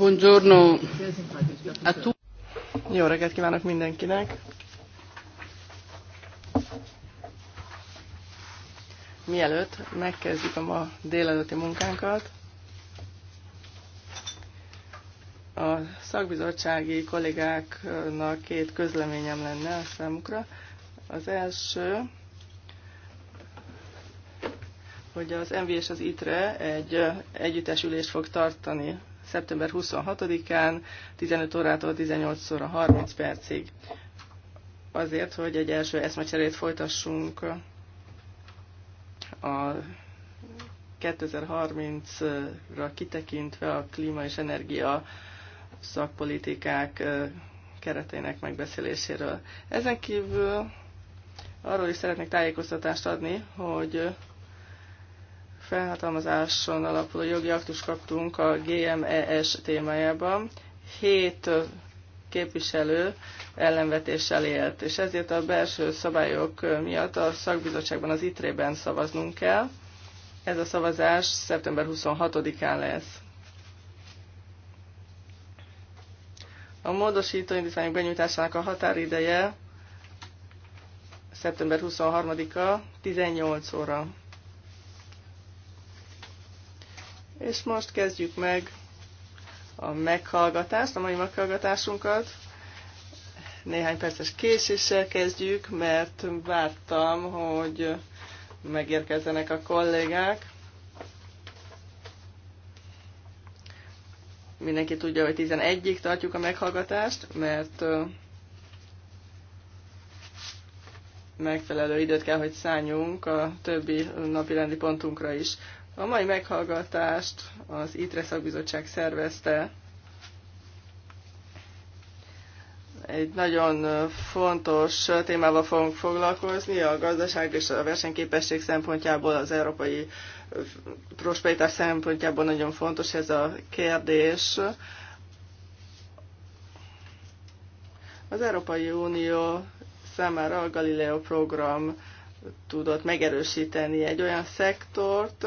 Buongiorno a tu. Jó reggelt kívánok mindenkinek! Mielőtt megkezdjük a ma délelőtti munkánkat, a szakbizottsági kollégáknak két közleményem lenne a számukra. Az első, hogy az MV és az ITRE egy együttesülést fog tartani szeptember 26-án 15 órától 18 óra 30 percig. Azért, hogy egy első eszmecserét folytassunk a 2030-ra kitekintve a klíma és energia szakpolitikák keretének megbeszéléséről. Ezen kívül arról is szeretnék tájékoztatást adni, hogy felhatalmazáson alapuló jogi aktus kaptunk a GMES témájában. Hét képviselő ellenvetéssel élt, és ezért a belső szabályok miatt a szakbizottságban, az ITRE-ben szavaznunk kell. Ez a szavazás szeptember 26-án lesz. A módosító indítványok benyújtásának a határideje szeptember 23-a 18 óra. És most kezdjük meg a meghallgatást, a mai meghallgatásunkat. Néhány perces késéssel kezdjük, mert vártam, hogy megérkezzenek a kollégák. Mindenki tudja, hogy 11-ig tartjuk a meghallgatást, mert megfelelő időt kell, hogy szálljunk a többi napi rendi pontunkra is. A mai meghallgatást az ITRE szakbizottság szervezte. Egy nagyon fontos témával fogunk foglalkozni, a gazdaság és a versenyképesség szempontjából, az európai prosperitás szempontjából nagyon fontos ez a kérdés. Az Európai Unió számára a Galileo program tudott megerősíteni egy olyan szektort,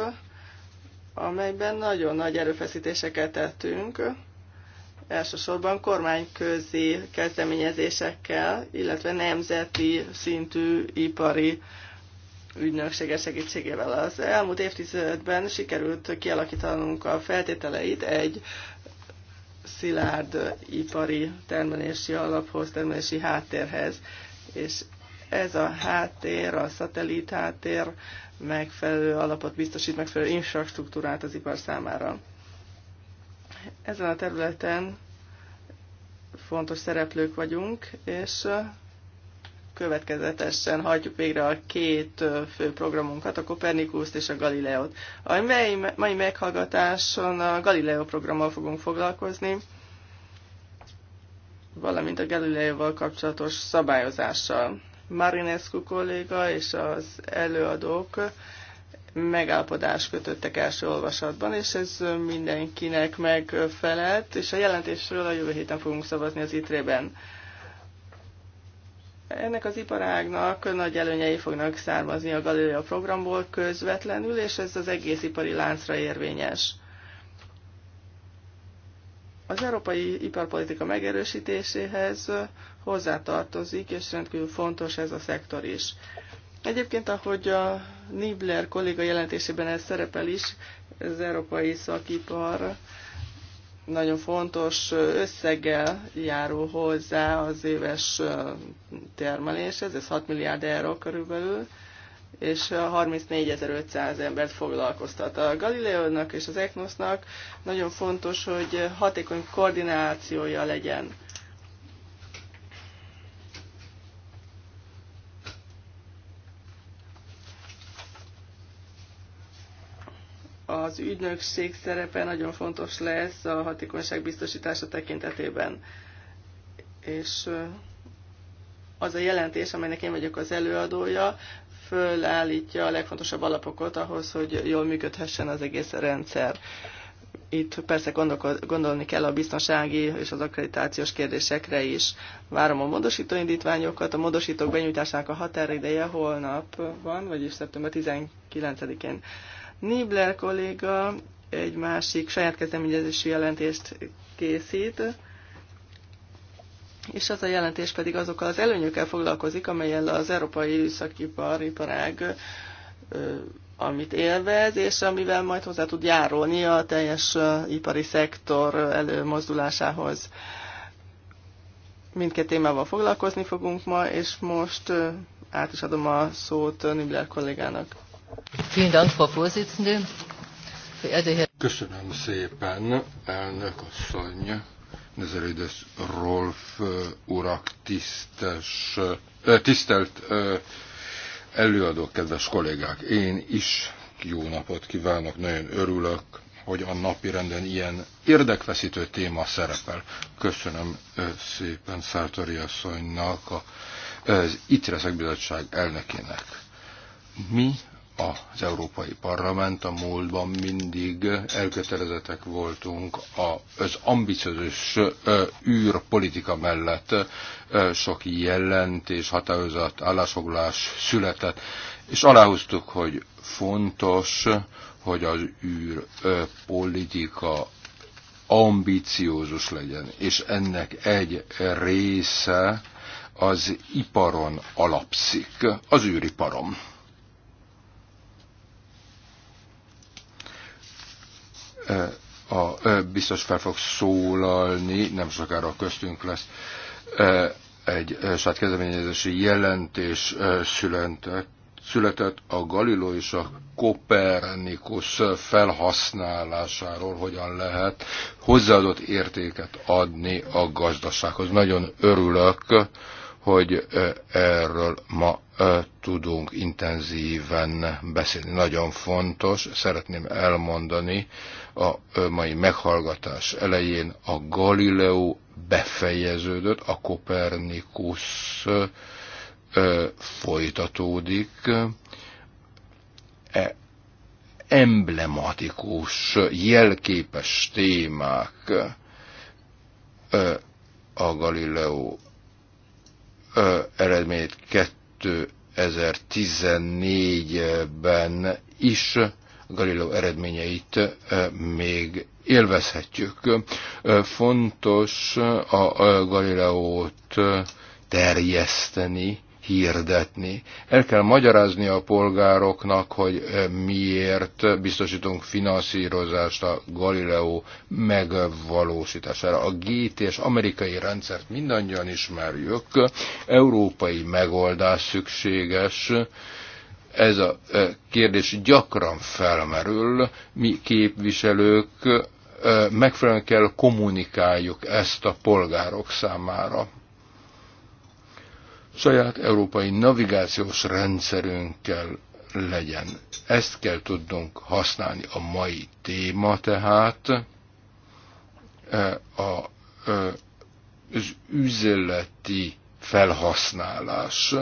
amelyben nagyon nagy erőfeszítéseket tettünk, elsősorban kormányközi kezdeményezésekkel, illetve nemzeti szintű ipari ügynöksége segítségével. Az elmúlt évtizedben sikerült kialakítanunk a feltételeit egy szilárd ipari termelési alaphoz, termelési háttérhez, és ez a háttér, a szatellit háttér megfelelő alapot biztosít, megfelelő infrastruktúrát az ipar számára. Ezen a területen fontos szereplők vagyunk, és következetesen hagyjuk végre a két fő programunkat, a Copernicus és a Galileót. A mai, meghallgatáson a Galileo programmal fogunk foglalkozni, valamint a Galileo-val kapcsolatos szabályozással. Marinescu kolléga és az előadók megállapodást kötöttek első olvasatban, és ez mindenkinek megfelelt, és a jelentésről a jövő héten fogunk szavazni az ITRE-ben. Ennek az iparágnak nagy előnyei fognak származni a Galileo programból közvetlenül, és ez az egész ipari láncra érvényes. Az európai iparpolitika megerősítéséhez hozzátartozik, és rendkívül fontos ez a szektor is. Egyébként, ahogy a Nibler kolléga jelentésében ez szerepel is, az európai szakipar nagyon fontos összeggel járul hozzá az éves termeléshez, ez 6 milliárd euró körülbelül, és 34.500 embert foglalkoztat. A Galileónak és az ECNOS-nak nagyon fontos, hogy hatékony koordinációja legyen. Az ügynökség szerepe nagyon fontos lesz a hatékonyság biztosítása tekintetében. És az a jelentés, amelynek én vagyok az előadója, fölállítja a legfontosabb alapokat ahhoz, hogy jól működhessen az egész rendszer. Itt persze gondolni kell a biztonsági és az akkreditációs kérdésekre is. Várom a módosító indítványokat. A módosítók benyújtásának a határideje holnap van, vagyis szeptember 19-én. Nibler kolléga egy másik saját kezdeményezési jelentést készít és az a jelentés pedig azokkal az előnyökkel foglalkozik, amelyel az európai szakipar, iparág amit élvez, és amivel majd hozzá tud járulni a teljes ipari szektor előmozdulásához. Mindkét témával foglalkozni fogunk ma, és most át is adom a szót Nibler kollégának. Köszönöm szépen, elnök asszony, Nezelődös Rolf urak tisztes, tisztelt előadók, kedves kollégák! Én is jó napot kívánok, nagyon örülök, hogy a napi renden ilyen érdekveszítő téma szerepel. Köszönöm szépen Szártori asszonynak, az ITRE bizottság elnökének. Mi az Európai Parlament a múltban mindig elkötelezettek voltunk az ambiciózus űrpolitika mellett. Sok jelentés, határozat, állásfoglalás született, és aláhúztuk, hogy fontos, hogy az űrpolitika ambiciózus legyen, és ennek egy része az iparon alapszik, az űriparon a, biztos fel fog szólalni, nem sokára köztünk lesz, egy saját kezdeményezési jelentés született, született a Galileo és a Kopernikus felhasználásáról, hogyan lehet hozzáadott értéket adni a gazdasághoz. Nagyon örülök, hogy erről ma tudunk intenzíven beszélni. Nagyon fontos, szeretném elmondani a mai meghallgatás elején a Galileo befejeződött, a Kopernikus folytatódik. E emblematikus, jelképes témák a Galileo eredményét 2014-ben is Galileo eredményeit még élvezhetjük. Fontos a Galileót terjeszteni hirdetni. El kell magyarázni a polgároknak, hogy miért biztosítunk finanszírozást a Galileo megvalósítására. A GT és amerikai rendszert mindannyian ismerjük, európai megoldás szükséges, ez a kérdés gyakran felmerül, mi képviselők megfelelően kell kommunikáljuk ezt a polgárok számára saját európai navigációs rendszerünkkel legyen. Ezt kell tudnunk használni. A mai téma tehát e, a, e, az üzleti felhasználás.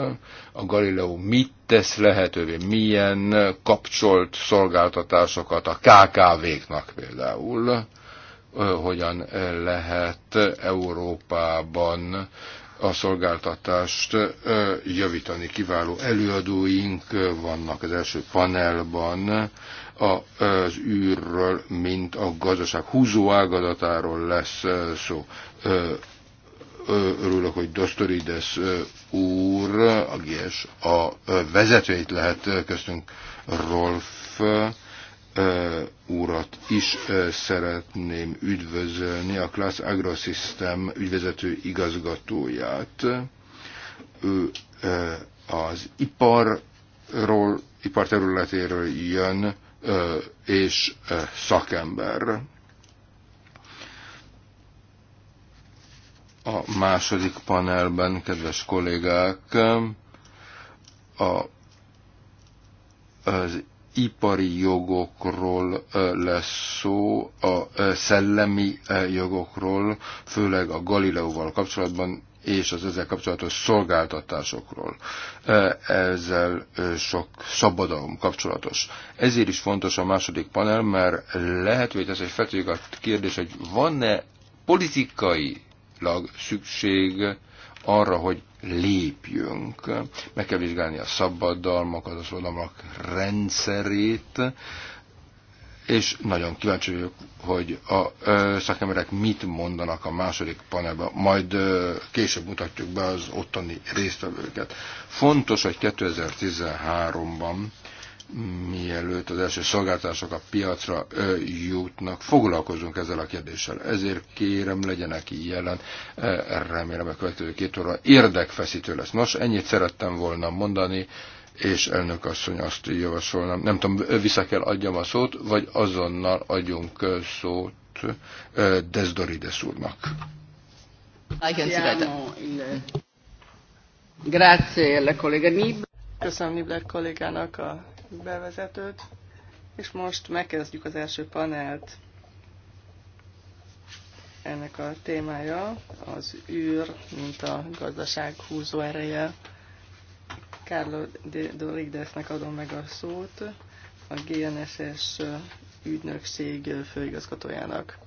A Galileo mit tesz lehetővé, milyen kapcsolt szolgáltatásokat a KKV-knak például, hogyan lehet Európában a szolgáltatást javítani. Kiváló előadóink vannak az első panelban az űrről, mint a gazdaság húzó ágazatáról lesz szó. Örülök, hogy Dostorides úr, a GS, a vezetőjét lehet köztünk Rolf úrat is szeretném üdvözölni, a Class Agrosystem ügyvezető igazgatóját. Ő az iparról, iparterületéről jön, és szakember. A második panelben, kedves kollégák, a, az ipari jogokról lesz szó, a szellemi jogokról, főleg a Galileóval kapcsolatban és az ezzel kapcsolatos szolgáltatásokról. Ezzel sok szabadalom kapcsolatos. Ezért is fontos a második panel, mert lehet, hogy ez egy a kérdés, hogy van-e politikailag szükség arra, hogy lépjünk. Meg kell vizsgálni a szabadalmakat, az oldalmak rendszerét, és nagyon kíváncsi vagyok, hogy a ö, szakemberek mit mondanak a második panelben, majd ö, később mutatjuk be az ottani résztvevőket. Fontos, hogy 2013-ban mielőtt az első szolgáltatások a piacra jutnak, foglalkozunk ezzel a kérdéssel. Ezért kérem, legyenek jelen, remélem a következő két óra érdekfeszítő lesz. Nos, ennyit szerettem volna mondani, és elnök asszony azt javasolnám. Nem tudom, vissza kell adjam a szót, vagy azonnal adjunk szót Desdorides úrnak. Grazie alla collega Nib. Köszönöm Nibler kollégának a bevezetőt, és most megkezdjük az első panelt. Ennek a témája az űr, mint a gazdaság húzó ereje. Carlo Dorigdesnek adom meg a szót, a GNSS ügynökség főigazgatójának.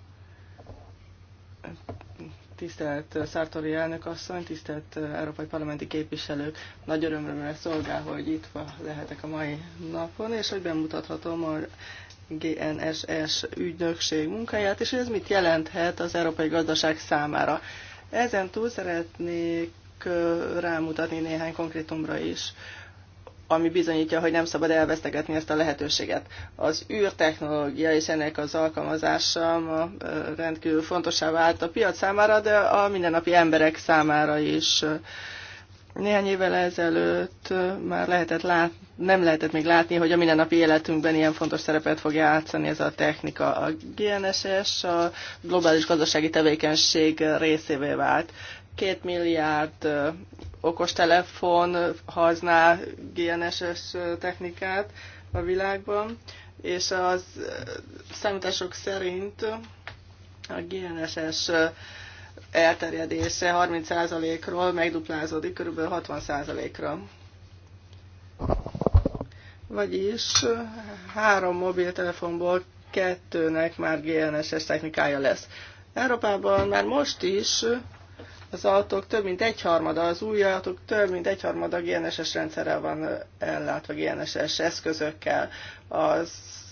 Tisztelt Szártori elnök asszony, tisztelt eh, európai parlamenti képviselők, nagy örömömre szolgál, hogy itt lehetek a mai napon, és hogy bemutathatom a GNSS ügynökség munkáját, és hogy ez mit jelenthet az európai gazdaság számára. Ezen túl szeretnék eh, rámutatni néhány konkrétumra is ami bizonyítja, hogy nem szabad elvesztegetni ezt a lehetőséget. Az űrtechnológia és ennek az alkalmazása ma rendkívül fontosá vált a piac számára, de a mindennapi emberek számára is. Néhány évvel ezelőtt már lehetett lát, nem lehetett még látni, hogy a mindennapi életünkben ilyen fontos szerepet fog játszani ez a technika. A GNSS a globális gazdasági tevékenység részévé vált. Két milliárd okostelefon használ GNSS technikát a világban, és az számítások szerint a GNSS elterjedése 30%-ról megduplázódik kb. 60%-ra. Vagyis három mobiltelefonból kettőnek már GNSS technikája lesz. Európában már most is az autók több mint egyharmada, az új autók több mint egyharmada GNSS rendszerrel van ellátva, GNSS eszközökkel. A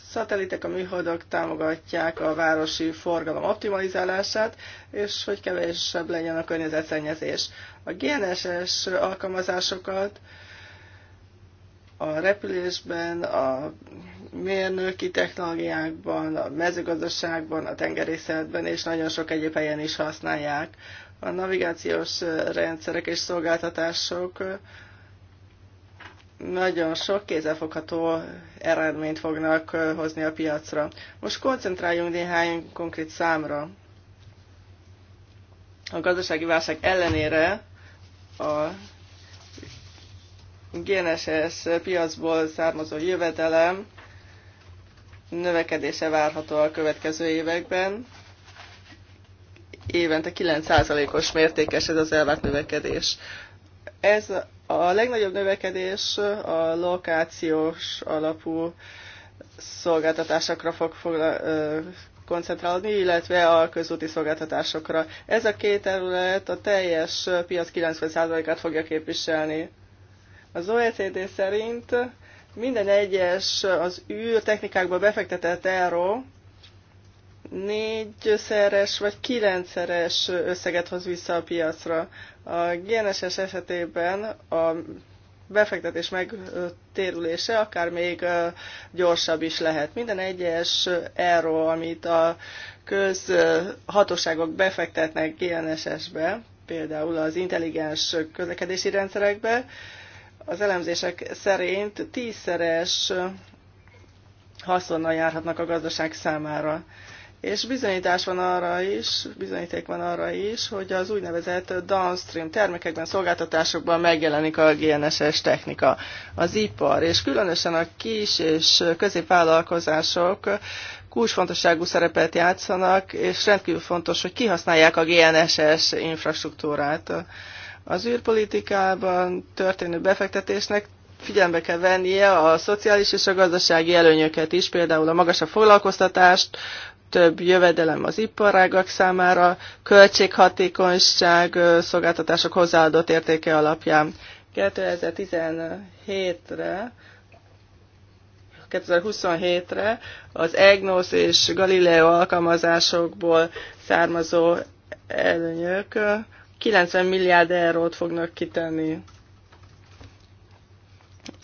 szatellitek a műholdok támogatják a városi forgalom optimalizálását, és hogy kevesebb legyen a környezetszennyezés. A GNSS alkalmazásokat a repülésben, a mérnöki technológiákban, a mezőgazdaságban, a tengerészetben és nagyon sok egyéb helyen is használják a navigációs rendszerek és szolgáltatások nagyon sok kézzelfogható eredményt fognak hozni a piacra. Most koncentráljunk néhány konkrét számra. A gazdasági válság ellenére a GNSS piacból származó jövedelem növekedése várható a következő években, évente 9%-os mértékes ez az elvárt növekedés. Ez a legnagyobb növekedés a lokációs alapú szolgáltatásokra fog fogla, koncentrálni, illetve a közúti szolgáltatásokra. Ez a két terület a teljes piac 90%-át fogja képviselni. Az OECD szerint minden egyes az űrtechnikákba befektetett euró négyszeres vagy kilencszeres összeget hoz vissza a piacra. A GNSS esetében a befektetés megtérülése akár még gyorsabb is lehet. Minden egyes erről, amit a közhatóságok befektetnek GNSS-be, például az intelligens közlekedési rendszerekbe, az elemzések szerint tízszeres haszonnal járhatnak a gazdaság számára. És bizonyítás van arra is, bizonyíték van arra is, hogy az úgynevezett downstream termékekben, szolgáltatásokban megjelenik a GNSS technika. Az ipar, és különösen a kis és középvállalkozások kulcsfontosságú szerepet játszanak, és rendkívül fontos, hogy kihasználják a GNSS infrastruktúrát. Az űrpolitikában történő befektetésnek figyelembe kell vennie a szociális és a gazdasági előnyöket is, például a magasabb foglalkoztatást, több jövedelem az iparágak számára, költséghatékonyság szolgáltatások hozzáadott értéke alapján. 2017-re 2027-re az EGNOS és Galileo alkalmazásokból származó előnyök 90 milliárd eurót fognak kitenni.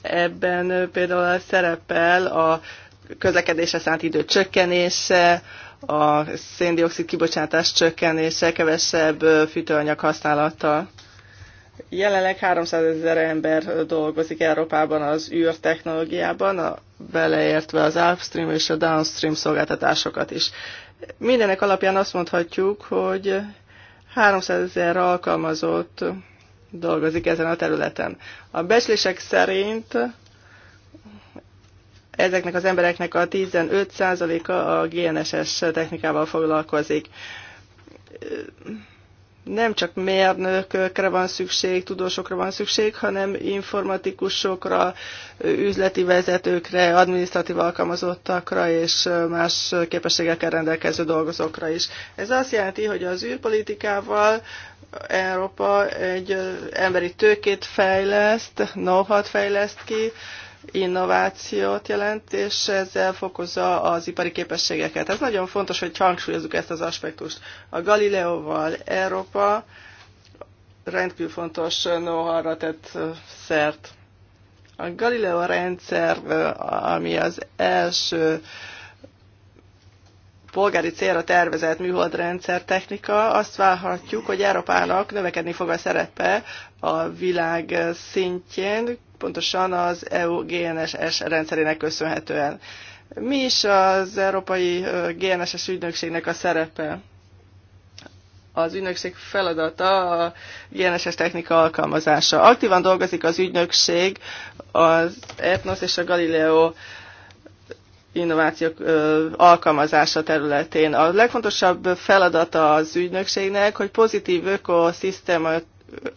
Ebben például szerepel a közlekedésre szánt idő csökkenése, a széndiokszid kibocsátás csökkenése, kevesebb fűtőanyag használata. Jelenleg 300 ezer ember dolgozik Európában az űrtechnológiában, a, beleértve az upstream és a downstream szolgáltatásokat is. Mindenek alapján azt mondhatjuk, hogy 300 ezer alkalmazott dolgozik ezen a területen. A becslések szerint Ezeknek az embereknek a 15%-a a GNSS technikával foglalkozik. Nem csak mérnökökre van szükség, tudósokra van szükség, hanem informatikusokra, üzleti vezetőkre, adminisztratív alkalmazottakra és más képességekkel rendelkező dolgozókra is. Ez azt jelenti, hogy az űrpolitikával Európa egy emberi tőkét fejleszt, know-how-t fejleszt ki, innovációt jelent, és ezzel fokozza az ipari képességeket. Ez nagyon fontos, hogy hangsúlyozzuk ezt az aspektust. A Galileóval Európa rendkívül fontos know tett szert. A Galileo rendszer, ami az első polgári célra tervezett műholdrendszer technika, azt várhatjuk, hogy Európának növekedni fog a szerepe a világ szintjén, pontosan az EU GNSS rendszerének köszönhetően. Mi is az Európai GNSS ügynökségnek a szerepe? az ügynökség feladata a GNSS technika alkalmazása. Aktívan dolgozik az ügynökség az Etnos és a Galileo innovációk alkalmazása területén. A legfontosabb feladata az ügynökségnek, hogy pozitív ökoszisztémát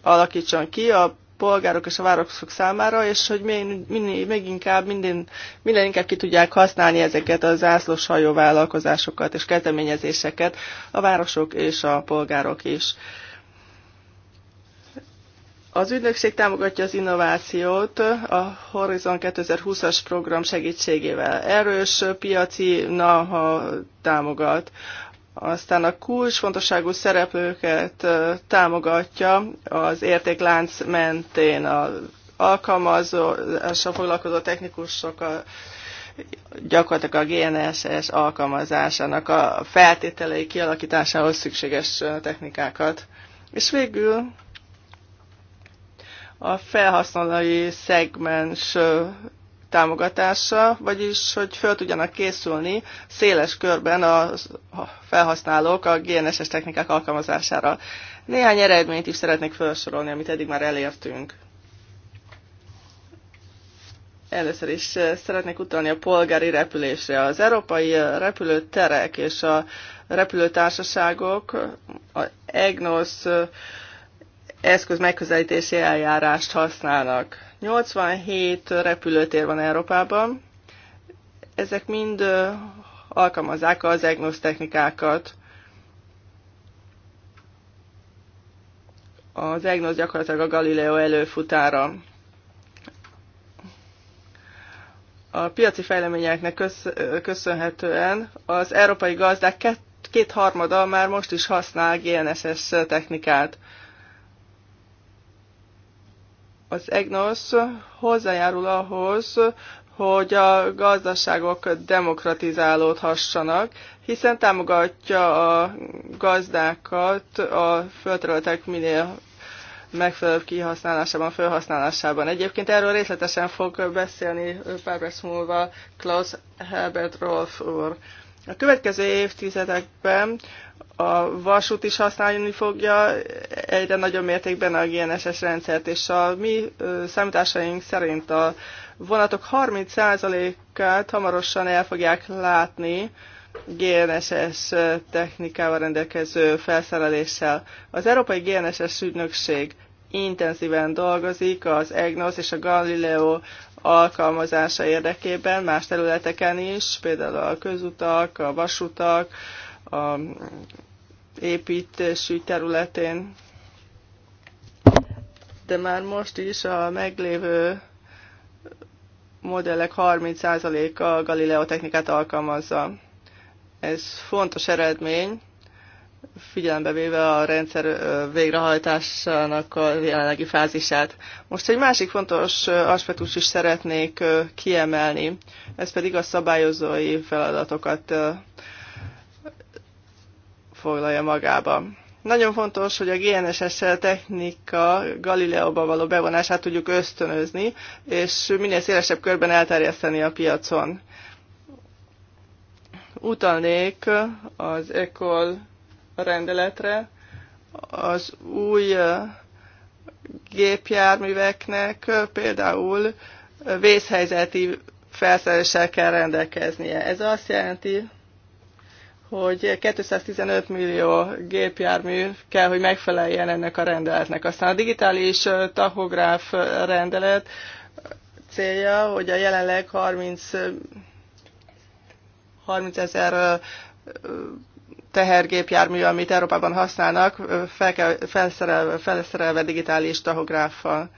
alakítson ki a polgárok és a városok számára, és hogy még, minél, még inkább minden, minden inkább ki tudják használni ezeket a zászlós hajó vállalkozásokat és kezdeményezéseket a városok és a polgárok is. Az ügynökség támogatja az innovációt a Horizon 2020-as program segítségével. Erős piaci naha támogat aztán a kulcsfontosságú szereplőket támogatja az értéklánc mentén a alkalmazással foglalkozó technikusok, a, gyakorlatilag a GNSS alkalmazásának a feltételei kialakításához szükséges technikákat. És végül a felhasználói szegmens támogatása, vagyis hogy föl tudjanak készülni széles körben a felhasználók a GNSS technikák alkalmazására. Néhány eredményt is szeretnék felsorolni, amit eddig már elértünk. Először is eh, szeretnék utalni a polgári repülésre. Az európai eh, repülőterek és a repülőtársaságok a EGNOS eh, eszköz megközelítési eljárást használnak 87 repülőtér van Európában, ezek mind alkalmazzák az EGNOS technikákat. Az EGNOS gyakorlatilag a Galileo előfutára. A piaci fejleményeknek köszönhetően az európai gazdák kétharmada már most is használ GNSS technikát. Az EGNOS hozzájárul ahhoz, hogy a gazdaságok demokratizálódhassanak, hiszen támogatja a gazdákat a földterületek minél megfelelőbb kihasználásában, felhasználásában. Egyébként erről részletesen fog beszélni pár perc múlva Klaus Herbert Rolf úr. A következő évtizedekben a vasút is használni fogja egyre nagyobb mértékben a GNSS rendszert, és a mi számításaink szerint a vonatok 30%-át hamarosan el fogják látni GNSS technikával rendelkező felszereléssel. Az Európai GNSS Ügynökség intenzíven dolgozik az EGNOS és a Galileo alkalmazása érdekében más területeken is, például a közutak, a vasutak, a építésű területén. De már most is a meglévő modellek 30%-a Galileo technikát alkalmazza. Ez fontos eredmény, figyelembe véve a rendszer végrehajtásának a jelenlegi fázisát. Most egy másik fontos aspektus is szeretnék kiemelni, ez pedig a szabályozói feladatokat foglalja magába. Nagyon fontos, hogy a GNSS technika Galileóba való bevonását tudjuk ösztönözni, és minél szélesebb körben elterjeszteni a piacon. Utalnék az ECOL rendeletre az új gépjárműveknek például vészhelyzeti felszereléssel kell rendelkeznie. Ez azt jelenti, hogy 215 millió gépjármű kell, hogy megfeleljen ennek a rendeletnek. Aztán a digitális tachográf rendelet célja, hogy a jelenleg 30 30 ezer tehergépjármű, amit Európában használnak, fel kell, felszerelve, felszerelve digitális tahográffal.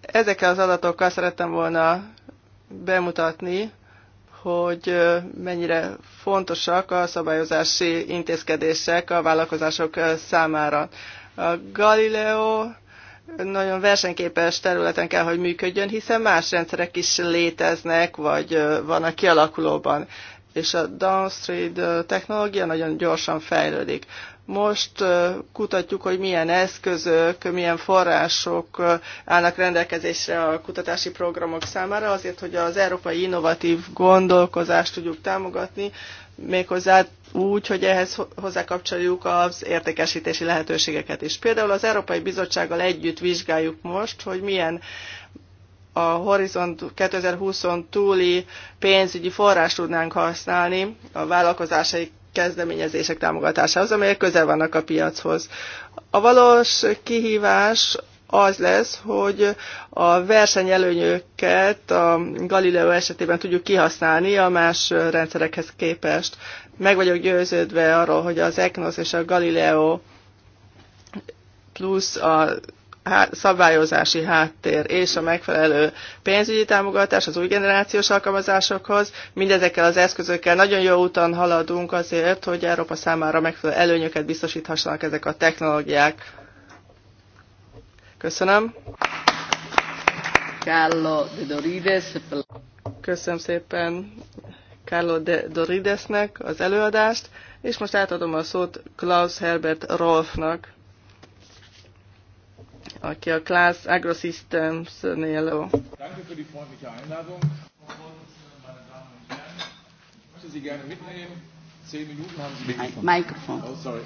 Ezekkel az adatokkal szerettem volna bemutatni, hogy mennyire fontosak a szabályozási intézkedések a vállalkozások számára. A Galileo nagyon versenyképes területen kell, hogy működjön, hiszen más rendszerek is léteznek, vagy vannak kialakulóban és a downstream technológia nagyon gyorsan fejlődik. Most kutatjuk, hogy milyen eszközök, milyen források állnak rendelkezésre a kutatási programok számára, azért, hogy az európai innovatív gondolkozást tudjuk támogatni, méghozzá úgy, hogy ehhez hozzákapcsoljuk az értékesítési lehetőségeket is. Például az Európai Bizottsággal együtt vizsgáljuk most, hogy milyen a Horizont 2020-on túli pénzügyi forrás tudnánk használni a vállalkozásai kezdeményezések támogatásához, amelyek közel vannak a piachoz. A valós kihívás az lesz, hogy a versenyelőnyöket a Galileo esetében tudjuk kihasználni a más rendszerekhez képest. Meg vagyok győződve arról, hogy az ECNOS és a Galileo plusz a szabályozási háttér és a megfelelő pénzügyi támogatás az új generációs alkalmazásokhoz. Mindezekkel az eszközökkel nagyon jó úton haladunk azért, hogy Európa számára megfelelő előnyöket biztosíthassanak ezek a technológiák. Köszönöm. Carlo de Dorides. Köszönöm szépen Carlo de Doridesnek az előadást, és most átadom a szót Klaus Herbert Rolfnak aki a Class Agrosystems-nél. Mikrofon. Oh,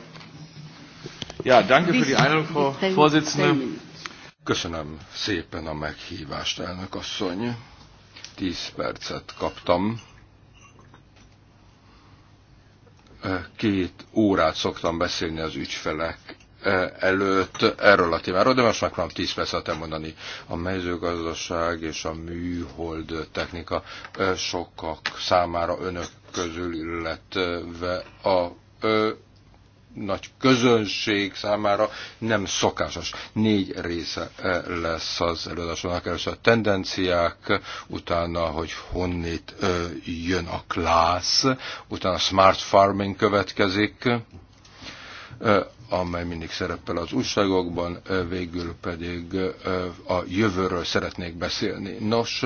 ja, danke für die Einladung, Frau Vorsitzende. Köszönöm szépen a meghívást, elnök asszony. Tíz percet kaptam. Két órát szoktam beszélni az ügyfelek E, előtt erről a témáról, de most megpróbálom 10 percet mondani. A mezőgazdaság és a műhold technika e, sokak számára önök közül, illetve a ö, e, nagy közönség számára nem szokásos. Négy része lesz az előadáson Először a tendenciák, utána, hogy honnét jön a klász, utána a smart farming következik, amely mindig szerepel az újságokban, végül pedig a jövőről szeretnék beszélni. Nos,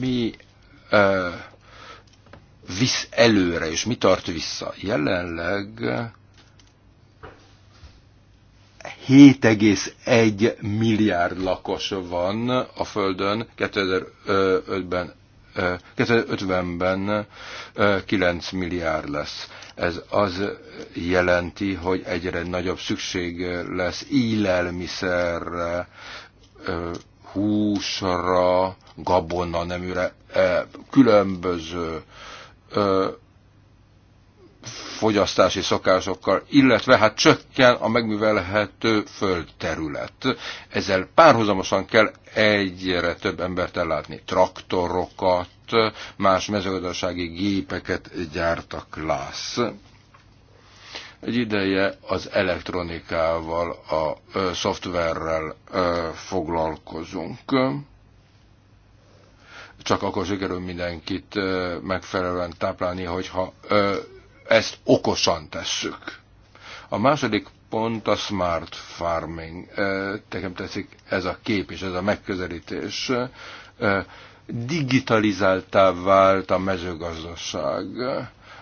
mi visz előre, és mi tart vissza? Jelenleg 7,1 milliárd lakos van a Földön, 2005-ben 2050-ben 9 milliárd lesz. Ez az jelenti, hogy egyre nagyobb szükség lesz élelmiszerre, húsra, gabona neműre, különböző fogyasztási szokásokkal, illetve hát csökken a megművelhető földterület. Ezzel párhuzamosan kell egyre több embert ellátni, traktorokat, más mezőgazdasági gépeket gyártak lász. Egy ideje az elektronikával, a ö, szoftverrel ö, foglalkozunk. Csak akkor sikerül mindenkit ö, megfelelően táplálni, hogyha ö, ezt okosan tesszük. A második pont a smart farming. Tekem tetszik ez a kép és ez a megközelítés digitalizáltá vált a mezőgazdaság.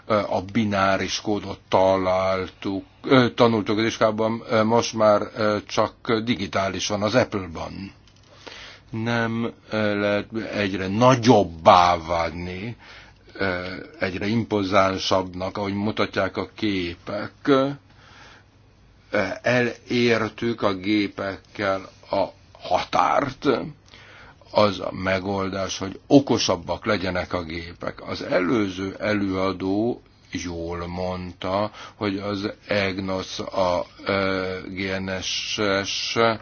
A bináris kódot találtuk, tanultuk az iskában, most már csak digitálisan az Apple-ban. Nem lehet egyre nagyobbá válni, egyre impozánsabbnak, ahogy mutatják a képek. Elértük a gépekkel a határt az a megoldás, hogy okosabbak legyenek a gépek. Az előző előadó jól mondta, hogy az EGNOS, a e, GNSS, e,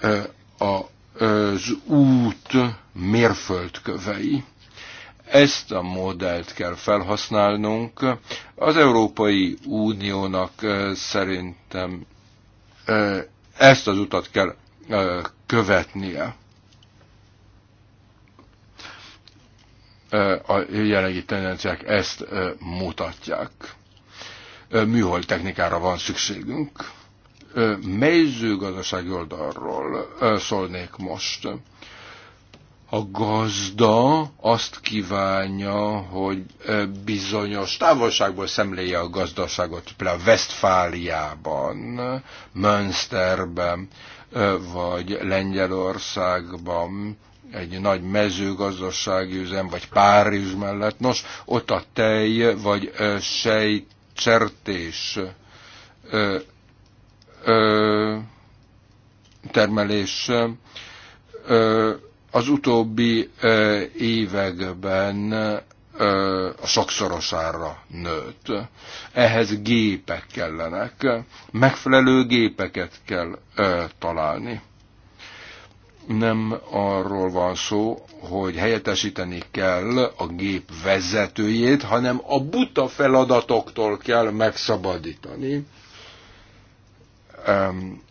e, az út mérföldkövei. Ezt a modellt kell felhasználnunk. Az Európai Uniónak szerintem ezt az utat kell követnie. a jelenlegi tendenciák ezt mutatják. Műhold technikára van szükségünk. Mezőgazdasági oldalról szólnék most. A gazda azt kívánja, hogy bizonyos távolságból szemléje a gazdaságot, például Westfáliában, Münsterben, vagy Lengyelországban egy nagy mezőgazdasági üzem, vagy Párizs mellett. Nos, ott a tej, vagy sejtsertés termelés az utóbbi években a sokszorosára nőtt. Ehhez gépek kellenek, megfelelő gépeket kell találni nem arról van szó, hogy helyettesíteni kell a gép vezetőjét, hanem a buta feladatoktól kell megszabadítani. Um,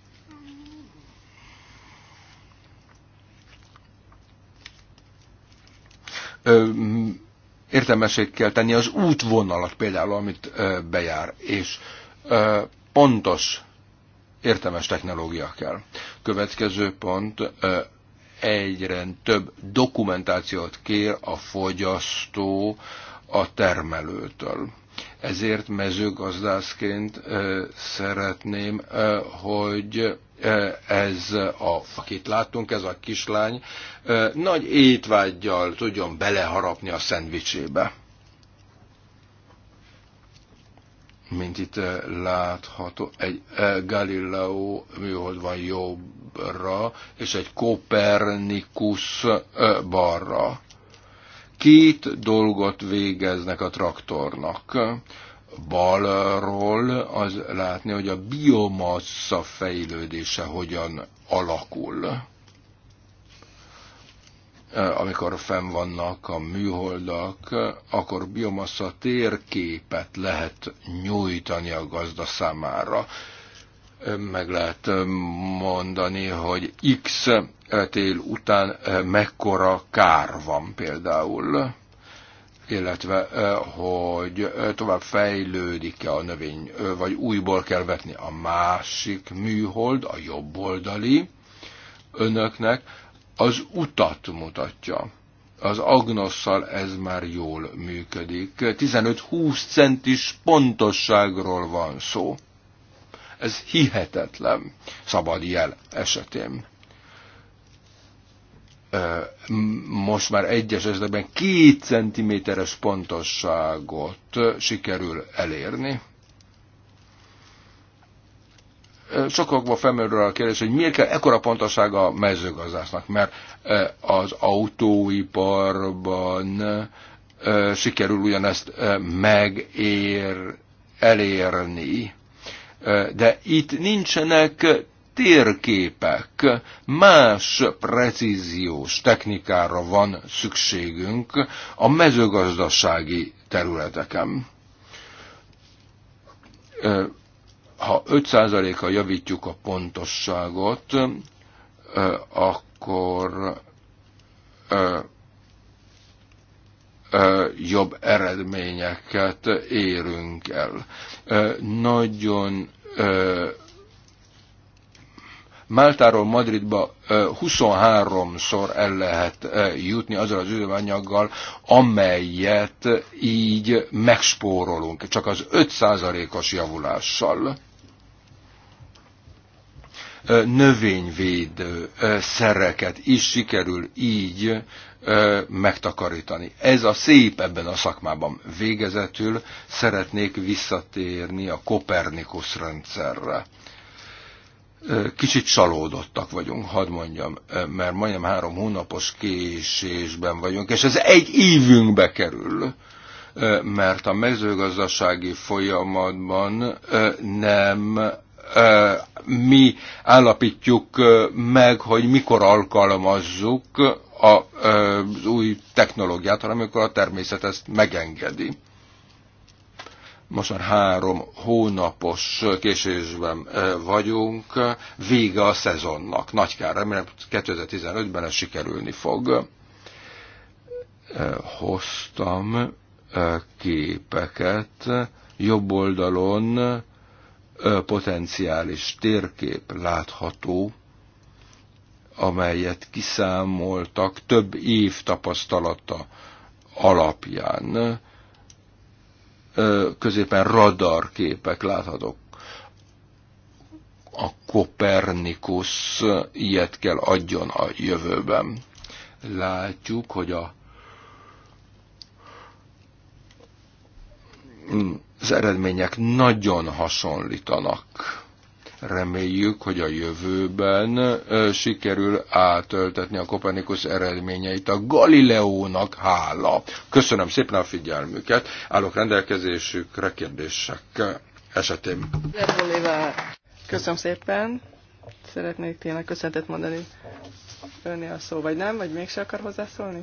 értelmeség kell tenni az útvonalat például, amit bejár, és pontos értelmes technológia kell. Következő pont, egyre több dokumentációt kér a fogyasztó a termelőtől. Ezért mezőgazdászként szeretném, hogy ez a, akit láttunk, ez a kislány nagy étvágyjal tudjon beleharapni a szendvicsébe. mint itt eh, látható, egy eh, Galileo műhold van jobbra, és egy Kopernikus eh, balra. Két dolgot végeznek a traktornak. Balról az látni, hogy a biomassa fejlődése hogyan alakul amikor fenn vannak a műholdak, akkor biomassa térképet lehet nyújtani a gazda számára. Meg lehet mondani, hogy X tél után mekkora kár van például, illetve hogy tovább fejlődik-e a növény, vagy újból kell vetni a másik műhold, a jobb oldali önöknek, az utat mutatja. Az Agnosszal ez már jól működik. 15-20 centis pontosságról van szó. Ez hihetetlen szabad jel esetén most már egyes esetben két centiméteres pontosságot sikerül elérni sokakban felmerül a kérdés, hogy miért kell ekkora pontoság a mezőgazdásznak, mert az autóiparban sikerül ugyanezt megér, elérni, de itt nincsenek térképek, más precíziós technikára van szükségünk a mezőgazdasági területeken ha 5%-kal javítjuk a pontosságot, akkor jobb eredményeket érünk el. Nagyon Máltáról Madridba 23-szor el lehet jutni azzal az üzemanyaggal, amelyet így megspórolunk, csak az 5%-os javulással növényvédő szereket is sikerül így megtakarítani. Ez a szép ebben a szakmában. Végezetül szeretnék visszatérni a Kopernikus rendszerre. Kicsit csalódottak vagyunk, hadd mondjam, mert majdnem három hónapos késésben vagyunk, és ez egy évünkbe kerül mert a mezőgazdasági folyamatban nem mi állapítjuk meg, hogy mikor alkalmazzuk az új technológiát, hanem amikor a természet ezt megengedi. Most már három hónapos késésben vagyunk, vége a szezonnak. Nagy kár, remélem 2015-ben ez sikerülni fog. Hoztam képeket jobb oldalon potenciális térkép látható, amelyet kiszámoltak több év tapasztalata alapján. Középen radarképek láthatók. A Kopernikus ilyet kell adjon a jövőben. Látjuk, hogy a hmm az eredmények nagyon hasonlítanak. Reméljük, hogy a jövőben sikerül átöltetni a Kopernikus eredményeit a Galileónak hála. Köszönöm szépen a figyelmüket, állok rendelkezésükre kérdések esetén. Köszönöm szépen, szeretnék tényleg köszöntet mondani. Önni a szó, vagy nem, vagy mégse akar hozzászólni?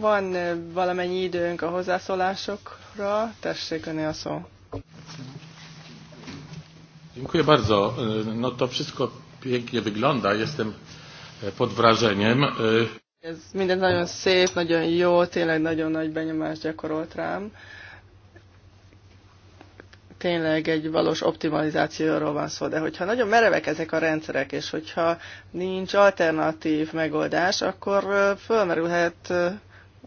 Van valamennyi időnk a hozzászólásokra. Tessék öné a szó. Dziękuję bardzo. E, no to wszystko pięknie wygląda. Jestem e, pod wrażeniem. E, Ez minden nagyon szép, nagyon jó, tényleg nagyon nagy benyomást gyakorolt rám. Tényleg egy valós optimalizációról van szó, de hogyha nagyon merevek ezek a rendszerek, és hogyha nincs alternatív megoldás, akkor fölmerülhet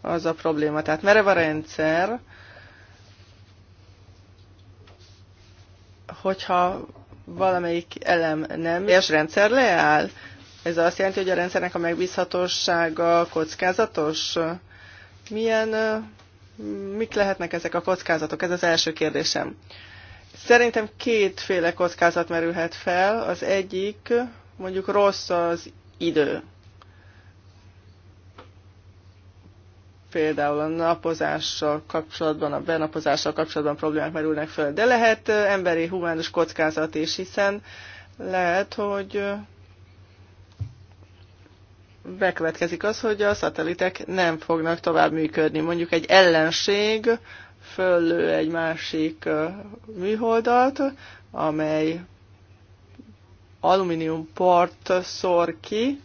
az a probléma. Tehát merev a rendszer, hogyha valamelyik elem nem, és rendszer leáll. Ez azt jelenti, hogy a rendszernek a megbízhatósága kockázatos. Milyen, mik lehetnek ezek a kockázatok? Ez az első kérdésem. Szerintem kétféle kockázat merülhet fel. Az egyik, mondjuk rossz az idő. például a napozással kapcsolatban, a benapozással kapcsolatban problémák merülnek föl. De lehet emberi humánus kockázat is, hiszen lehet, hogy bekövetkezik az, hogy a szatelitek nem fognak tovább működni. Mondjuk egy ellenség föllő egy másik műholdat, amely alumínium port szor ki,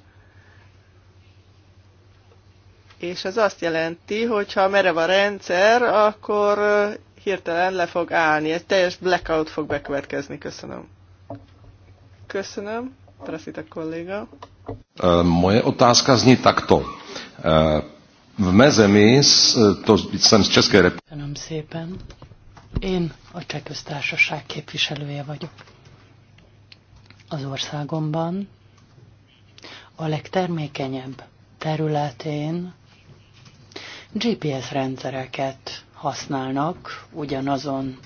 és ez azt jelenti, hogy ha merev a rendszer, akkor hirtelen le fog állni. Egy teljes blackout fog bekövetkezni. Köszönöm. Köszönöm. Praszita kolléga. E, moje otázka zní takto. E, v mé zemi, to jsem z České republiky. Köszönöm szépen. Én a Cseh Köztársaság képviselője vagyok. Az országomban a legtermékenyebb területén GPS rendszereket használnak ugyanazon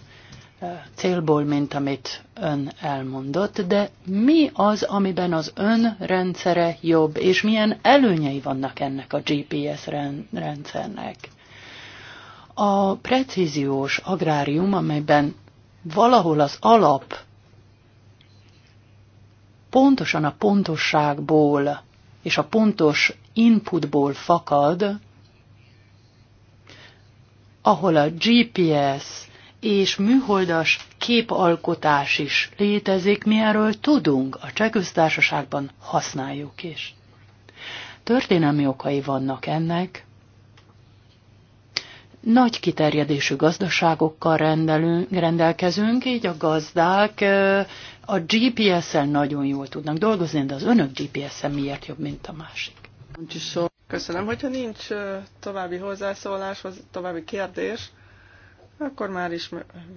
célból, mint amit ön elmondott, de mi az, amiben az ön rendszere jobb, és milyen előnyei vannak ennek a GPS rendszernek? A precíziós agrárium, amelyben valahol az alap pontosan a pontosságból és a pontos inputból fakad, ahol a GPS és műholdas képalkotás is létezik, mi erről tudunk, a Csehköztársaságban használjuk is. Történelmi okai vannak ennek. Nagy kiterjedésű gazdaságokkal rendelünk, rendelkezünk, így a gazdák a gps el nagyon jól tudnak dolgozni, de az önök GPS-en miért jobb, mint a másik? Köszönöm, hogyha nincs további hozzászólás, további kérdés, akkor már is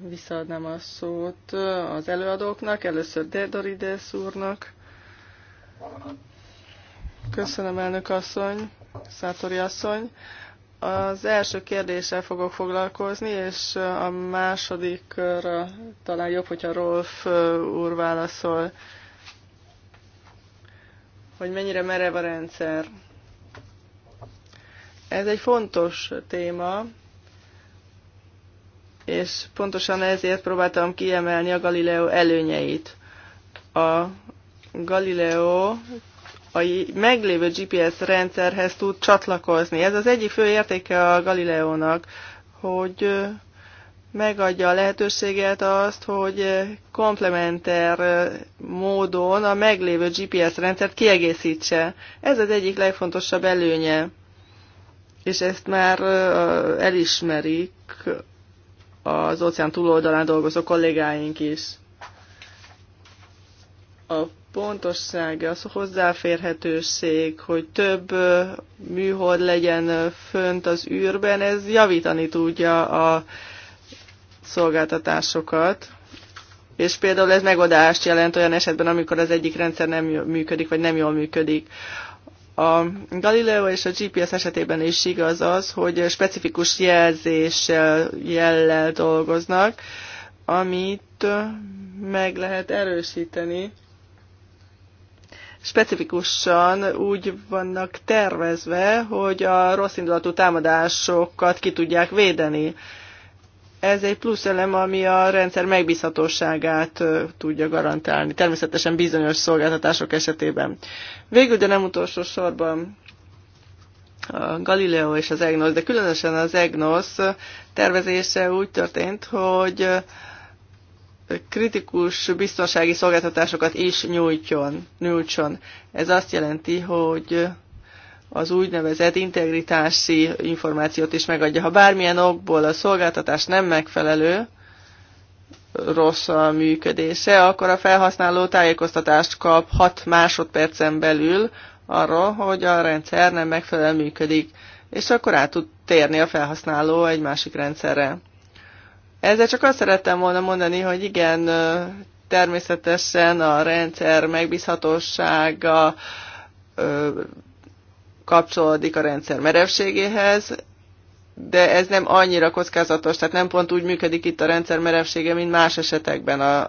visszaadnám a szót az előadóknak, először Dedorides úrnak. Köszönöm, elnök asszony, Szátori asszony. Az első kérdéssel fogok foglalkozni, és a másodikra talán jobb, hogyha Rolf úr válaszol, hogy mennyire merev a rendszer. Ez egy fontos téma, és pontosan ezért próbáltam kiemelni a Galileo előnyeit. A Galileo a meglévő GPS rendszerhez tud csatlakozni. Ez az egyik fő értéke a Galileónak, hogy megadja a lehetőséget azt, hogy komplementer módon a meglévő GPS rendszert kiegészítse. Ez az egyik legfontosabb előnye és ezt már elismerik az óceán túloldalán dolgozó kollégáink is. A pontosság, az hozzáférhetőség, hogy több műhold legyen fönt az űrben, ez javítani tudja a szolgáltatásokat. És például ez megoldást jelent olyan esetben, amikor az egyik rendszer nem működik, vagy nem jól működik. A Galileo és a GPS esetében is igaz az, hogy specifikus jelzéssel, jellel dolgoznak, amit meg lehet erősíteni. Specifikusan úgy vannak tervezve, hogy a rossz támadásokat ki tudják védeni ez egy plusz elem, ami a rendszer megbízhatóságát tudja garantálni, természetesen bizonyos szolgáltatások esetében. Végül, de nem utolsó sorban a Galileo és az EGNOS, de különösen az EGNOS tervezése úgy történt, hogy kritikus biztonsági szolgáltatásokat is nyújtjon. nyújtson. Ez azt jelenti, hogy az úgynevezett integritási információt is megadja. Ha bármilyen okból a szolgáltatás nem megfelelő, rossz a működése, akkor a felhasználó tájékoztatást kap 6 másodpercen belül arról, hogy a rendszer nem megfelelően működik, és akkor át tud térni a felhasználó egy másik rendszerre. Ezzel csak azt szerettem volna mondani, hogy igen, természetesen a rendszer megbízhatósága kapcsolódik a rendszer merevségéhez, de ez nem annyira kockázatos, tehát nem pont úgy működik itt a rendszer merevsége, mint más esetekben a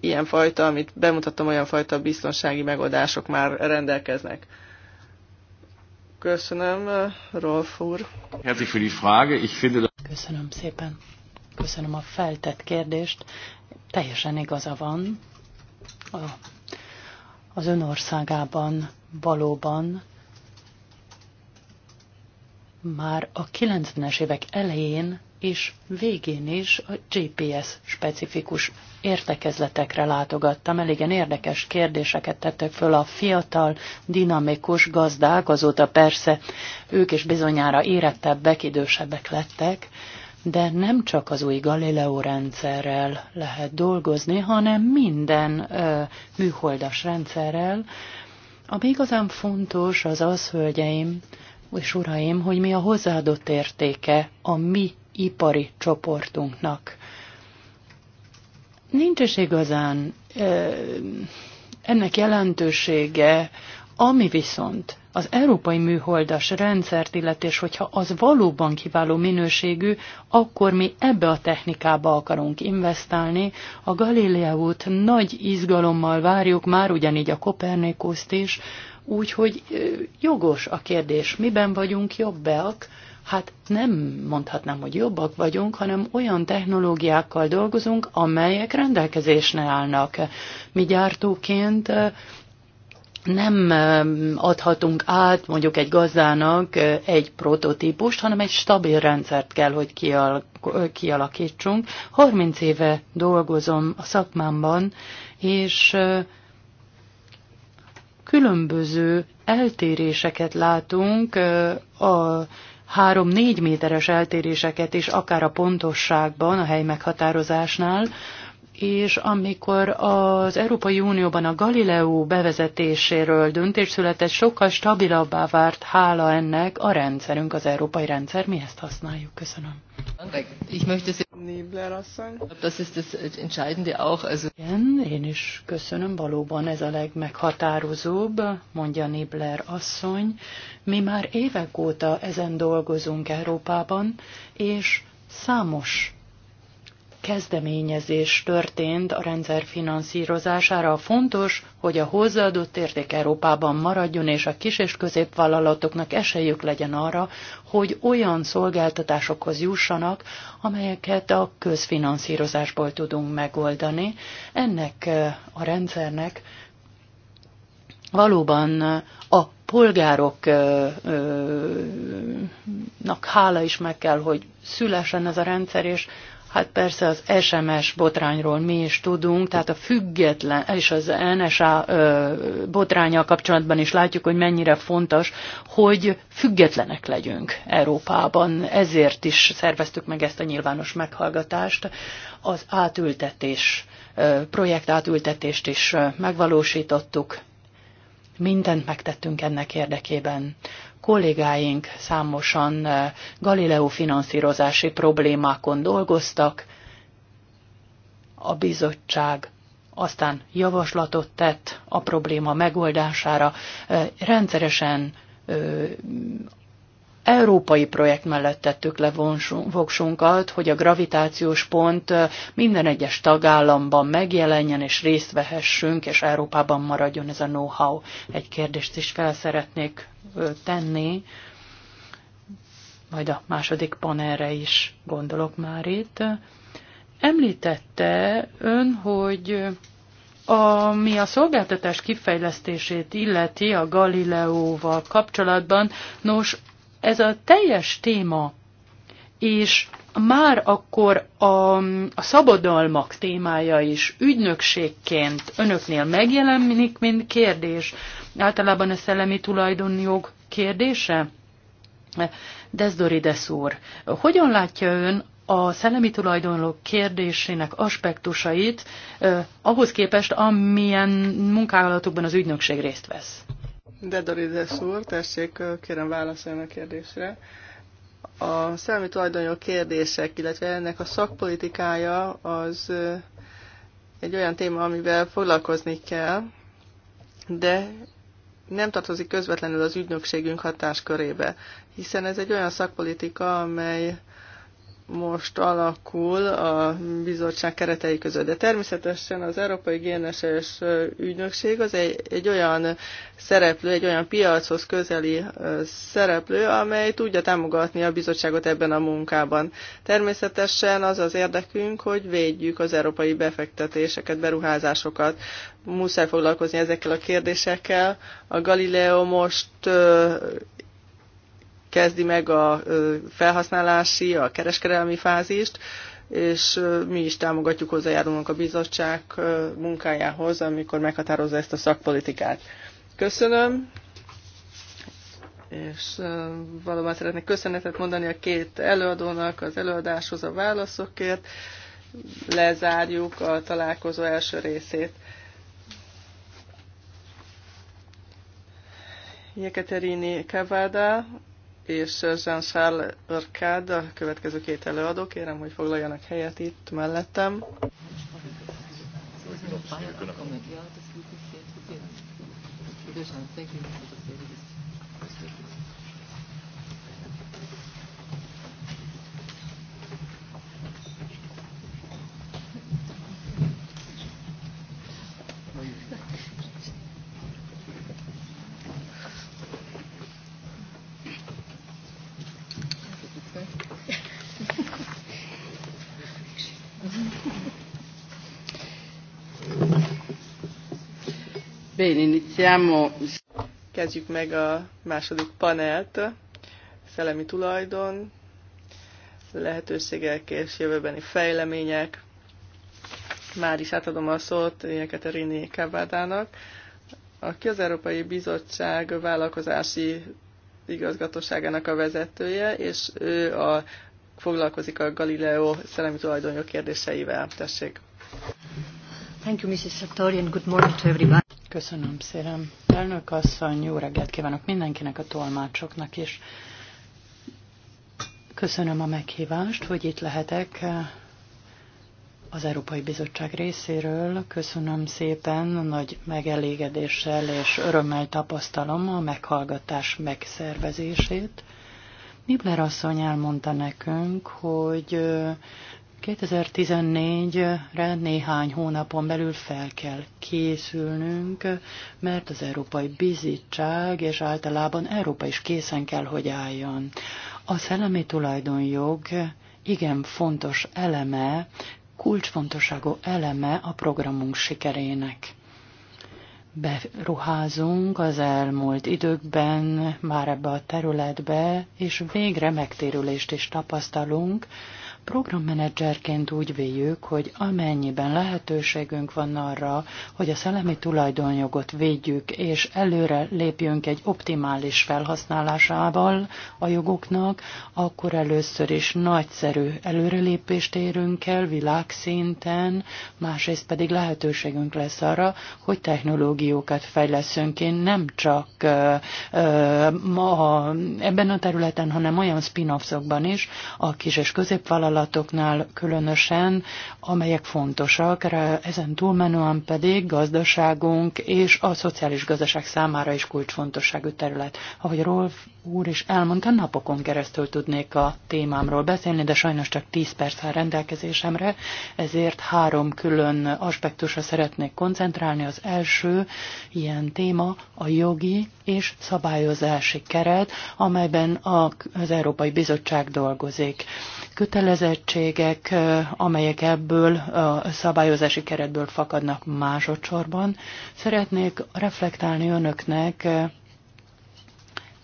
ilyenfajta, amit bemutatom, olyan fajta biztonsági megoldások már rendelkeznek. Köszönöm, Rolf úr. Köszönöm szépen. Köszönöm a feltett kérdést. Teljesen igaza van. az ön országában valóban már a 90-es évek elején és végén is a GPS specifikus értekezletekre látogattam. El érdekes kérdéseket tettek föl a fiatal, dinamikus gazdák, azóta persze ők is bizonyára érettebbek, idősebbek lettek, de nem csak az új Galileo rendszerrel lehet dolgozni, hanem minden ö, műholdas rendszerrel, ami igazán fontos az az, hölgyeim és uraim, hogy mi a hozzáadott értéke a mi ipari csoportunknak. Nincs is igazán ennek jelentősége, ami viszont az európai műholdas rendszert illet, és hogyha az valóban kiváló minőségű, akkor mi ebbe a technikába akarunk investálni. A Galileót nagy izgalommal várjuk, már ugyanígy a Kopernikuszt is, úgyhogy jogos a kérdés, miben vagyunk jobbak, hát nem mondhatnám, hogy jobbak vagyunk, hanem olyan technológiákkal dolgozunk, amelyek rendelkezésre állnak. Mi gyártóként nem adhatunk át mondjuk egy gazdának egy prototípust, hanem egy stabil rendszert kell, hogy kialakítsunk. 30 éve dolgozom a szakmámban, és különböző eltéréseket látunk, a három-négy méteres eltéréseket is, akár a pontosságban, a hely meghatározásnál, és amikor az Európai Unióban a Galileo bevezetéséről döntés született, sokkal stabilabbá várt hála ennek a rendszerünk, az európai rendszer. Mi ezt használjuk? Köszönöm. Igen, én is köszönöm, valóban ez a legmeghatározóbb, mondja Nibler asszony. Mi már évek óta ezen dolgozunk Európában, és számos kezdeményezés történt a rendszer finanszírozására. Fontos, hogy a hozzáadott érték Európában maradjon, és a kis- és középvállalatoknak esélyük legyen arra, hogy olyan szolgáltatásokhoz jussanak, amelyeket a közfinanszírozásból tudunk megoldani. Ennek eh, a rendszernek valóban eh, a polgároknak eh, hála is meg kell, hogy szülessen ez a rendszer, és Hát persze az SMS botrányról mi is tudunk, tehát a független, és az NSA botránya kapcsolatban is látjuk, hogy mennyire fontos, hogy függetlenek legyünk Európában. Ezért is szerveztük meg ezt a nyilvános meghallgatást. Az átültetés, projekt átültetést is megvalósítottuk. Mindent megtettünk ennek érdekében, kollégáink számosan eh, Galileo finanszírozási problémákon dolgoztak, a bizottság aztán javaslatot tett a probléma megoldására, eh, rendszeresen eh, európai projekt mellett tettük le voksunkat, hogy a gravitációs pont minden egyes tagállamban megjelenjen és részt vehessünk, és Európában maradjon ez a know-how. Egy kérdést is fel szeretnék tenni, majd a második panelre is gondolok már itt. Említette ön, hogy ami a szolgáltatás kifejlesztését illeti a Galileóval kapcsolatban, nos, ez a teljes téma, és már akkor a, a szabadalmak témája is ügynökségként önöknél megjelenik, mint kérdés általában a szellemi tulajdonjog kérdése? Desdorides úr, hogyan látja ön a szellemi tulajdonlók kérdésének aspektusait eh, ahhoz képest, amilyen munkálatokban az ügynökség részt vesz? Dedorides úr, tessék, kérem válaszoljon a kérdésre. A szellemi tulajdonjog kérdések, illetve ennek a szakpolitikája az egy olyan téma, amivel foglalkozni kell, de nem tartozik közvetlenül az ügynökségünk hatáskörébe, hiszen ez egy olyan szakpolitika, amely most alakul a bizottság keretei között. De természetesen az Európai Géneses Ügynökség az egy, egy olyan szereplő, egy olyan piachoz közeli szereplő, amely tudja támogatni a bizottságot ebben a munkában. Természetesen az az érdekünk, hogy védjük az európai befektetéseket, beruházásokat. Muszáj foglalkozni ezekkel a kérdésekkel. A Galileo most kezdi meg a felhasználási, a kereskedelmi fázist, és mi is támogatjuk, hozzájárulunk a bizottság munkájához, amikor meghatározza ezt a szakpolitikát. Köszönöm, és valóban szeretnék köszönetet mondani a két előadónak az előadáshoz, a válaszokért. Lezárjuk a találkozó első részét. Jekaterini Kavada, és Jean-Charles Örkád, a következő két előadó. Kérem, hogy foglaljanak helyet itt mellettem. Köszönöm. Bene, iniziamo. Kezdjük meg a második panelt. Szellemi tulajdon, lehetőségek és jövőbeni fejlemények. Már is átadom a szót Katerini Kávádának, aki az Európai Bizottság vállalkozási igazgatóságának a vezetője, és ő a, foglalkozik a Galileo szellemi tulajdonjog kérdéseivel. Tessék! Thank you, Mrs. Sartori, and good morning to everyone. Köszönöm szépen. Elnök asszony, jó reggelt kívánok mindenkinek, a tolmácsoknak is. Köszönöm a meghívást, hogy itt lehetek eh, az Európai Bizottság részéről. Köszönöm szépen, nagy megelégedéssel és örömmel tapasztalom a meghallgatás megszervezését. Nibler asszony elmondta nekünk, hogy eh, 2014-re néhány hónapon belül fel kell készülnünk, mert az Európai Bizottság és általában Európa is készen kell, hogy álljon. A szellemi tulajdonjog igen fontos eleme, kulcsfontosságú eleme a programunk sikerének beruházunk az elmúlt időkben már ebbe a területbe, és végre megtérülést is tapasztalunk Programmenedzserként úgy véljük, hogy amennyiben lehetőségünk van arra, hogy a szellemi tulajdonjogot védjük, és előre lépjünk egy optimális felhasználásával a jogoknak, akkor először is nagyszerű előrelépést érünk el világszinten, másrészt pedig lehetőségünk lesz arra, hogy technológiókat fejleszünk én nem csak ö, ö, ma, ebben a területen, hanem olyan spin-offsokban is, a kis és középvállalatokban, vállalatoknál különösen, amelyek fontosak, ezen túlmenően pedig gazdaságunk és a szociális gazdaság számára is kulcsfontosságú terület. Ahogy Rolf úr is elmondta, napokon keresztül tudnék a témámról beszélni, de sajnos csak 10 perc áll rendelkezésemre, ezért három külön aspektusra szeretnék koncentrálni. Az első ilyen téma a jogi és szabályozási keret, amelyben az Európai Bizottság dolgozik. Kötelező kötelezettségek, amelyek ebből a szabályozási keretből fakadnak másodszorban. Szeretnék reflektálni önöknek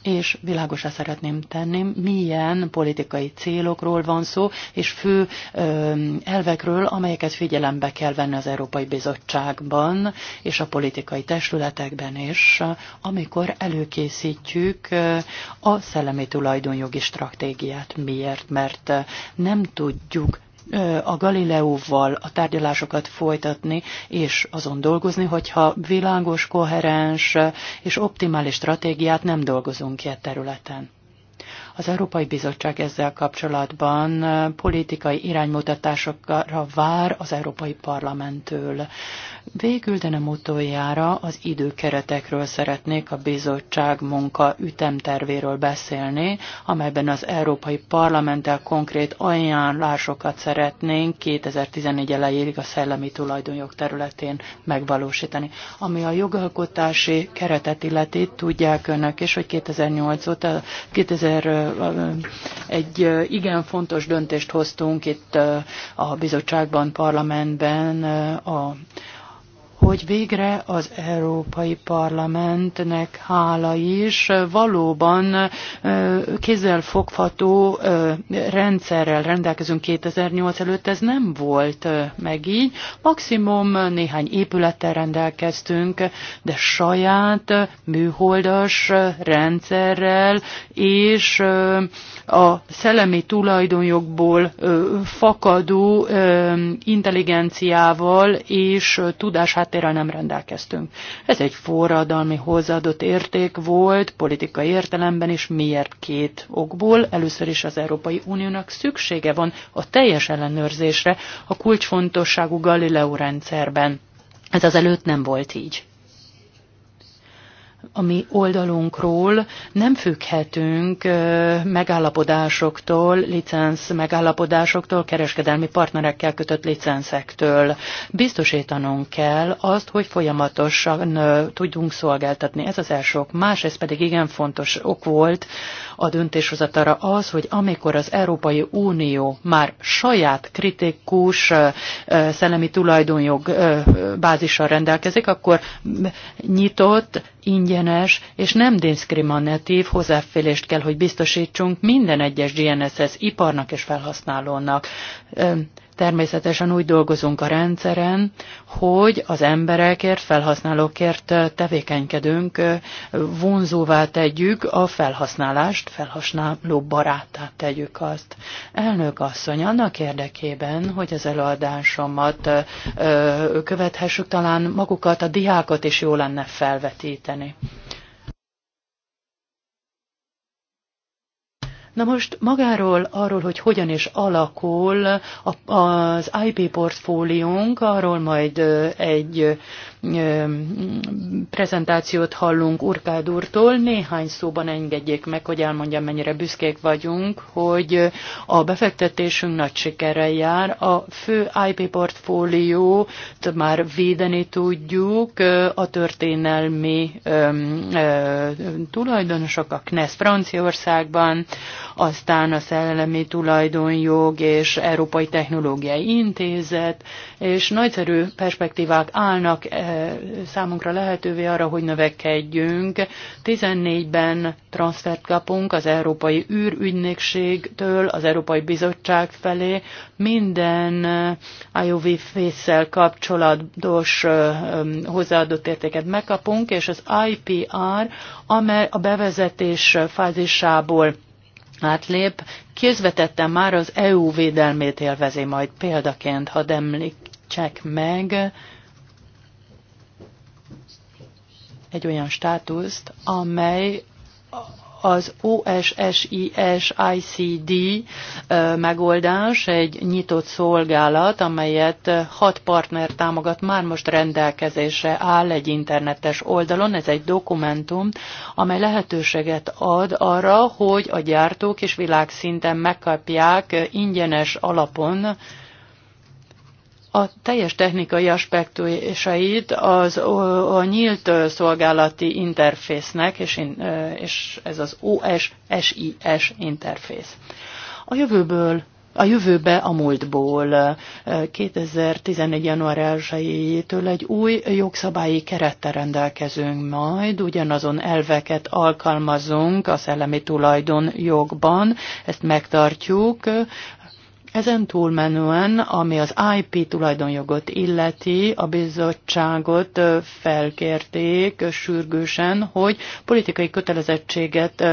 és világosra szeretném tenni, milyen politikai célokról van szó, és fő ö, elvekről, amelyeket figyelembe kell venni az Európai Bizottságban és a politikai testületekben is, amikor előkészítjük a szellemi tulajdonjogi stratégiát. Miért? Mert nem tudjuk a Galileóval a tárgyalásokat folytatni, és azon dolgozni, hogyha világos, koherens és optimális stratégiát nem dolgozunk ki a e területen. Az Európai Bizottság ezzel kapcsolatban politikai iránymutatásokra vár az Európai Parlamenttől. Végül, de nem utoljára az időkeretekről szeretnék a bizottság munka ütemtervéről beszélni, amelyben az Európai Parlamenttel konkrét ajánlásokat szeretnénk 2014 elejéig a szellemi tulajdonjog területén megvalósítani. Ami a jogalkotási keretet illeti, tudják önök is, hogy 2008 óta 2000, egy igen fontos döntést hoztunk itt a bizottságban, parlamentben a hogy végre az Európai Parlamentnek hála is valóban kézzelfogható rendszerrel rendelkezünk 2008 előtt, ez nem volt meg így. Maximum néhány épülettel rendelkeztünk, de saját műholdas rendszerrel és a szellemi tulajdonjogból fakadó intelligenciával és tudását háttérrel nem rendelkeztünk. Ez egy forradalmi hozzáadott érték volt, politikai értelemben is, miért két okból. Először is az Európai Uniónak szüksége van a teljes ellenőrzésre a kulcsfontosságú Galileo rendszerben. Ez az előtt nem volt így a mi oldalunkról nem függhetünk megállapodásoktól, licensz megállapodásoktól, kereskedelmi partnerekkel kötött licencektől. Biztosítanunk kell azt, hogy folyamatosan tudjunk szolgáltatni. Ez az első ok. ez pedig igen fontos ok volt a döntéshozatara az, hogy amikor az Európai Unió már saját kritikus szellemi tulajdonjog bázissal rendelkezik, akkor nyitott, ingyen ingyenes és nem diszkriminatív hozzáférést kell, hogy biztosítsunk minden egyes GNSS iparnak és felhasználónak. Természetesen úgy dolgozunk a rendszeren, hogy az emberekért, felhasználókért tevékenykedünk, vonzóvá tegyük a felhasználást, felhasználó barátát tegyük azt. Elnök asszony, annak érdekében, hogy az előadásomat követhessük, talán magukat, a diákot is jó lenne felvetíteni. Na most magáról, arról, hogy hogyan is alakul az IP portfóliónk, arról majd egy prezentációt hallunk Urkád úrtól. Néhány szóban engedjék meg, hogy elmondjam, mennyire büszkék vagyunk, hogy a befektetésünk nagy sikerrel jár. A fő IP portfóliót már védeni tudjuk, a történelmi tulajdonosok, a KNESZ Franciaországban, aztán a Szellemi Tulajdonjog és Európai Technológiai Intézet, és nagyszerű perspektívák állnak számunkra lehetővé arra, hogy növekedjünk. 14-ben transfert kapunk az Európai űrügynökségtől, az Európai Bizottság felé. Minden IOV fészsel kapcsolatos hozzáadott értéket megkapunk, és az IPR, amely a bevezetés fázisából átlép, kézvetetten már az EU védelmét élvezi majd példaként, ha csak meg egy olyan státuszt, amely az OSSIS ICD megoldás egy nyitott szolgálat, amelyet hat partner támogat, már most rendelkezésre áll egy internetes oldalon. Ez egy dokumentum, amely lehetőséget ad arra, hogy a gyártók és világszinten megkapják ingyenes alapon a teljes technikai aspektusait az a nyílt szolgálati interfésznek, és, és ez az OS-SIS interfész. A jövőből a jövőbe a múltból 2014. január 1-től egy új jogszabályi kerettel rendelkezünk majd, ugyanazon elveket alkalmazunk a szellemi tulajdon jogban, ezt megtartjuk ezen túlmenően, ami az IP tulajdonjogot illeti, a bizottságot felkérték sürgősen, hogy politikai kötelezettséget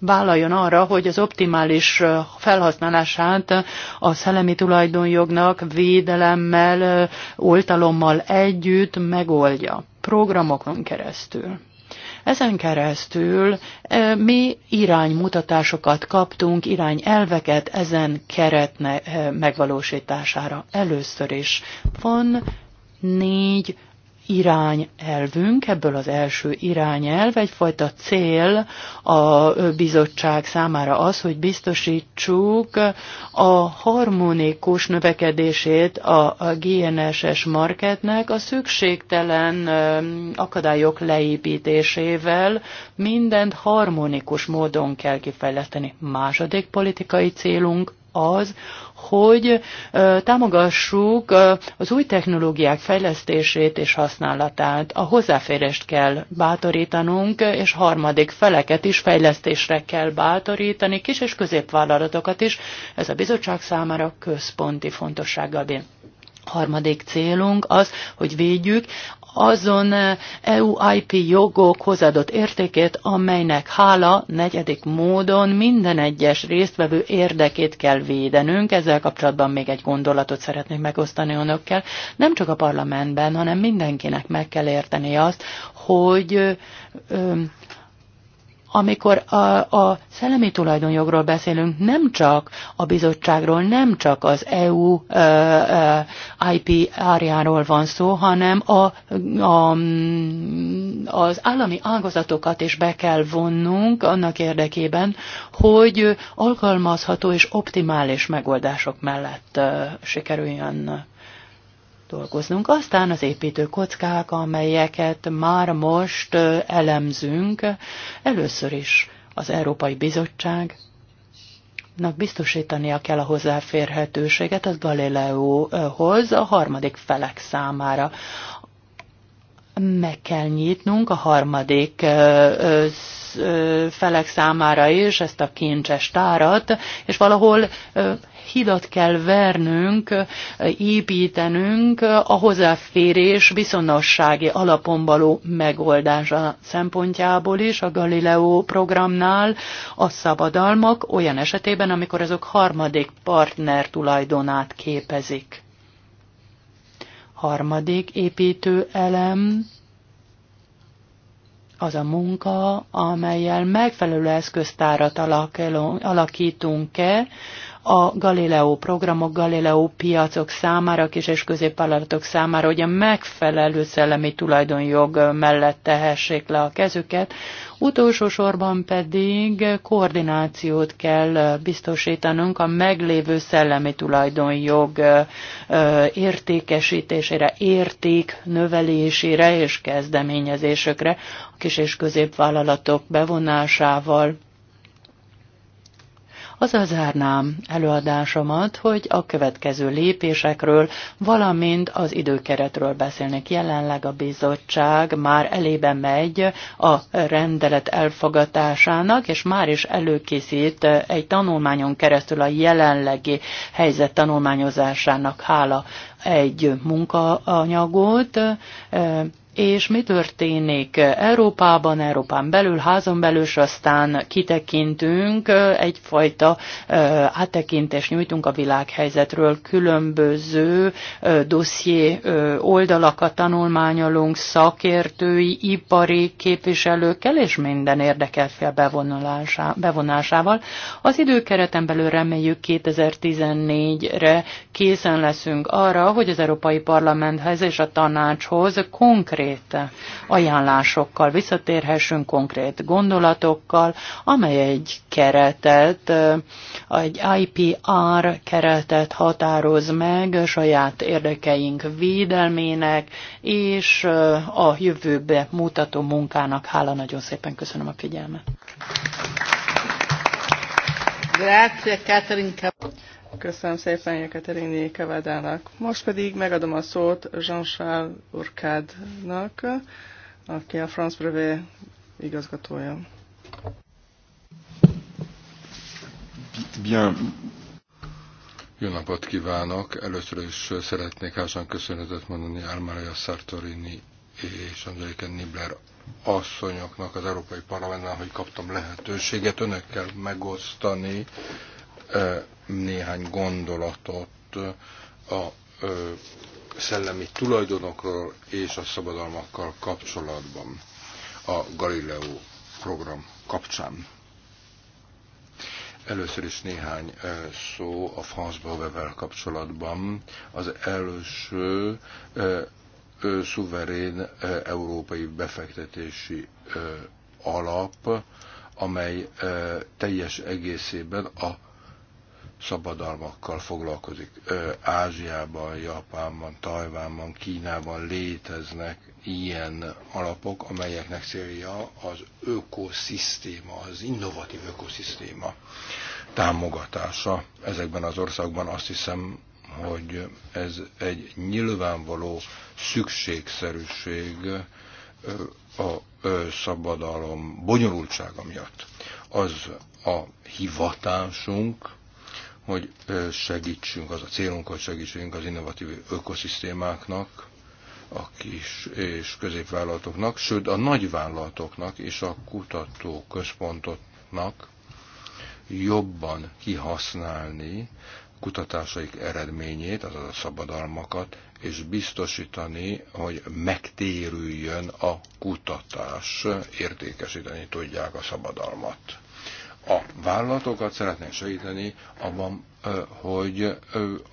vállaljon arra, hogy az optimális felhasználását a szellemi tulajdonjognak védelemmel, oltalommal együtt megoldja programokon keresztül. Ezen keresztül mi iránymutatásokat kaptunk, irányelveket ezen keretne megvalósítására. Először is van négy irányelvünk, ebből az első irányelv, egyfajta cél a bizottság számára az, hogy biztosítsuk a harmonikus növekedését a GNSS marketnek a szükségtelen akadályok leépítésével mindent harmonikus módon kell kifejleszteni. Második politikai célunk az, hogy támogassuk az új technológiák fejlesztését és használatát. A hozzáférést kell bátorítanunk, és harmadik feleket is fejlesztésre kell bátorítani, kis és középvállalatokat is. Ez a bizottság számára központi fontossággal bír. Harmadik célunk az, hogy védjük azon EU-IP eh, e jogok hozadott értékét, amelynek hála negyedik módon minden egyes résztvevő érdekét kell védenünk. Ezzel kapcsolatban még egy gondolatot szeretnék megosztani önökkel. Nem csak a parlamentben, hanem mindenkinek meg kell érteni azt, hogy eh, ö, amikor a, a szellemi tulajdonjogról beszélünk, nem csak a bizottságról, nem csak az EU uh, uh, IP árjáról van szó, hanem a, a, az állami ágazatokat is be kell vonnunk annak érdekében, hogy alkalmazható és optimális megoldások mellett uh, sikerüljön dolgoznunk. Aztán az építő kockák, amelyeket már most elemzünk, először is az Európai Bizottság biztosítania kell a hozzáférhetőséget az Galileóhoz a harmadik felek számára. Meg kell nyitnunk a harmadik felek számára is ezt a kincses tárat, és valahol hidat kell vernünk, építenünk a hozzáférés viszonossági alapon való megoldása szempontjából is a Galileo programnál a szabadalmak olyan esetében, amikor azok harmadik partner tulajdonát képezik. Harmadik építő elem az a munka, amelyel megfelelő eszköztárat alakítunk-e a Galileo programok, Galileo piacok számára, kis és középvállalatok számára, hogy a megfelelő szellemi tulajdonjog mellett tehessék le a kezüket, Utolsó sorban pedig koordinációt kell biztosítanunk a meglévő szellemi tulajdonjog értékesítésére, érték növelésére és kezdeményezésekre a kis és középvállalatok bevonásával azzal zárnám előadásomat, hogy a következő lépésekről, valamint az időkeretről beszélnek. Jelenleg a bizottság már elébe megy a rendelet elfogatásának, és már is előkészít egy tanulmányon keresztül a jelenlegi helyzet tanulmányozásának hála egy munkaanyagot, és mi történik Európában, Európán belül, házon belül, és aztán kitekintünk, egyfajta áttekintést nyújtunk a világhelyzetről, különböző dosszié oldalakat tanulmányolunk szakértői, ipari képviselőkkel és minden érdekel fél bevonásával. Az időkereten belül reméljük 2014-re készen leszünk arra, hogy az Európai Parlamenthez és a tanácshoz konkrét konkrét ajánlásokkal visszatérhessünk, konkrét gondolatokkal, amely egy keretet, egy IPR keretet határoz meg saját érdekeink védelmének és a jövőbe mutató munkának. Hála nagyon szépen köszönöm a figyelmet. Grazie, Catherine. Köszönöm szépen Jekaterini Kevádának. Most pedig megadom a szót Jean-Charles Urkádnak, aki a France Brevet igazgatója. Bien. Jó napot kívánok! Először is szeretnék házan köszönetet mondani Álmária Sartorini és Angelika Nibler asszonyoknak az Európai Parlamentben, hogy kaptam lehetőséget önökkel megosztani néhány gondolatot a szellemi tulajdonokról és a szabadalmakkal kapcsolatban a Galileo program kapcsán. Először is néhány szó a Franz Bauervel kapcsolatban. Az első szuverén európai befektetési alap, amely teljes egészében a szabadalmakkal foglalkozik. Ázsiában, Japánban, Tajvánban, Kínában léteznek ilyen alapok, amelyeknek célja az ökoszisztéma, az innovatív ökoszisztéma támogatása ezekben az országban. Azt hiszem, hogy ez egy nyilvánvaló szükségszerűség a szabadalom bonyolultsága miatt. Az a hivatásunk, hogy segítsünk, az a célunk, hogy segítsünk az innovatív ökoszisztémáknak, a kis és középvállalatoknak, sőt a nagyvállalatoknak és a kutatóközpontoknak jobban kihasználni kutatásaik eredményét, azaz a szabadalmakat, és biztosítani, hogy megtérüljön a kutatás, értékesíteni tudják a szabadalmat. A vállalatokat szeretnénk segíteni abban, hogy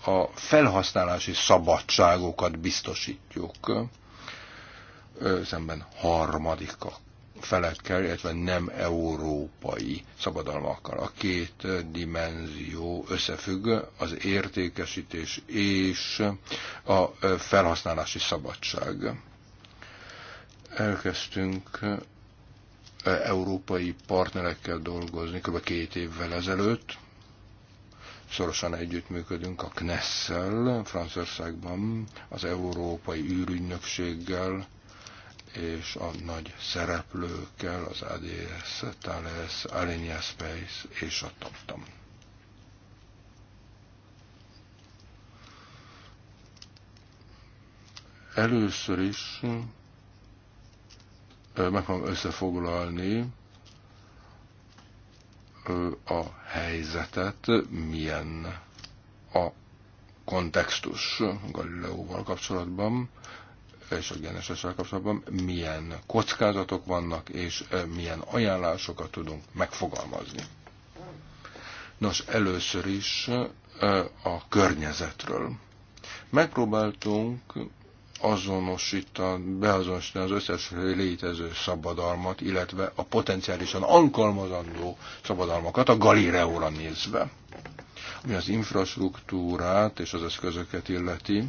a felhasználási szabadságokat biztosítjuk szemben harmadikak felekkel, illetve nem európai szabadalmakkal. A két dimenzió összefügg az értékesítés és a felhasználási szabadság. Elkezdtünk európai partnerekkel dolgozni kb. két évvel ezelőtt. Szorosan együttműködünk a Knesszel, Franciaországban, az Európai űrügynökséggel és a nagy szereplőkkel, az ADS, Thales, Alenia Space és a TAPTAM. Először is fogom összefoglalni a helyzetet, milyen a kontextus Galileóval kapcsolatban, és a gnss kapcsolatban, milyen kockázatok vannak, és milyen ajánlásokat tudunk megfogalmazni. Nos, először is a környezetről. Megpróbáltunk azonosítani, beazonosítani az összes létező szabadalmat, illetve a potenciálisan alkalmazandó szabadalmakat a Galileóra nézve, ami az infrastruktúrát és az eszközöket illeti.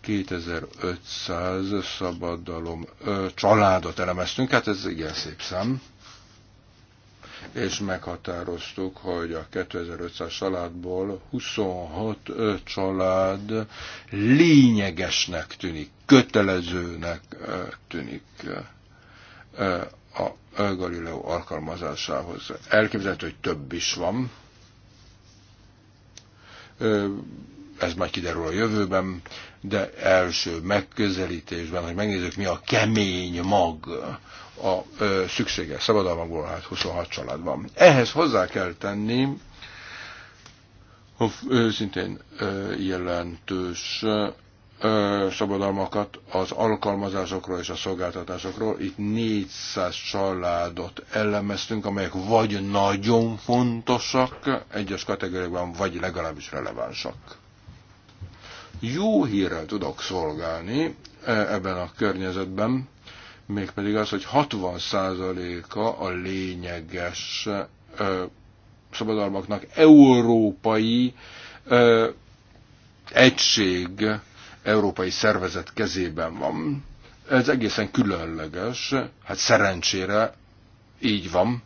2500 szabadalom ö, családot elemeztünk, hát ez igen szép szám és meghatároztuk, hogy a 2500 családból 26 család lényegesnek tűnik, kötelezőnek tűnik a Galileo alkalmazásához. Elképzelhető, hogy több is van. Ez majd kiderül a jövőben, de első megközelítésben, hogy megnézzük, mi a kemény mag, a ö, szükséges szabadalmakból hát 26 család van. Ehhez hozzá kell tenni, szintén jelentős szabadalmakat az alkalmazásokról és a szolgáltatásokról. Itt 400 családot elemeztünk, amelyek vagy nagyon fontosak egyes kategóriában vagy legalábbis relevánsak. Jó hírrel tudok szolgálni e, ebben a környezetben mégpedig az, hogy 60%-a a lényeges ö, szabadalmaknak európai ö, egység, európai szervezet kezében van. Ez egészen különleges, hát szerencsére így van.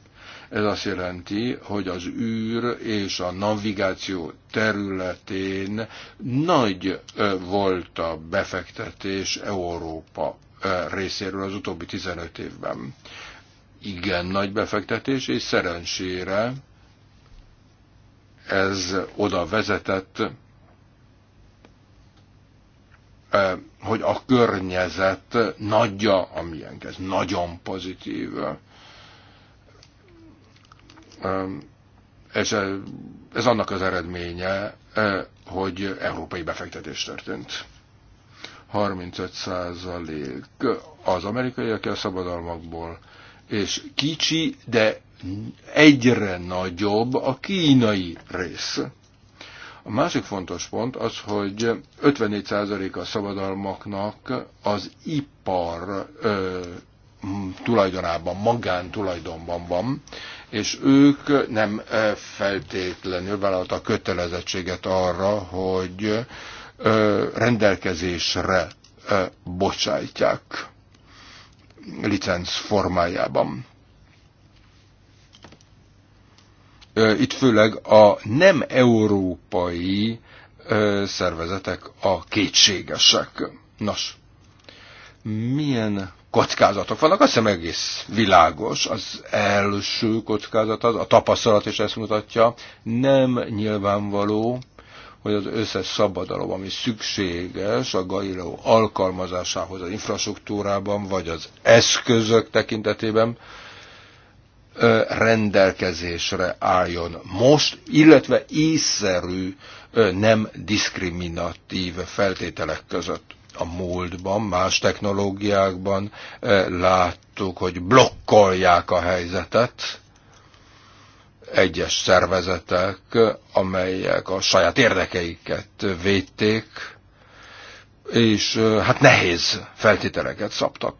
Ez azt jelenti, hogy az űr és a navigáció területén nagy volt a befektetés Európa részéről az utóbbi 15 évben. Igen, nagy befektetés, és szerencsére ez oda vezetett, hogy a környezet nagyja, amilyen ez nagyon pozitív. És ez annak az eredménye, hogy európai befektetés történt. 35% százalék az amerikaiak a szabadalmakból, és kicsi, de egyre nagyobb a kínai rész. A másik fontos pont az, hogy 54% a szabadalmaknak az ipar ö, tulajdonában, magántulajdonban van, és ők nem feltétlenül vállalta kötelezettséget arra, hogy rendelkezésre bocsájtják licenc formájában. Itt főleg a nem európai szervezetek a kétségesek. Nos, milyen kockázatok vannak? Azt hiszem egész világos. Az első kockázat az, a tapasztalat is ezt mutatja, nem nyilvánvaló, hogy az összes szabadalom, ami szükséges a Galileo alkalmazásához az infrastruktúrában, vagy az eszközök tekintetében rendelkezésre álljon most, illetve észszerű, nem diszkriminatív feltételek között a múltban, más technológiákban láttuk, hogy blokkolják a helyzetet, egyes szervezetek, amelyek a saját érdekeiket védték, és hát nehéz feltételeket szabtak.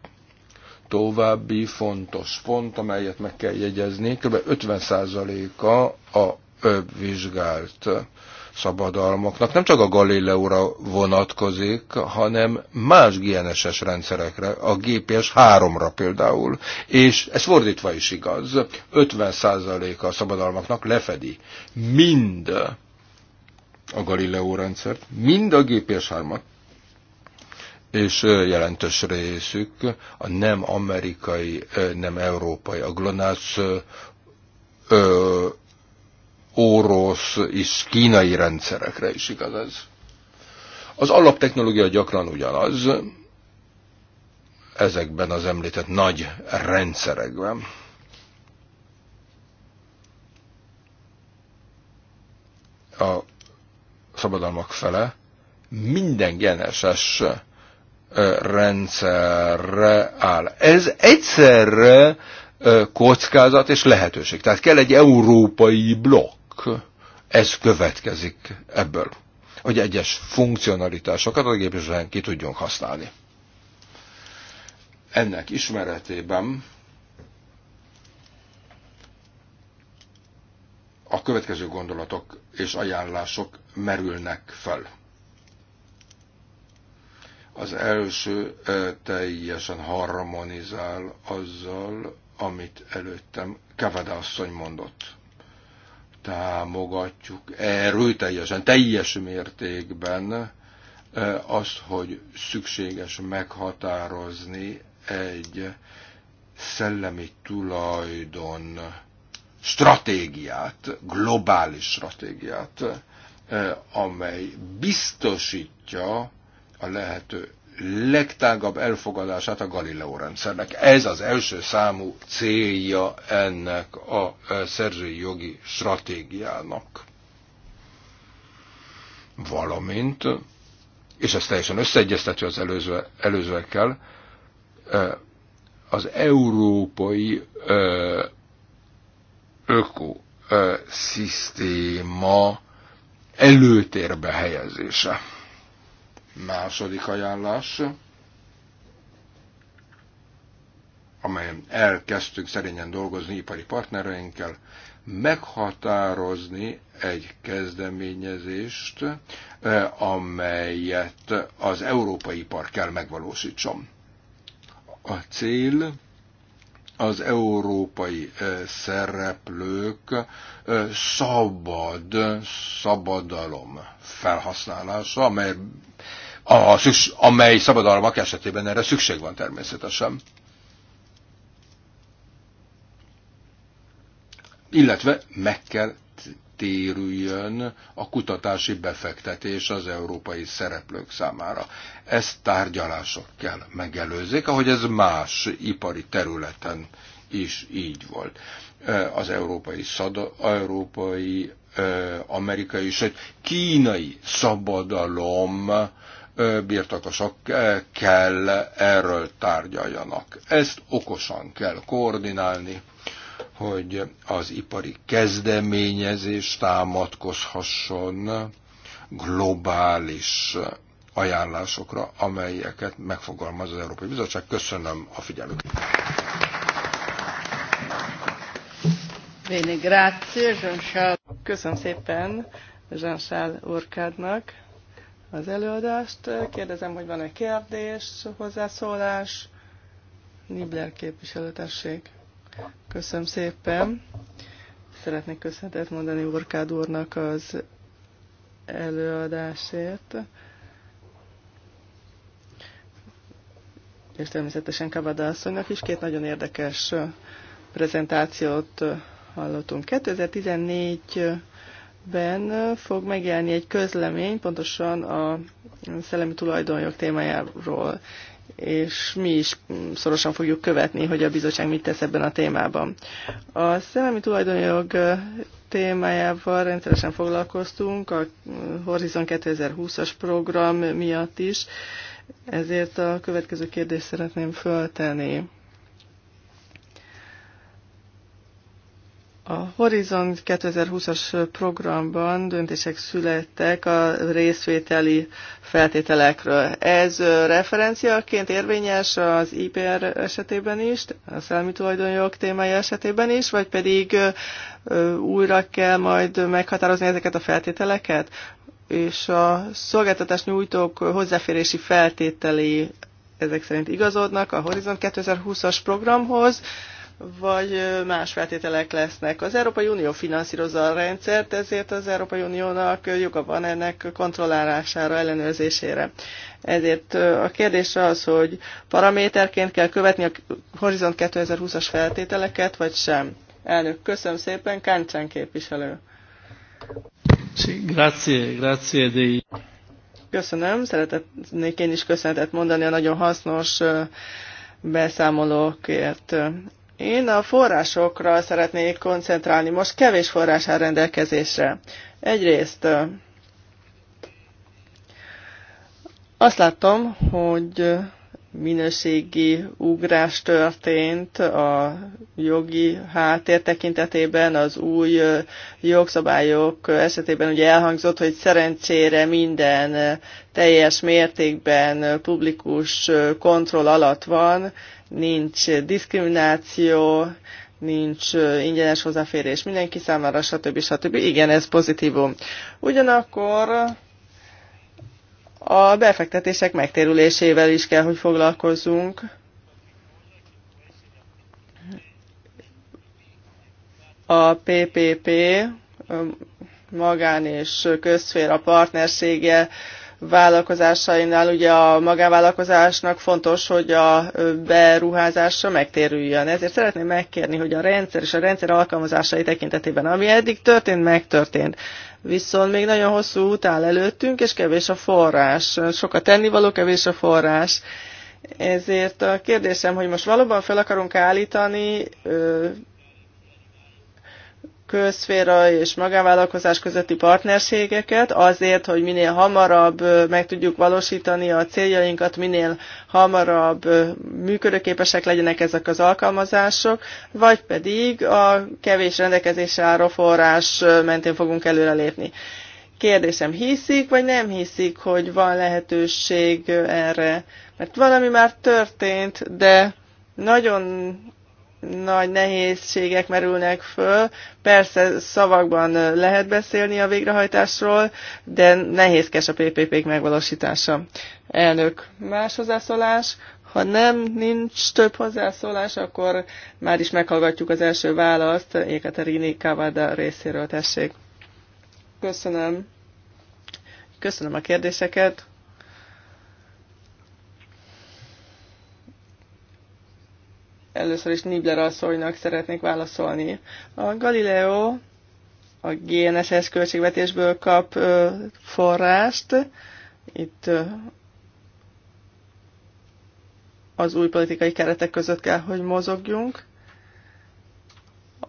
További fontos pont, amelyet meg kell jegyezni, kb. 50%-a a vizsgált szabadalmaknak nem csak a Galileóra vonatkozik, hanem más GNSS rendszerekre, a GPS 3-ra például, és ez fordítva is igaz, 50% a szabadalmaknak lefedi mind a Galileó rendszert, mind a GPS 3-at, és jelentős részük a nem amerikai, nem európai, a GLONASS orosz és kínai rendszerekre is igaz ez. Az alaptechnológia gyakran ugyanaz, ezekben az említett nagy rendszerekben. A szabadalmak fele minden geneses rendszerre áll. Ez egyszerre kockázat és lehetőség. Tehát kell egy európai blokk ez következik ebből, hogy egyes funkcionalitásokat a gépviselőn ki tudjunk használni. Ennek ismeretében a következő gondolatok és ajánlások merülnek fel. Az első teljesen harmonizál azzal, amit előttem Kavada asszony mondott támogatjuk erőteljesen, teljes mértékben azt, hogy szükséges meghatározni egy szellemi tulajdon stratégiát, globális stratégiát, amely biztosítja a lehető legtágabb elfogadását a Galileo rendszernek. Ez az első számú célja ennek a e, szerzői jogi stratégiának. Valamint, és ez teljesen összeegyeztető az előző, előzőekkel, e, az európai e, ökoszisztéma előtérbe helyezése. Második ajánlás, amelyen elkezdtünk szerényen dolgozni ipari partnereinkkel, meghatározni egy kezdeményezést, eh, amelyet az európai ipar kell megvalósítson. A cél az európai eh, szereplők eh, szabad szabadalom felhasználása, amely a, a amely szabadalmak esetében erre szükség van természetesen. Illetve meg kell térüljön a kutatási befektetés az európai szereplők számára. Ezt tárgyalások kell megelőzik, ahogy ez más ipari területen is így volt. Az európai, szada, európai amerikai, sőt kínai szabadalom birtokosok kell erről tárgyaljanak. Ezt okosan kell koordinálni, hogy az ipari kezdeményezés támadkozhasson globális ajánlásokra, amelyeket megfogalmaz az Európai Bizottság. Köszönöm a figyelmüket. Bene, grazie, Köszönöm szépen Jean-Charles Urkádnak az előadást. Kérdezem, hogy van-e kérdés, hozzászólás. Nibler képviselőtesség. Köszönöm szépen. Szeretnék köszönetet mondani Urkád úrnak az előadásért. És természetesen Kavada asszonynak is két nagyon érdekes prezentációt hallottunk. 2014 ben fog megjelenni egy közlemény pontosan a szellemi tulajdonjog témájáról, és mi is mm, szorosan fogjuk követni, hogy a bizottság mit tesz ebben a témában. A szellemi tulajdonjog témájával rendszeresen foglalkoztunk, a mm, Horizon 2020-as program miatt is, ezért a következő kérdést szeretném föltenni. A Horizon 2020-as programban döntések születtek a részvételi feltételekről. Ez referenciaként érvényes az IPR esetében is, a szellemi tulajdonjog témája esetében is, vagy pedig újra kell majd meghatározni ezeket a feltételeket? És a szolgáltatás nyújtók hozzáférési feltételei ezek szerint igazodnak a Horizon 2020-as programhoz, vagy más feltételek lesznek. Az Európai Unió finanszírozza a rendszert, ezért az Európai Uniónak joga van ennek kontrollálására, ellenőrzésére. Ezért a kérdés az, hogy paraméterként kell követni a Horizont 2020-as feltételeket, vagy sem. Elnök, köszönöm szépen, Káncsán képviselő. Grazie, grazie dei... Köszönöm, szeretnék én is köszönetet mondani a nagyon hasznos beszámolókért. Én a forrásokra szeretnék koncentrálni. Most kevés forrás áll rendelkezésre. Egyrészt azt láttam, hogy minőségi ugrás történt a jogi háttér tekintetében, az új jogszabályok esetében ugye elhangzott, hogy szerencsére minden teljes mértékben publikus kontroll alatt van, nincs diszkrimináció, nincs ingyenes hozzáférés mindenki számára, stb. stb. Igen, ez pozitívum. Ugyanakkor a befektetések megtérülésével is kell, hogy foglalkozzunk. A PPP magán és közféra partnersége vállalkozásainál ugye a magánvállalkozásnak fontos, hogy a beruházásra megtérüljön. Ezért szeretném megkérni, hogy a rendszer és a rendszer alkalmazásai tekintetében, ami eddig történt, megtörtént. Viszont még nagyon hosszú út áll előttünk, és kevés a forrás. Sok a tennivaló, kevés a forrás. Ezért a kérdésem, hogy most valóban fel akarunk állítani közszféra és magánvállalkozás közötti partnerségeket azért, hogy minél hamarabb meg tudjuk valósítani a céljainkat, minél hamarabb működőképesek legyenek ezek az alkalmazások, vagy pedig a kevés rendelkezésre álló forrás mentén fogunk előrelépni. Kérdésem, hiszik vagy nem hiszik, hogy van lehetőség erre? Mert valami már történt, de nagyon nagy nehézségek merülnek föl. Persze szavakban lehet beszélni a végrehajtásról, de nehézkes a PPP-k megvalósítása. Elnök, más hozzászólás? Ha nem, nincs több hozzászólás, akkor már is meghallgatjuk az első választ Ékaterini Kavada részéről, tessék. Köszönöm. Köszönöm a kérdéseket. Először is Nibler asszonynak szeretnék válaszolni. A Galileo a GNSS költségvetésből kap forrást. Itt az új politikai keretek között kell, hogy mozogjunk.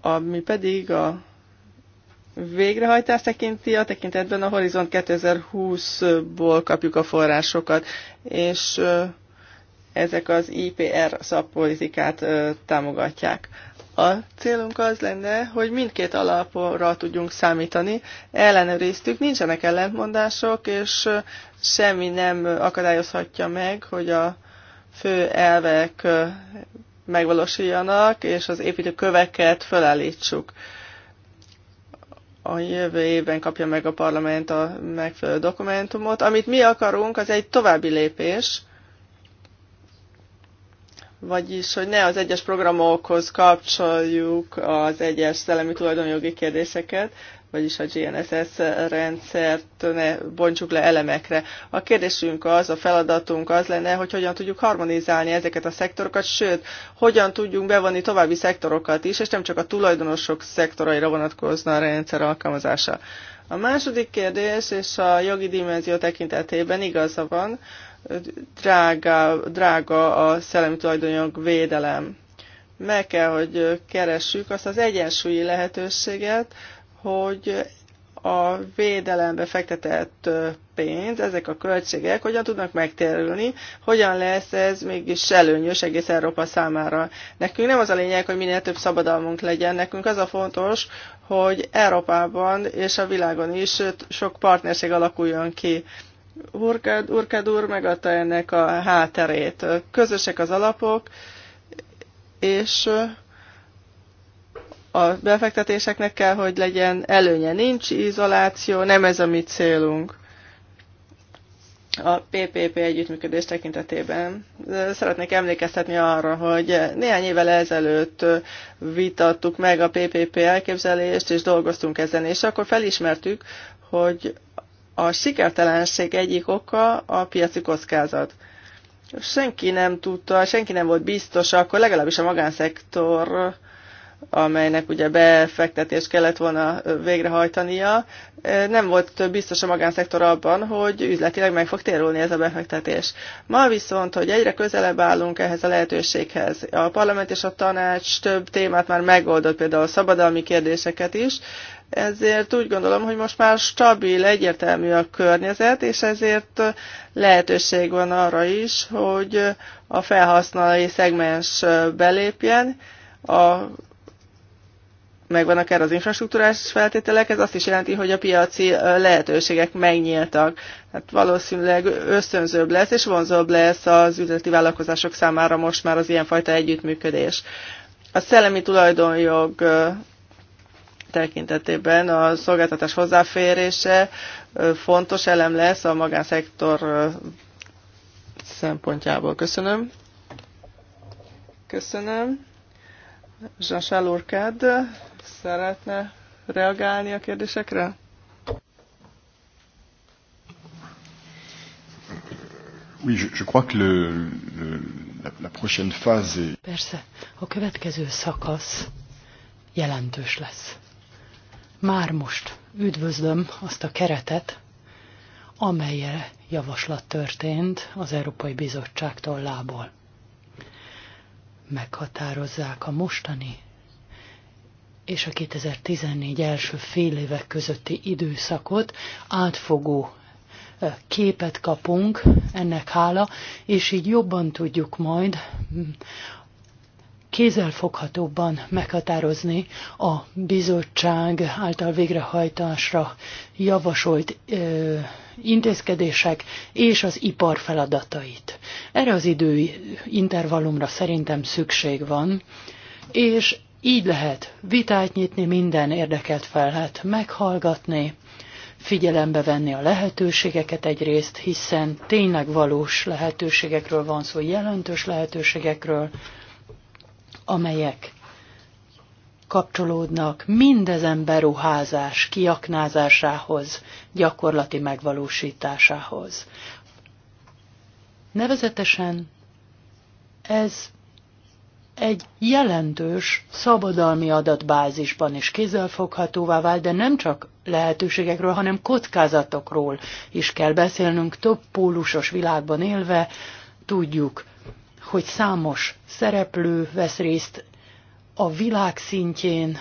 Ami pedig a végrehajtás tekinti, a tekintetben a Horizont 2020-ból kapjuk a forrásokat, és ezek az IPR szakpolitikát támogatják. A célunk az lenne, hogy mindkét alapra tudjunk számítani, ellenőriztük, nincsenek ellentmondások, és semmi nem akadályozhatja meg, hogy a fő elvek megvalósuljanak, és az építőköveket fölállítsuk. A jövő évben kapja meg a parlament a megfelelő dokumentumot. Amit mi akarunk, az egy további lépés, vagyis hogy ne az egyes programokhoz kapcsoljuk az egyes szellemi tulajdonjogi kérdéseket, vagyis a GNSS rendszert ne bontsuk le elemekre. A kérdésünk az, a feladatunk az lenne, hogy hogyan tudjuk harmonizálni ezeket a szektorokat, sőt, hogyan tudjunk bevonni további szektorokat is, és nem csak a tulajdonosok szektoraira vonatkozna a rendszer alkalmazása. A második kérdés, és a jogi dimenzió tekintetében igaza van, drága, drága a szellemi tulajdonjog védelem. Meg kell, hogy keressük azt az egyensúlyi lehetőséget, hogy a védelembe fektetett pénz, ezek a költségek hogyan tudnak megtérülni, hogyan lesz ez mégis előnyös egész Európa számára. Nekünk nem az a lényeg, hogy minél több szabadalmunk legyen, nekünk az a fontos, hogy Európában és a világon is sok partnerség alakuljon ki Urkád, úr megadta ennek a háterét Közösek az alapok, és a befektetéseknek kell, hogy legyen előnye. Nincs izoláció, nem ez a mi célunk a PPP együttműködés tekintetében. Szeretnék emlékeztetni arra, hogy néhány évvel ezelőtt vitattuk meg a PPP elképzelést, és dolgoztunk ezen, és akkor felismertük, hogy a sikertelenség egyik oka a piaci kockázat. Senki nem tudta, senki nem volt biztos, akkor legalábbis a magánszektor amelynek ugye befektetést kellett volna végrehajtania, nem volt biztos a magánszektor abban, hogy üzletileg meg fog térülni ez a befektetés. Ma viszont, hogy egyre közelebb állunk ehhez a lehetőséghez. A parlament és a tanács több témát már megoldott, például a szabadalmi kérdéseket is, ezért úgy gondolom, hogy most már stabil, egyértelmű a környezet, és ezért lehetőség van arra is, hogy a felhasználói szegmens belépjen, a, megvan akár az infrastruktúrás feltételek, ez azt is jelenti, hogy a piaci lehetőségek megnyíltak. Hát valószínűleg ösztönzőbb lesz, és vonzóbb lesz az üzleti vállalkozások számára most már az ilyenfajta együttműködés. A szellemi tulajdonjog tekintetében a szolgáltatás hozzáférése fontos elem lesz a magánszektor szempontjából. Köszönöm. Köszönöm. Jean-Charles Urkád szeretne reagálni a kérdésekre? Oui, je, je crois que le, le, la, la prochaine phase est... Persze, a következő szakasz jelentős lesz már most üdvözlöm azt a keretet, amelyre javaslat történt az Európai Bizottság tollából. Meghatározzák a mostani és a 2014 első fél évek közötti időszakot átfogó képet kapunk ennek hála, és így jobban tudjuk majd kézzelfoghatóbban meghatározni a bizottság által végrehajtásra javasolt ö, intézkedések és az ipar feladatait. Erre az idői intervallumra szerintem szükség van, és így lehet vitát nyitni, minden érdeket fel lehet meghallgatni, figyelembe venni a lehetőségeket egyrészt, hiszen tényleg valós lehetőségekről van szó, jelentős lehetőségekről, amelyek kapcsolódnak mindezen beruházás kiaknázásához, gyakorlati megvalósításához. Nevezetesen ez egy jelentős szabadalmi adatbázisban is kézzelfoghatóvá vált, de nem csak lehetőségekről, hanem kockázatokról is kell beszélnünk. Több pólusos világban élve tudjuk, hogy számos szereplő vesz részt a világ szintjén,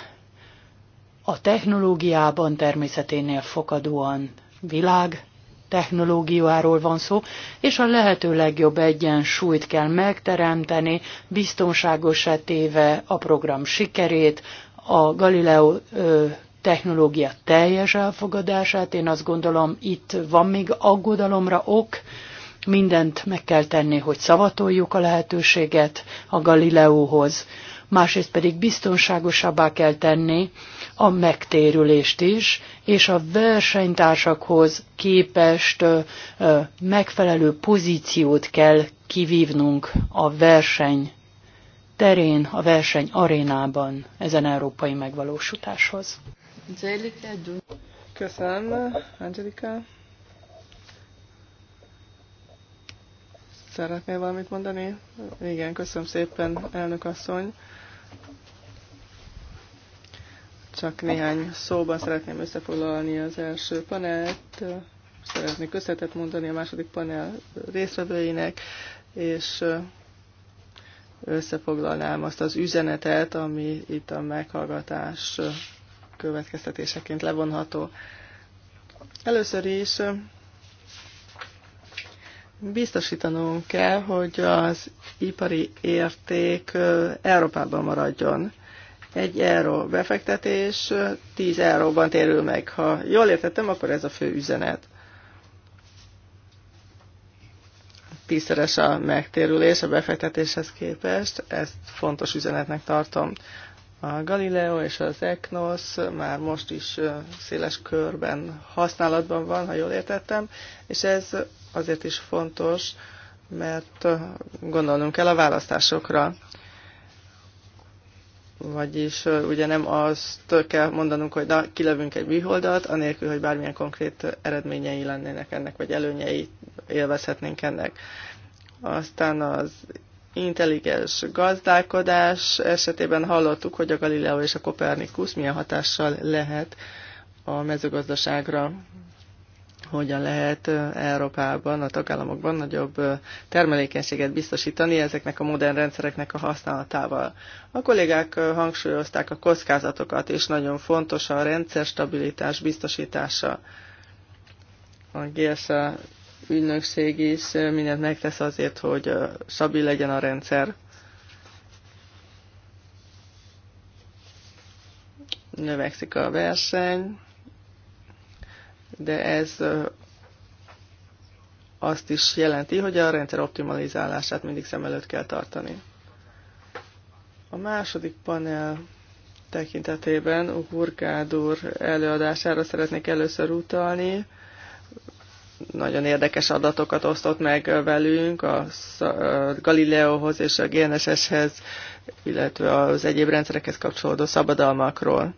a technológiában természeténél fokadóan világ technológiáról van szó, és a lehető legjobb egyensúlyt kell megteremteni, biztonságos téve a program sikerét, a Galileo ö, technológia teljes elfogadását. Én azt gondolom, itt van még aggodalomra ok, mindent meg kell tenni, hogy szavatoljuk a lehetőséget a Galileóhoz, másrészt pedig biztonságosabbá kell tenni a megtérülést is, és a versenytársakhoz képest megfelelő pozíciót kell kivívnunk a verseny terén, a verseny arénában ezen európai megvalósításhoz. Köszönöm, Angelika. Szeretnél valamit mondani? Igen, köszönöm szépen, elnök asszony. Csak néhány szóban szeretném összefoglalni az első panelt. Szeretnék összetett mondani a második panel részvevőinek, és összefoglalnám azt az üzenetet, ami itt a meghallgatás következtetéseként levonható. Először is Biztosítanunk kell, hogy az ipari érték Európában maradjon. Egy euró befektetés 10 euróban térül meg. Ha jól értettem, akkor ez a fő üzenet. Tízszeres a megtérülés a befektetéshez képest, ezt fontos üzenetnek tartom. A Galileo és az Eknos már most is széles körben használatban van, ha jól értettem, és ez azért is fontos, mert gondolnunk kell a választásokra. Vagyis ugye nem azt kell mondanunk, hogy na, kilövünk egy műholdat, anélkül, hogy bármilyen konkrét eredményei lennének ennek, vagy előnyei élvezhetnénk ennek. Aztán az intelligens gazdálkodás esetében hallottuk, hogy a Galileo és a Kopernikus milyen hatással lehet a mezőgazdaságra hogyan lehet Európában, a tagállamokban nagyobb termelékenységet biztosítani ezeknek a modern rendszereknek a használatával. A kollégák hangsúlyozták a kockázatokat, és nagyon fontos a rendszer stabilitás biztosítása. A GSA ügynökség is mindent megtesz azért, hogy stabil legyen a rendszer. Növekszik a verseny, de ez azt is jelenti, hogy a rendszer optimalizálását mindig szem előtt kell tartani. A második panel tekintetében Hurkád úr előadására szeretnék először utalni. Nagyon érdekes adatokat osztott meg velünk a Galileóhoz és a GNSS-hez, illetve az egyéb rendszerekhez kapcsolódó szabadalmakról.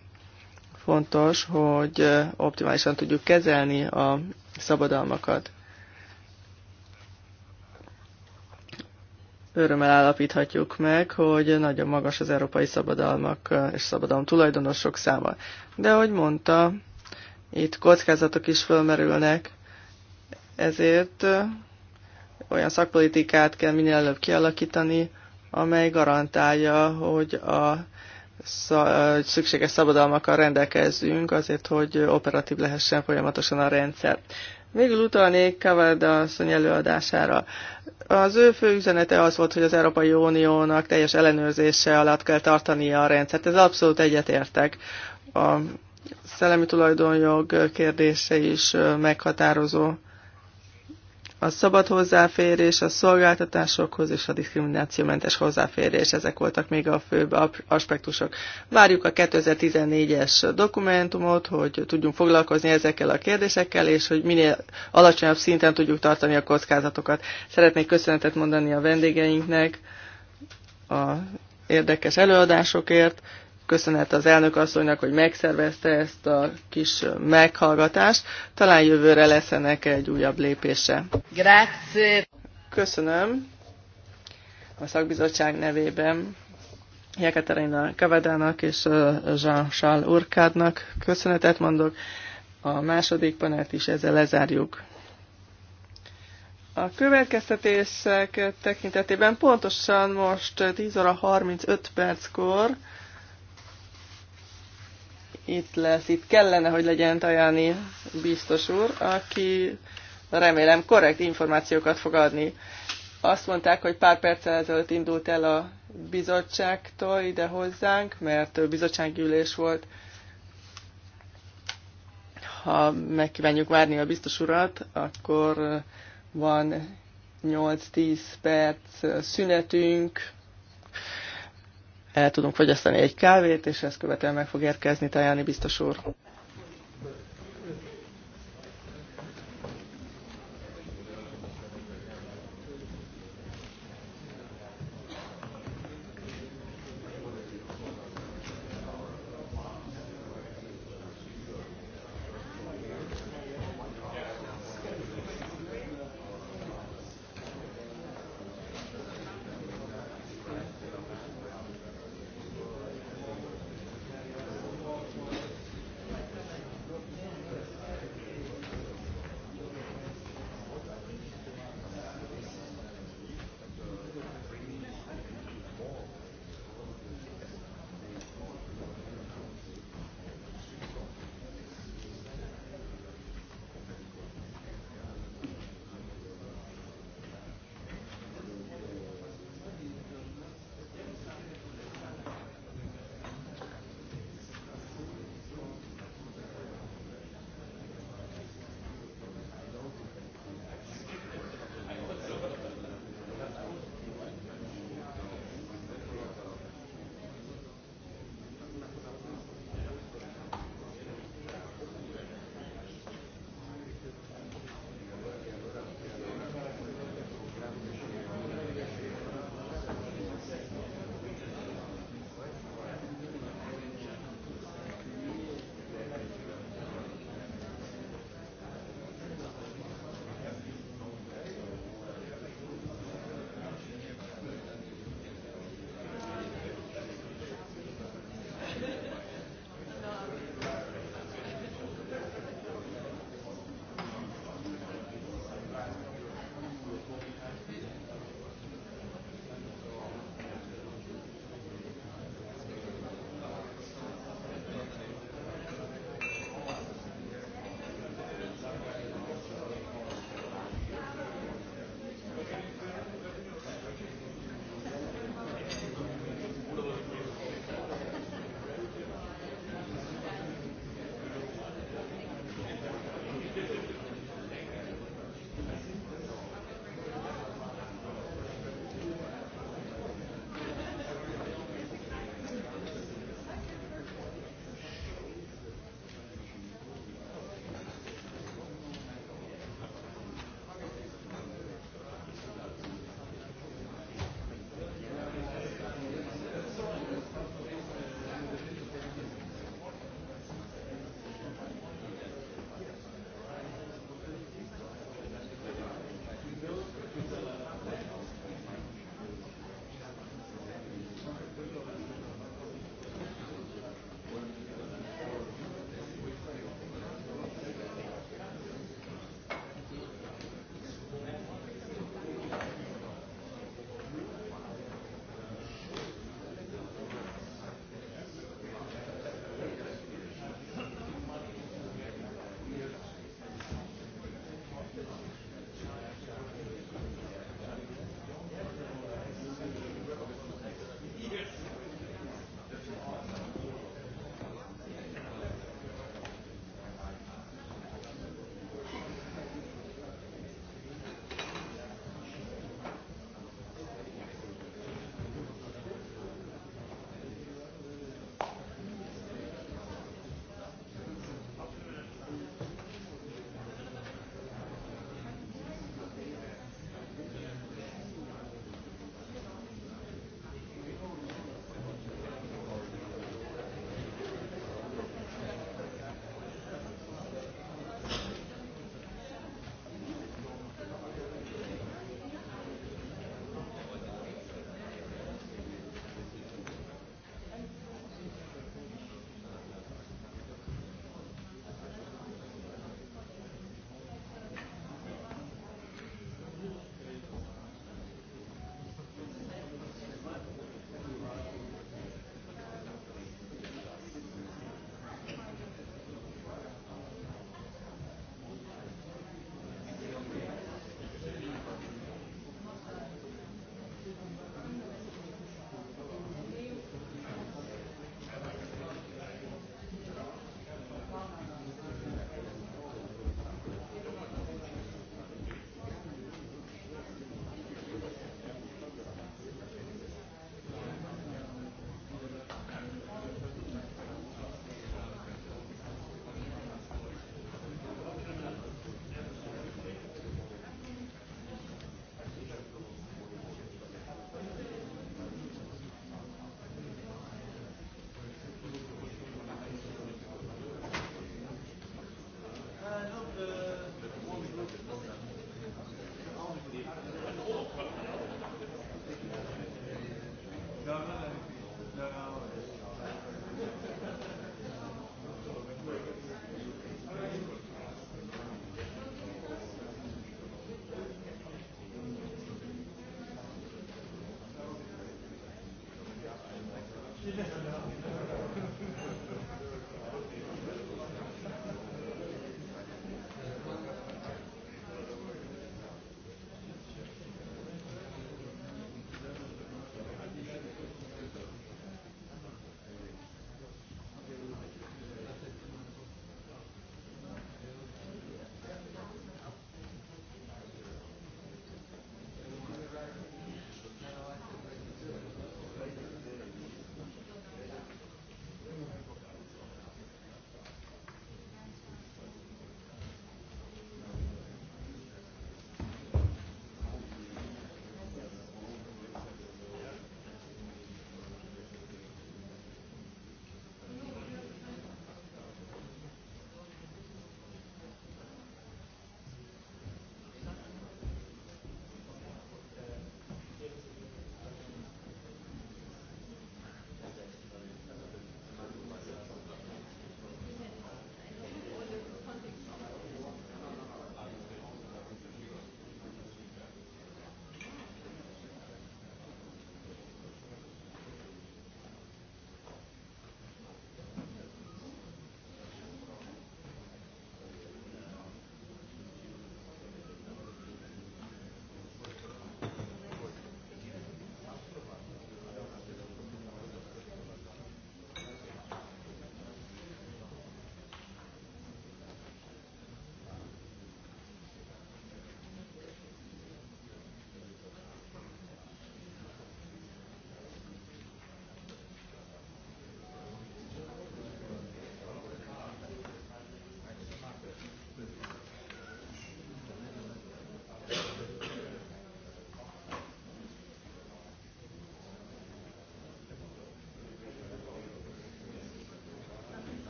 Fontos, hogy optimálisan tudjuk kezelni a szabadalmakat. Örömmel állapíthatjuk meg, hogy nagyon magas az európai szabadalmak és szabadalom tulajdonosok száma. De ahogy mondta, itt kockázatok is fölmerülnek, ezért olyan szakpolitikát kell minél előbb kialakítani, amely garantálja, hogy a szükséges szabadalmakkal rendelkezzünk azért, hogy operatív lehessen folyamatosan a rendszer. Végül utalnék Kavalda asszony előadására. Az ő fő üzenete az volt, hogy az Európai Uniónak teljes ellenőrzése alatt kell tartania a rendszert. Ez abszolút egyetértek. A szellemi tulajdonjog kérdése is meghatározó a szabad hozzáférés, a szolgáltatásokhoz és a diszkriminációmentes hozzáférés, ezek voltak még a főbb aspektusok. Várjuk a 2014-es dokumentumot, hogy tudjunk foglalkozni ezekkel a kérdésekkel, és hogy minél alacsonyabb szinten tudjuk tartani a kockázatokat. Szeretnék köszönetet mondani a vendégeinknek a érdekes előadásokért, köszönet az elnök asszonynak, hogy megszervezte ezt a kis meghallgatást. Talán jövőre lesz ennek egy újabb lépése. Grazie. Köszönöm a szakbizottság nevében Jekaterina Kavadának és Jean-Charles Urkádnak köszönetet mondok. A második panelt is ezzel lezárjuk. A következtetések tekintetében pontosan most 10 óra 35 perckor itt lesz, itt kellene, hogy legyen Tajani biztos úr, aki remélem korrekt információkat fog adni. Azt mondták, hogy pár perccel ezelőtt indult el a bizottságtól ide hozzánk, mert bizottsággyűlés volt. Ha megkívánjuk várni a biztos urat, akkor van 8-10 perc szünetünk, el tudunk fogyasztani egy kávét, és ezt követően meg fog érkezni Tajani biztos úr.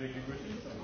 Thank you.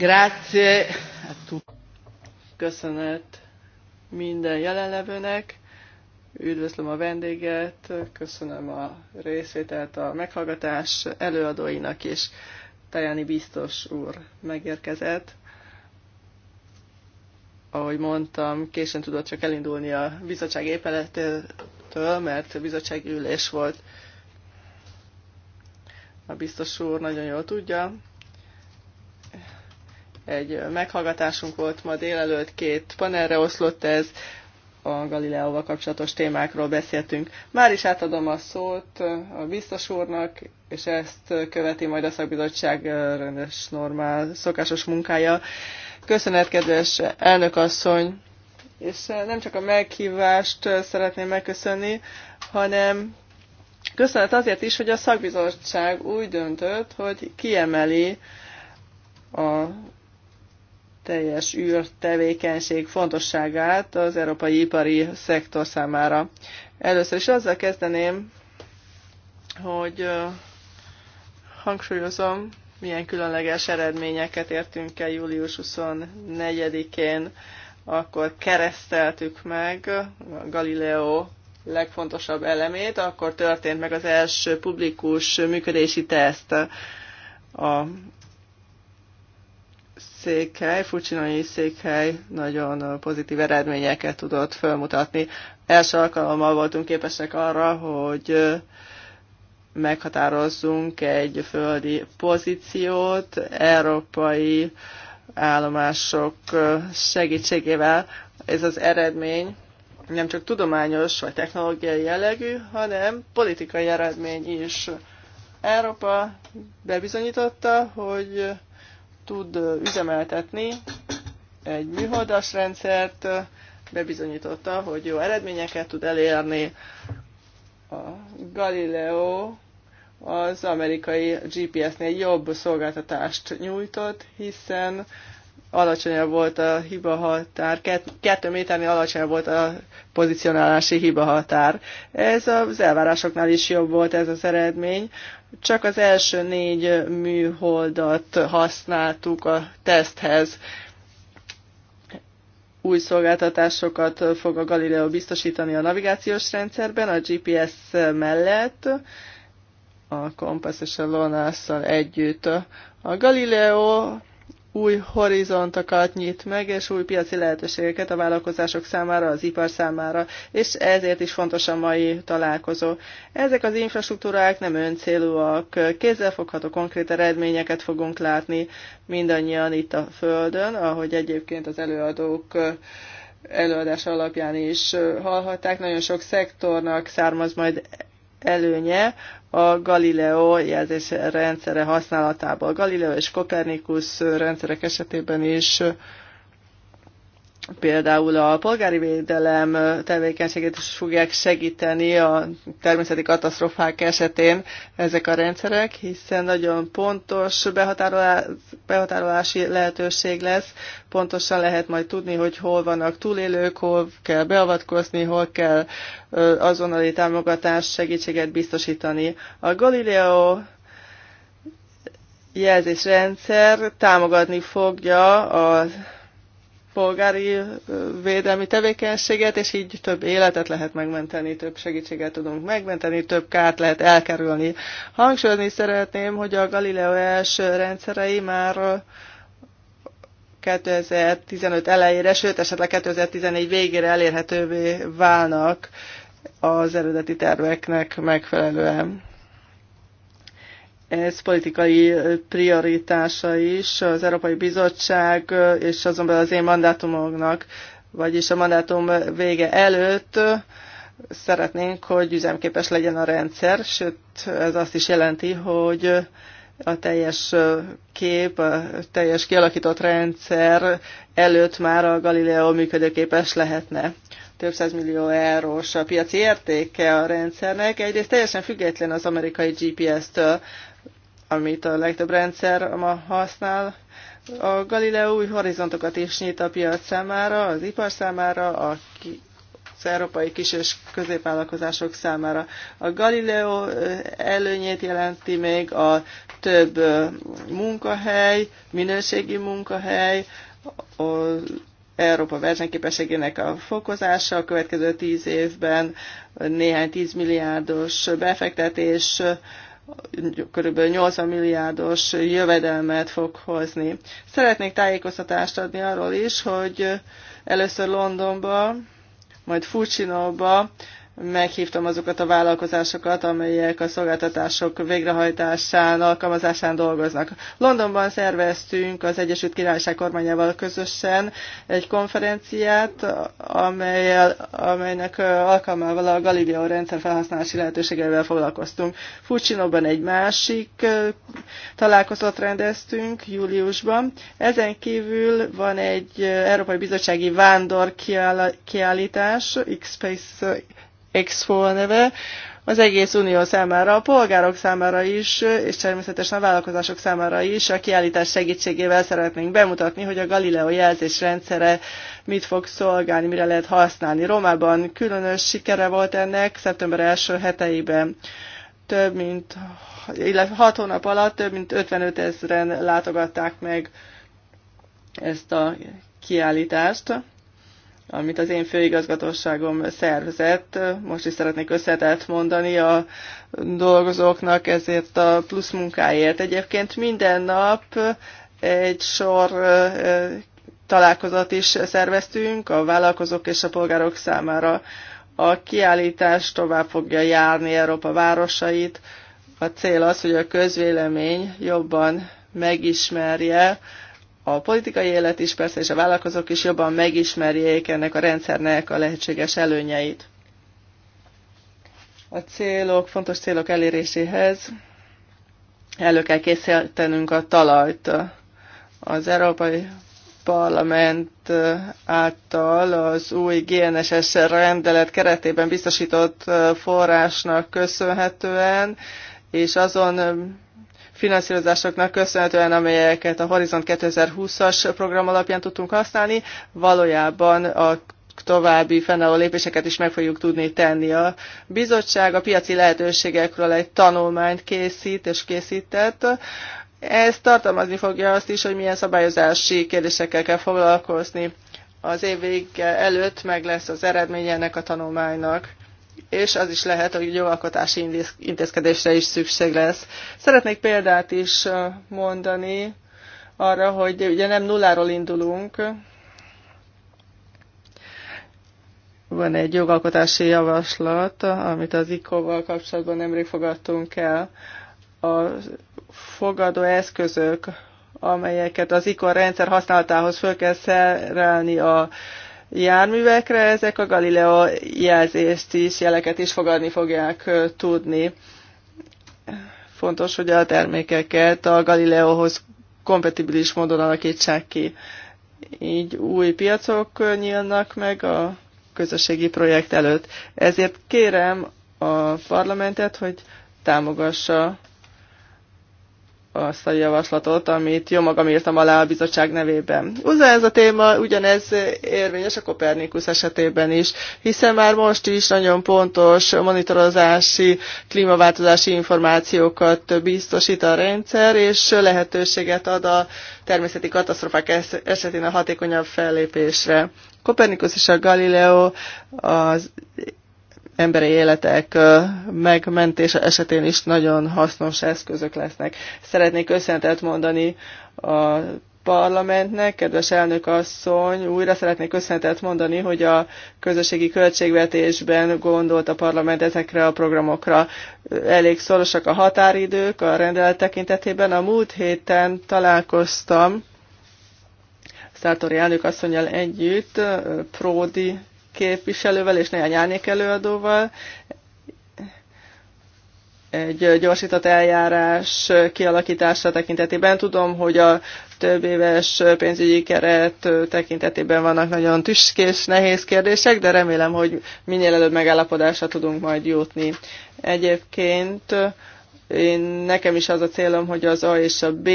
Grazie a tutti. Köszönet minden jelenlevőnek. Üdvözlöm a vendéget, köszönöm a részvételt a meghallgatás előadóinak is. Tajani biztos úr megérkezett. Ahogy mondtam, későn tudott csak elindulni a bizottság épületétől, mert bizottsági ülés volt. A biztos úr nagyon jól tudja, egy meghallgatásunk volt ma délelőtt, két panelre oszlott ez, a Galileóval kapcsolatos témákról beszéltünk. Már is átadom a szót a biztos úrnak, és ezt követi majd a szakbizottság rendes, normál, szokásos munkája. Köszönet, kedves elnökasszony! És nem csak a meghívást szeretném megköszönni, hanem köszönet azért is, hogy a szakbizottság úgy döntött, hogy kiemeli a teljes űrtevékenység fontosságát az európai ipari szektor számára. Először is azzal kezdeném, hogy hangsúlyozom, milyen különleges eredményeket értünk el július 24-én, akkor kereszteltük meg a Galileo legfontosabb elemét, akkor történt meg az első publikus működési teszt a székhely, Fucsinai székhely nagyon pozitív eredményeket tudott felmutatni. Első alkalommal voltunk képesek arra, hogy meghatározzunk egy földi pozíciót európai állomások segítségével. Ez az eredmény nem csak tudományos vagy technológiai jellegű, hanem politikai eredmény is. Európa bebizonyította, hogy tud üzemeltetni egy műholdas rendszert, bebizonyította, hogy jó eredményeket tud elérni. A Galileo az amerikai GPS-nél jobb szolgáltatást nyújtott, hiszen alacsonyabb volt a hiba határ, kettő méternél alacsonyabb volt a pozicionálási hiba határ. Ez az elvárásoknál is jobb volt ez az eredmény. Csak az első négy műholdat használtuk a teszthez. Új szolgáltatásokat fog a Galileo biztosítani a navigációs rendszerben, a GPS mellett, a Compass és a lonasz együtt. A Galileo új horizontokat nyit meg, és új piaci lehetőségeket a vállalkozások számára, az ipar számára, és ezért is fontos a mai találkozó. Ezek az infrastruktúrák nem öncélúak, kézzelfogható konkrét eredményeket fogunk látni mindannyian itt a Földön, ahogy egyébként az előadók előadás alapján is hallhatták. Nagyon sok szektornak származ majd előnye a Galileo jelzés rendszere a Galileo és Kopernikus rendszerek esetében is Például a polgári védelem tevékenységét is fogják segíteni a természeti katasztrofák esetén ezek a rendszerek, hiszen nagyon pontos behatárolás, behatárolási lehetőség lesz. Pontosan lehet majd tudni, hogy hol vannak túlélők, hol kell beavatkozni, hol kell azonnali támogatás, segítséget biztosítani. A Galileo jelzésrendszer támogatni fogja az polgári védelmi tevékenységet, és így több életet lehet megmenteni, több segítséget tudunk megmenteni, több kárt lehet elkerülni. Hangsúlyozni szeretném, hogy a Galileo első rendszerei már 2015 elejére, sőt esetleg 2014 végére elérhetővé válnak az eredeti terveknek megfelelően ez politikai prioritása is az Európai Bizottság és azon belül az én mandátumoknak, vagyis a mandátum vége előtt szeretnénk, hogy üzemképes legyen a rendszer, sőt ez azt is jelenti, hogy a teljes kép, a teljes kialakított rendszer előtt már a Galileo működőképes lehetne. Több millió eurós a piaci értéke a rendszernek. Egyrészt teljesen független az amerikai GPS-től amit a legtöbb rendszer ma használ. A Galileo új horizontokat is nyit a piac számára, az ipar számára, a az európai kis- és középvállalkozások számára. A Galileo előnyét jelenti még a több munkahely, minőségi munkahely, az Európa versenyképességének a fokozása a következő tíz évben, néhány tízmilliárdos befektetés, kb. 80 milliárdos jövedelmet fog hozni. Szeretnék tájékoztatást adni arról is, hogy először Londonba, majd Fucsinóba meghívtam azokat a vállalkozásokat, amelyek a szolgáltatások végrehajtásán, alkalmazásán dolgoznak. Londonban szerveztünk az Egyesült Királyság kormányával közösen egy konferenciát, amelyel, amelynek alkalmával a Galileo rendszer felhasználási lehetőségeivel foglalkoztunk. Fucsinóban egy másik találkozót rendeztünk júliusban. Ezen kívül van egy Európai Bizottsági Vándor kiállítás, X-Space Expo a neve, az egész unió számára, a polgárok számára is, és természetesen a vállalkozások számára is a kiállítás segítségével szeretnénk bemutatni, hogy a Galileo jelzésrendszere mit fog szolgálni, mire lehet használni. Rómában különös sikere volt ennek szeptember első heteiben. Több mint, illetve hat hónap alatt több mint 55 ezeren látogatták meg ezt a kiállítást amit az én főigazgatóságom szervezett. Most is szeretnék összetett mondani a dolgozóknak ezért a plusz munkáért. Egyébként minden nap egy sor találkozat is szerveztünk a vállalkozók és a polgárok számára. A kiállítás tovább fogja járni Európa városait. A cél az, hogy a közvélemény jobban megismerje a politikai élet is persze, és a vállalkozók is jobban megismerjék ennek a rendszernek a lehetséges előnyeit. A célok, fontos célok eléréséhez elő kell készítenünk a talajt. Az Európai Parlament által az új GNSS rendelet keretében biztosított forrásnak köszönhetően, és azon finanszírozásoknak köszönhetően, amelyeket a Horizont 2020-as program alapján tudtunk használni, valójában a további fennálló lépéseket is meg fogjuk tudni tenni. A bizottság a piaci lehetőségekről egy tanulmányt készít és készített. Ez tartalmazni fogja azt is, hogy milyen szabályozási kérdésekkel kell foglalkozni. Az év vége előtt meg lesz az eredmény ennek a tanulmánynak és az is lehet, hogy jogalkotási intézkedésre is szükség lesz. Szeretnék példát is mondani arra, hogy ugye nem nulláról indulunk, van egy jogalkotási javaslat, amit az ICO-val kapcsolatban nemrég fogadtunk el. A fogadó eszközök, amelyeket az ICO rendszer használatához föl kell szerelni a járművekre, ezek a Galileo jelzést is, jeleket is fogadni fogják tudni. Fontos, hogy a termékeket a Galileohoz kompatibilis módon alakítsák ki. Így új piacok nyílnak meg a közösségi projekt előtt. Ezért kérem a parlamentet, hogy támogassa azt a javaslatot, amit jó magam írtam alá a bizottság nevében. Uza ez a téma ugyanez érvényes a Kopernikus esetében is, hiszen már most is nagyon pontos monitorozási, klímaváltozási információkat biztosít a rendszer, és lehetőséget ad a természeti katasztrofák esetén a hatékonyabb fellépésre. Kopernikus és a Galileo az emberi életek megmentése esetén is nagyon hasznos eszközök lesznek. Szeretnék köszönetet mondani a parlamentnek, kedves elnök asszony, újra szeretnék köszönetet mondani, hogy a közösségi költségvetésben gondolt a parlament ezekre a programokra. Elég szorosak a határidők a rendelet tekintetében. A múlt héten találkoztam Szátori elnök asszonyjal együtt, Pródi képviselővel és néhány árnyék előadóval egy gyorsított eljárás kialakítása tekintetében. Tudom, hogy a több éves pénzügyi keret tekintetében vannak nagyon tüskés, nehéz kérdések, de remélem, hogy minél előbb megállapodásra tudunk majd jutni. Egyébként én, nekem is az a célom, hogy az A és a B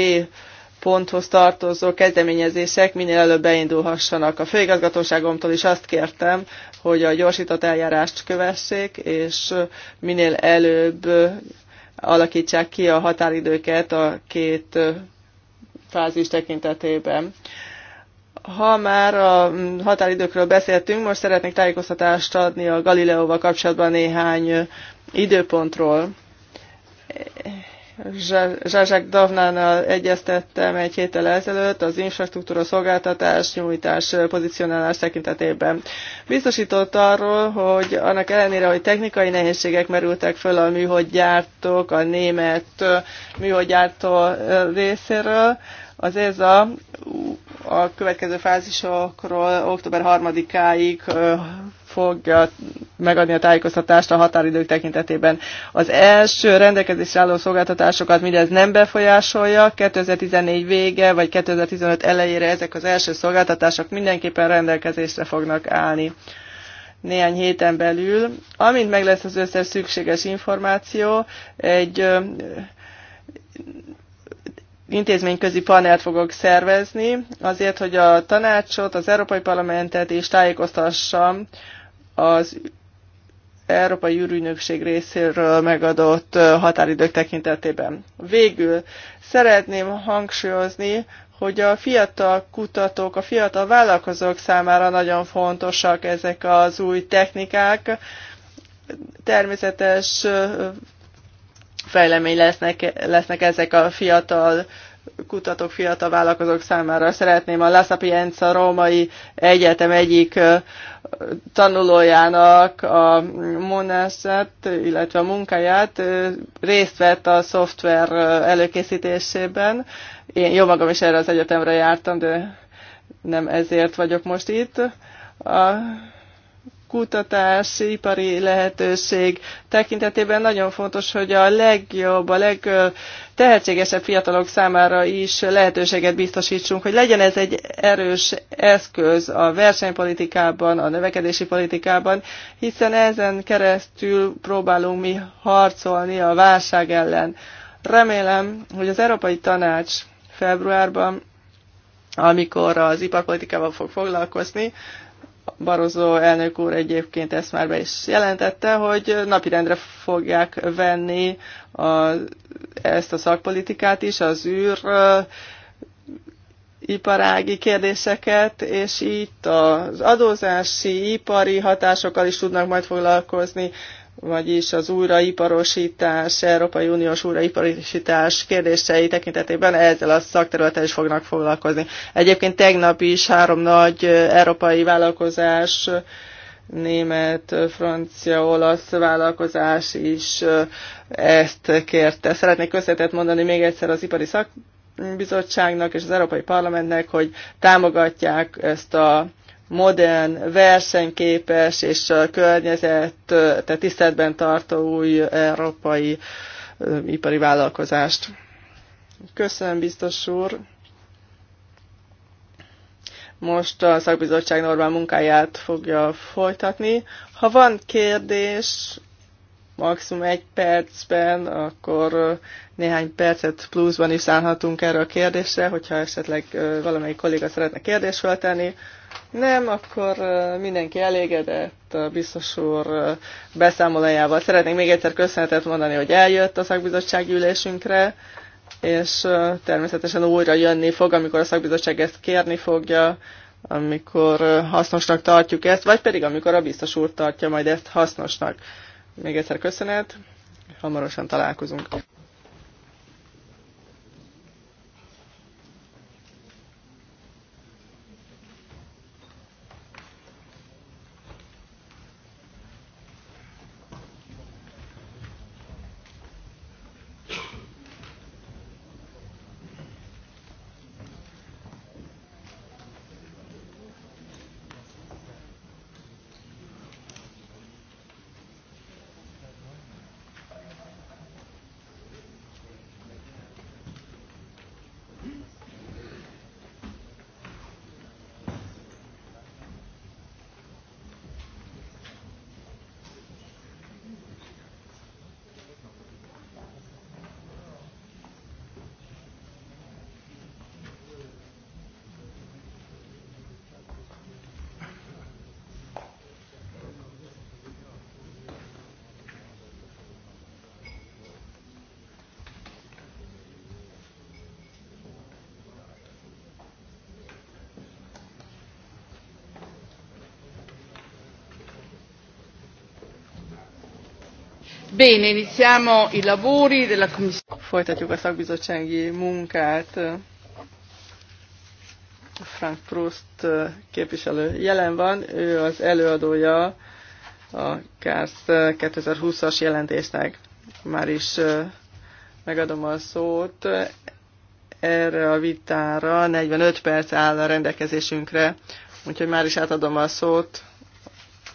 ponthoz tartozó kezdeményezések minél előbb beindulhassanak. A főigazgatóságomtól is azt kértem, hogy a gyorsított eljárást kövessék, és minél előbb alakítsák ki a határidőket a két fázis tekintetében. Ha már a határidőkről beszéltünk, most szeretnék tájékoztatást adni a Galileóval kapcsolatban néhány időpontról Zsázsák Davnánál egyeztettem egy héttel ezelőtt az infrastruktúra szolgáltatás nyújtás pozicionálás tekintetében. Biztosított arról, hogy annak ellenére, hogy technikai nehézségek merültek föl a gyártók, a német gyártó részéről, az e a, a következő fázisokról október 3-áig fogja megadni a tájékoztatást a határidők tekintetében. Az első rendelkezésre álló szolgáltatásokat mindez nem befolyásolja, 2014 vége vagy 2015 elejére ezek az első szolgáltatások mindenképpen rendelkezésre fognak állni néhány héten belül. Amint meg lesz az összes szükséges információ, egy intézményközi panelt fogok szervezni, azért, hogy a tanácsot, az Európai Parlamentet és tájékoztassam az Európai Ürűnökség részéről megadott határidők tekintetében. Végül szeretném hangsúlyozni, hogy a fiatal kutatók, a fiatal vállalkozók számára nagyon fontosak ezek az új technikák, természetes fejlemény lesznek, lesznek ezek a fiatal kutatók, fiatal vállalkozók számára. Szeretném a La Sapienza Római Egyetem egyik tanulójának a monását, illetve a munkáját részt vett a szoftver előkészítésében. Én jó magam is erre az egyetemre jártam, de nem ezért vagyok most itt. A kutatás, ipari lehetőség tekintetében nagyon fontos, hogy a legjobb, a legtehetségesebb fiatalok számára is lehetőséget biztosítsunk, hogy legyen ez egy erős eszköz a versenypolitikában, a növekedési politikában, hiszen ezen keresztül próbálunk mi harcolni a válság ellen. Remélem, hogy az Európai Tanács februárban amikor az iparpolitikával fog foglalkozni, Barozó elnök úr egyébként ezt már be is jelentette, hogy napirendre fogják venni a, ezt a szakpolitikát is, az űr iparági kérdéseket, és itt az adózási, ipari hatásokkal is tudnak majd foglalkozni, vagyis az újraiparosítás, Európai Uniós újraiparosítás kérdései tekintetében ezzel a szakterülettel is fognak foglalkozni. Egyébként tegnap is három nagy európai vállalkozás, német, francia, olasz vállalkozás is ezt kérte. Szeretnék köszönetet mondani még egyszer az ipari szakbizottságnak és az Európai Parlamentnek, hogy támogatják ezt a modern, versenyképes és a környezet, tehát tiszteletben tartó új európai ipari vállalkozást. Köszönöm, biztos úr! Most a szakbizottság normál munkáját fogja folytatni. Ha van kérdés, maximum egy percben, akkor néhány percet pluszban is szállhatunk erre a kérdésre, hogyha esetleg valamelyik kolléga szeretne kérdést feltenni nem, akkor mindenki elégedett a biztos úr beszámolójával. Szeretnék még egyszer köszönetet mondani, hogy eljött a szakbizottsági ülésünkre, és természetesen újra jönni fog, amikor a szakbizottság ezt kérni fogja, amikor hasznosnak tartjuk ezt, vagy pedig amikor a biztos úr tartja majd ezt hasznosnak. Még egyszer köszönet, hamarosan találkozunk. Bene, iniziamo i lavori della commissione. Folytatjuk a szakbizottsági munkát. Frank Prost eh, képviselő jelen van, ő az előadója a KARSZ eh, 2020-as jelentésnek. Már is eh, megadom a szót. Erre a vitára 45 perc áll a rendelkezésünkre, úgyhogy már is átadom a szót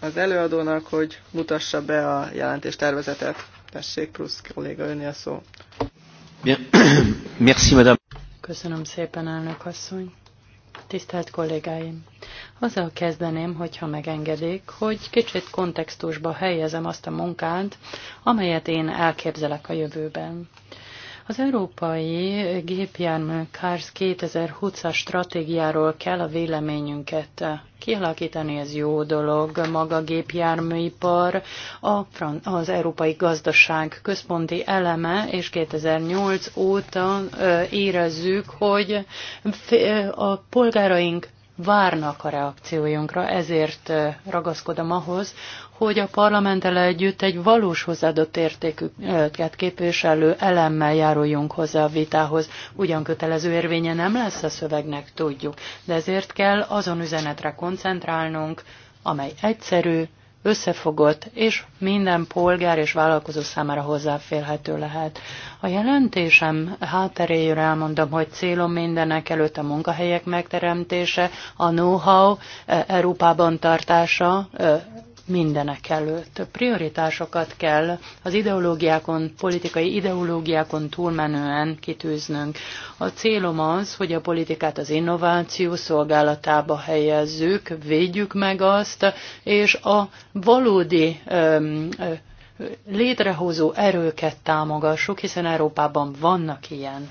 az előadónak, hogy mutassa be a tervezetet. Tessék, plusz kolléga, önni a szó. Bien. Merci, madame. Köszönöm szépen, elnök asszony. Tisztelt kollégáim! Azzal kezdeném, hogyha megengedik, hogy kicsit kontextusba helyezem azt a munkát, amelyet én elképzelek a jövőben. Az európai gépjármű Cars 2020-as stratégiáról kell a véleményünket kialakítani, ez jó dolog, maga a gépjárműipar, a, az európai gazdaság központi eleme, és 2008 óta érezzük, hogy a polgáraink várnak a reakciójunkra, ezért ragaszkodom ahhoz, hogy a parlamenttel együtt egy valós hozzáadott értéket képviselő elemmel járuljunk hozzá a vitához. Ugyan kötelező érvénye nem lesz a szövegnek, tudjuk, de ezért kell azon üzenetre koncentrálnunk, amely egyszerű, összefogott és minden polgár és vállalkozó számára hozzáférhető lehet. A jelentésem hátteréjére elmondom, hogy célom mindenek előtt a munkahelyek megteremtése, a know-how e, Európában tartása, e, mindenek előtt prioritásokat kell az ideológiákon, politikai ideológiákon túlmenően kitűznünk. A célom az, hogy a politikát az innováció szolgálatába helyezzük, védjük meg azt, és a valódi öm, létrehozó erőket támogassuk, hiszen Európában vannak ilyen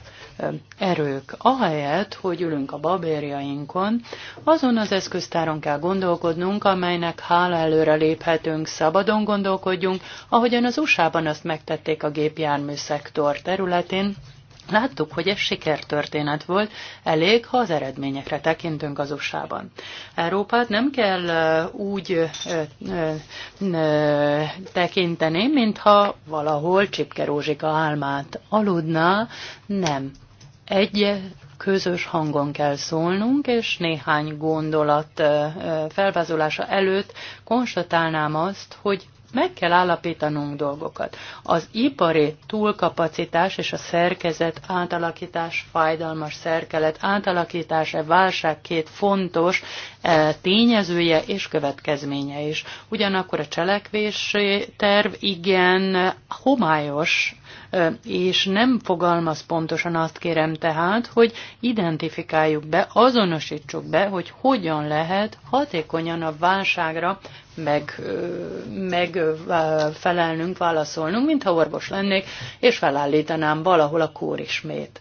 erők. Ahelyett, hogy ülünk a babérjainkon, azon az eszköztáron kell gondolkodnunk, amelynek hála előre léphetünk, szabadon gondolkodjunk, ahogyan az USA-ban azt megtették a gépjármű szektor területén, Láttuk, hogy ez sikertörténet volt, elég, ha az eredményekre tekintünk az USA-ban. Európát nem kell úgy tekinteni, mintha valahol Csipkerózsika álmát aludná, nem. Egy közös hangon kell szólnunk, és néhány gondolat felvázolása előtt konstatálnám azt, hogy meg kell állapítanunk dolgokat. Az ipari túlkapacitás és a szerkezet átalakítás, fájdalmas szerkelet átalakítás, e válság két fontos e, tényezője és következménye is. Ugyanakkor a cselekvési terv igen homályos, e, és nem fogalmaz pontosan azt kérem tehát, hogy identifikáljuk be, azonosítsuk be, hogy hogyan lehet hatékonyan a válságra meg, megfelelnünk, válaszolnunk, mintha orvos lennék, és felállítanám valahol a kórismét.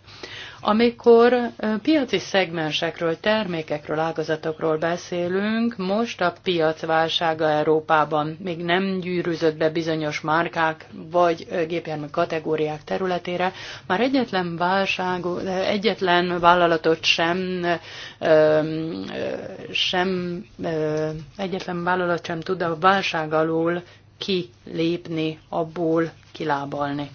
Amikor piaci szegmensekről, termékekről, ágazatokról beszélünk, most a piacválsága Európában még nem gyűrűzött be bizonyos márkák vagy gépjármű kategóriák területére, már egyetlen válság, egyetlen vállalatot sem, sem egyetlen vállalat sem tud a válság alól kilépni, abból kilábalni.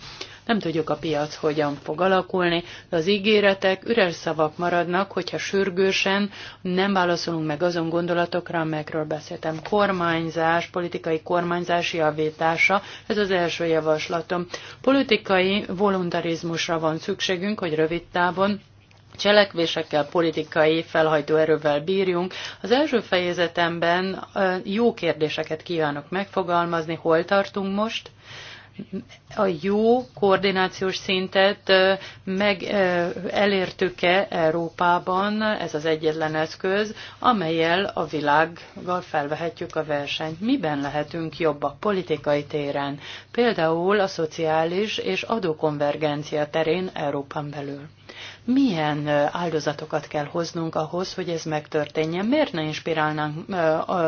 Nem tudjuk a piac hogyan fog alakulni, de az ígéretek üres szavak maradnak, hogyha sürgősen nem válaszolunk meg azon gondolatokra, amelyekről beszéltem. Kormányzás, politikai kormányzás javítása, ez az első javaslatom. Politikai voluntarizmusra van szükségünk, hogy rövid távon cselekvésekkel, politikai felhajtó erővel bírjunk. Az első fejezetemben jó kérdéseket kívánok megfogalmazni, hol tartunk most, a jó koordinációs szintet meg elértük-e Európában, ez az egyetlen eszköz, amelyel a világgal felvehetjük a versenyt. Miben lehetünk jobbak politikai téren, például a szociális és adókonvergencia terén Európán belül? Milyen áldozatokat kell hoznunk ahhoz, hogy ez megtörténjen? Miért ne inspirálnánk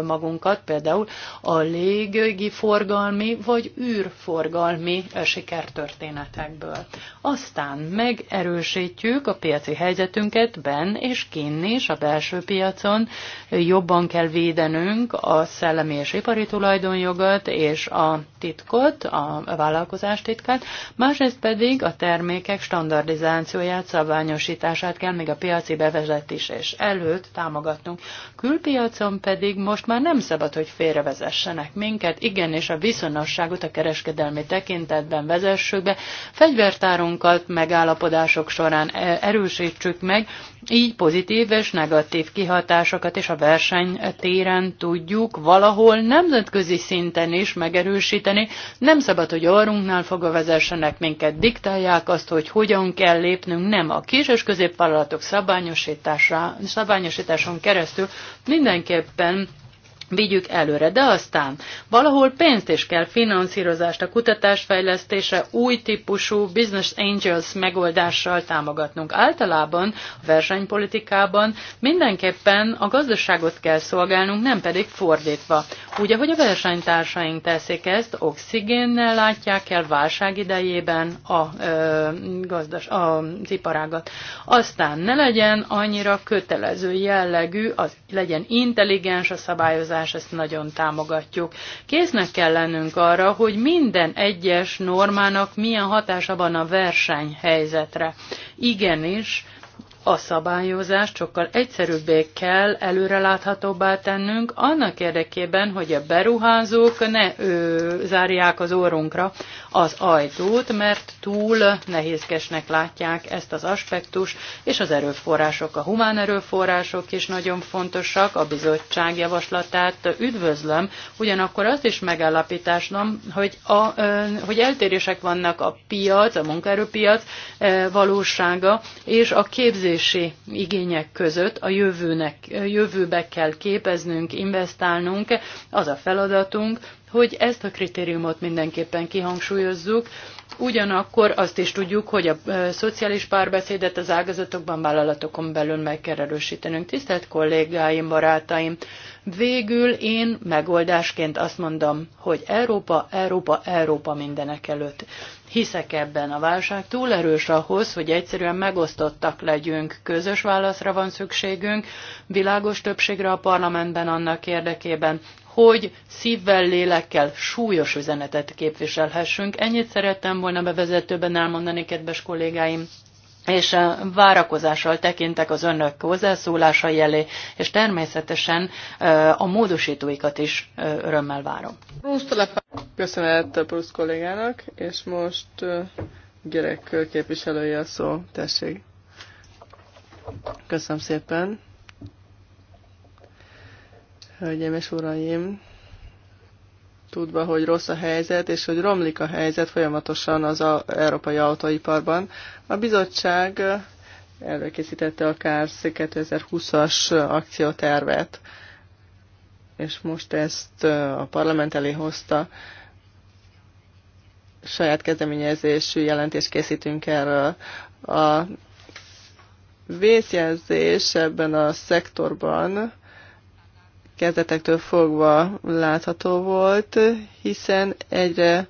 magunkat például a légi forgalmi vagy űrforgalmi sikertörténetekből? Aztán megerősítjük a piaci helyzetünket ben és kinn is a belső piacon. Jobban kell védenünk a szellemi és ipari tulajdonjogat és a titkot, a vállalkozás titkát, másrészt pedig a termékek standardizációját, szabványosítását kell még a piaci bevezetés és előtt támogatnunk. Külpiacon pedig most már nem szabad, hogy félrevezessenek minket, igen, és a viszonosságot a kereskedelmi tekintetben vezessük be, fegyvertárunkat megállapodások során e, erősítsük meg, így pozitív és negatív kihatásokat is a versenytéren tudjuk valahol nemzetközi szinten is megerősíteni. Nem szabad, hogy orrunknál fogva vezessenek minket, diktálják azt, hogy hogyan kell lépnünk, nem a kis és középvállalatok szabályosításon keresztül mindenképpen vigyük előre. De aztán valahol pénzt is kell finanszírozást a kutatásfejlesztése új típusú business angels megoldással támogatnunk. Általában a versenypolitikában mindenképpen a gazdaságot kell szolgálnunk, nem pedig fordítva. Úgy, ahogy a versenytársaink teszik ezt, oxigénnel látják el válság idejében a, ö, gazdas, a, az iparágat. Aztán ne legyen annyira kötelező jellegű, az legyen intelligens a szabályozás, változás, ezt nagyon támogatjuk. Késznek kell lennünk arra, hogy minden egyes normának milyen hatása van a versenyhelyzetre. Igenis, a szabályozást sokkal egyszerűbbé kell előreláthatóbbá tennünk, annak érdekében, hogy a beruházók ne ö, zárják az orrunkra az ajtót, mert túl nehézkesnek látják ezt az aspektus, és az erőforrások, a humán erőforrások is nagyon fontosak, a bizottság javaslatát üdvözlöm, ugyanakkor azt is megállapításnom, hogy, a, ö, hogy eltérések vannak a piac, a munkaerőpiac ö, valósága és a képzés növekedési igények között a jövőnek, jövőbe kell képeznünk, investálnunk. Az a feladatunk, hogy ezt a kritériumot mindenképpen kihangsúlyozzuk, Ugyanakkor azt is tudjuk, hogy a szociális párbeszédet az ágazatokban, vállalatokon belül meg kell erősítenünk. Tisztelt kollégáim, barátaim, végül én megoldásként azt mondom, hogy Európa, Európa, Európa mindenek előtt hiszek ebben. A válság túl erős ahhoz, hogy egyszerűen megosztottak legyünk. Közös válaszra van szükségünk, világos többségre a parlamentben annak érdekében, hogy szívvel, lélekkel súlyos üzenetet képviselhessünk. Ennyit szerettem volna bevezetőben elmondani, kedves kollégáim és várakozással tekintek az önök hozzászólásai elé, és természetesen a módosítóikat is örömmel várom. Köszönet Plusz kollégának, és most gyerek képviselője a szó, tessék. Köszönöm szépen. Hölgyeim és uraim, tudva, hogy rossz a helyzet, és hogy romlik a helyzet folyamatosan az a, európai autóiparban. A bizottság eh, előkészítette a KARSZ 2020-as akciótervet, és most ezt eh, a parlament elé hozta. Saját kezdeményezésű jelentést készítünk erről. A vészjelzés ebben a szektorban kezdetektől fogva látható volt, hiszen egyre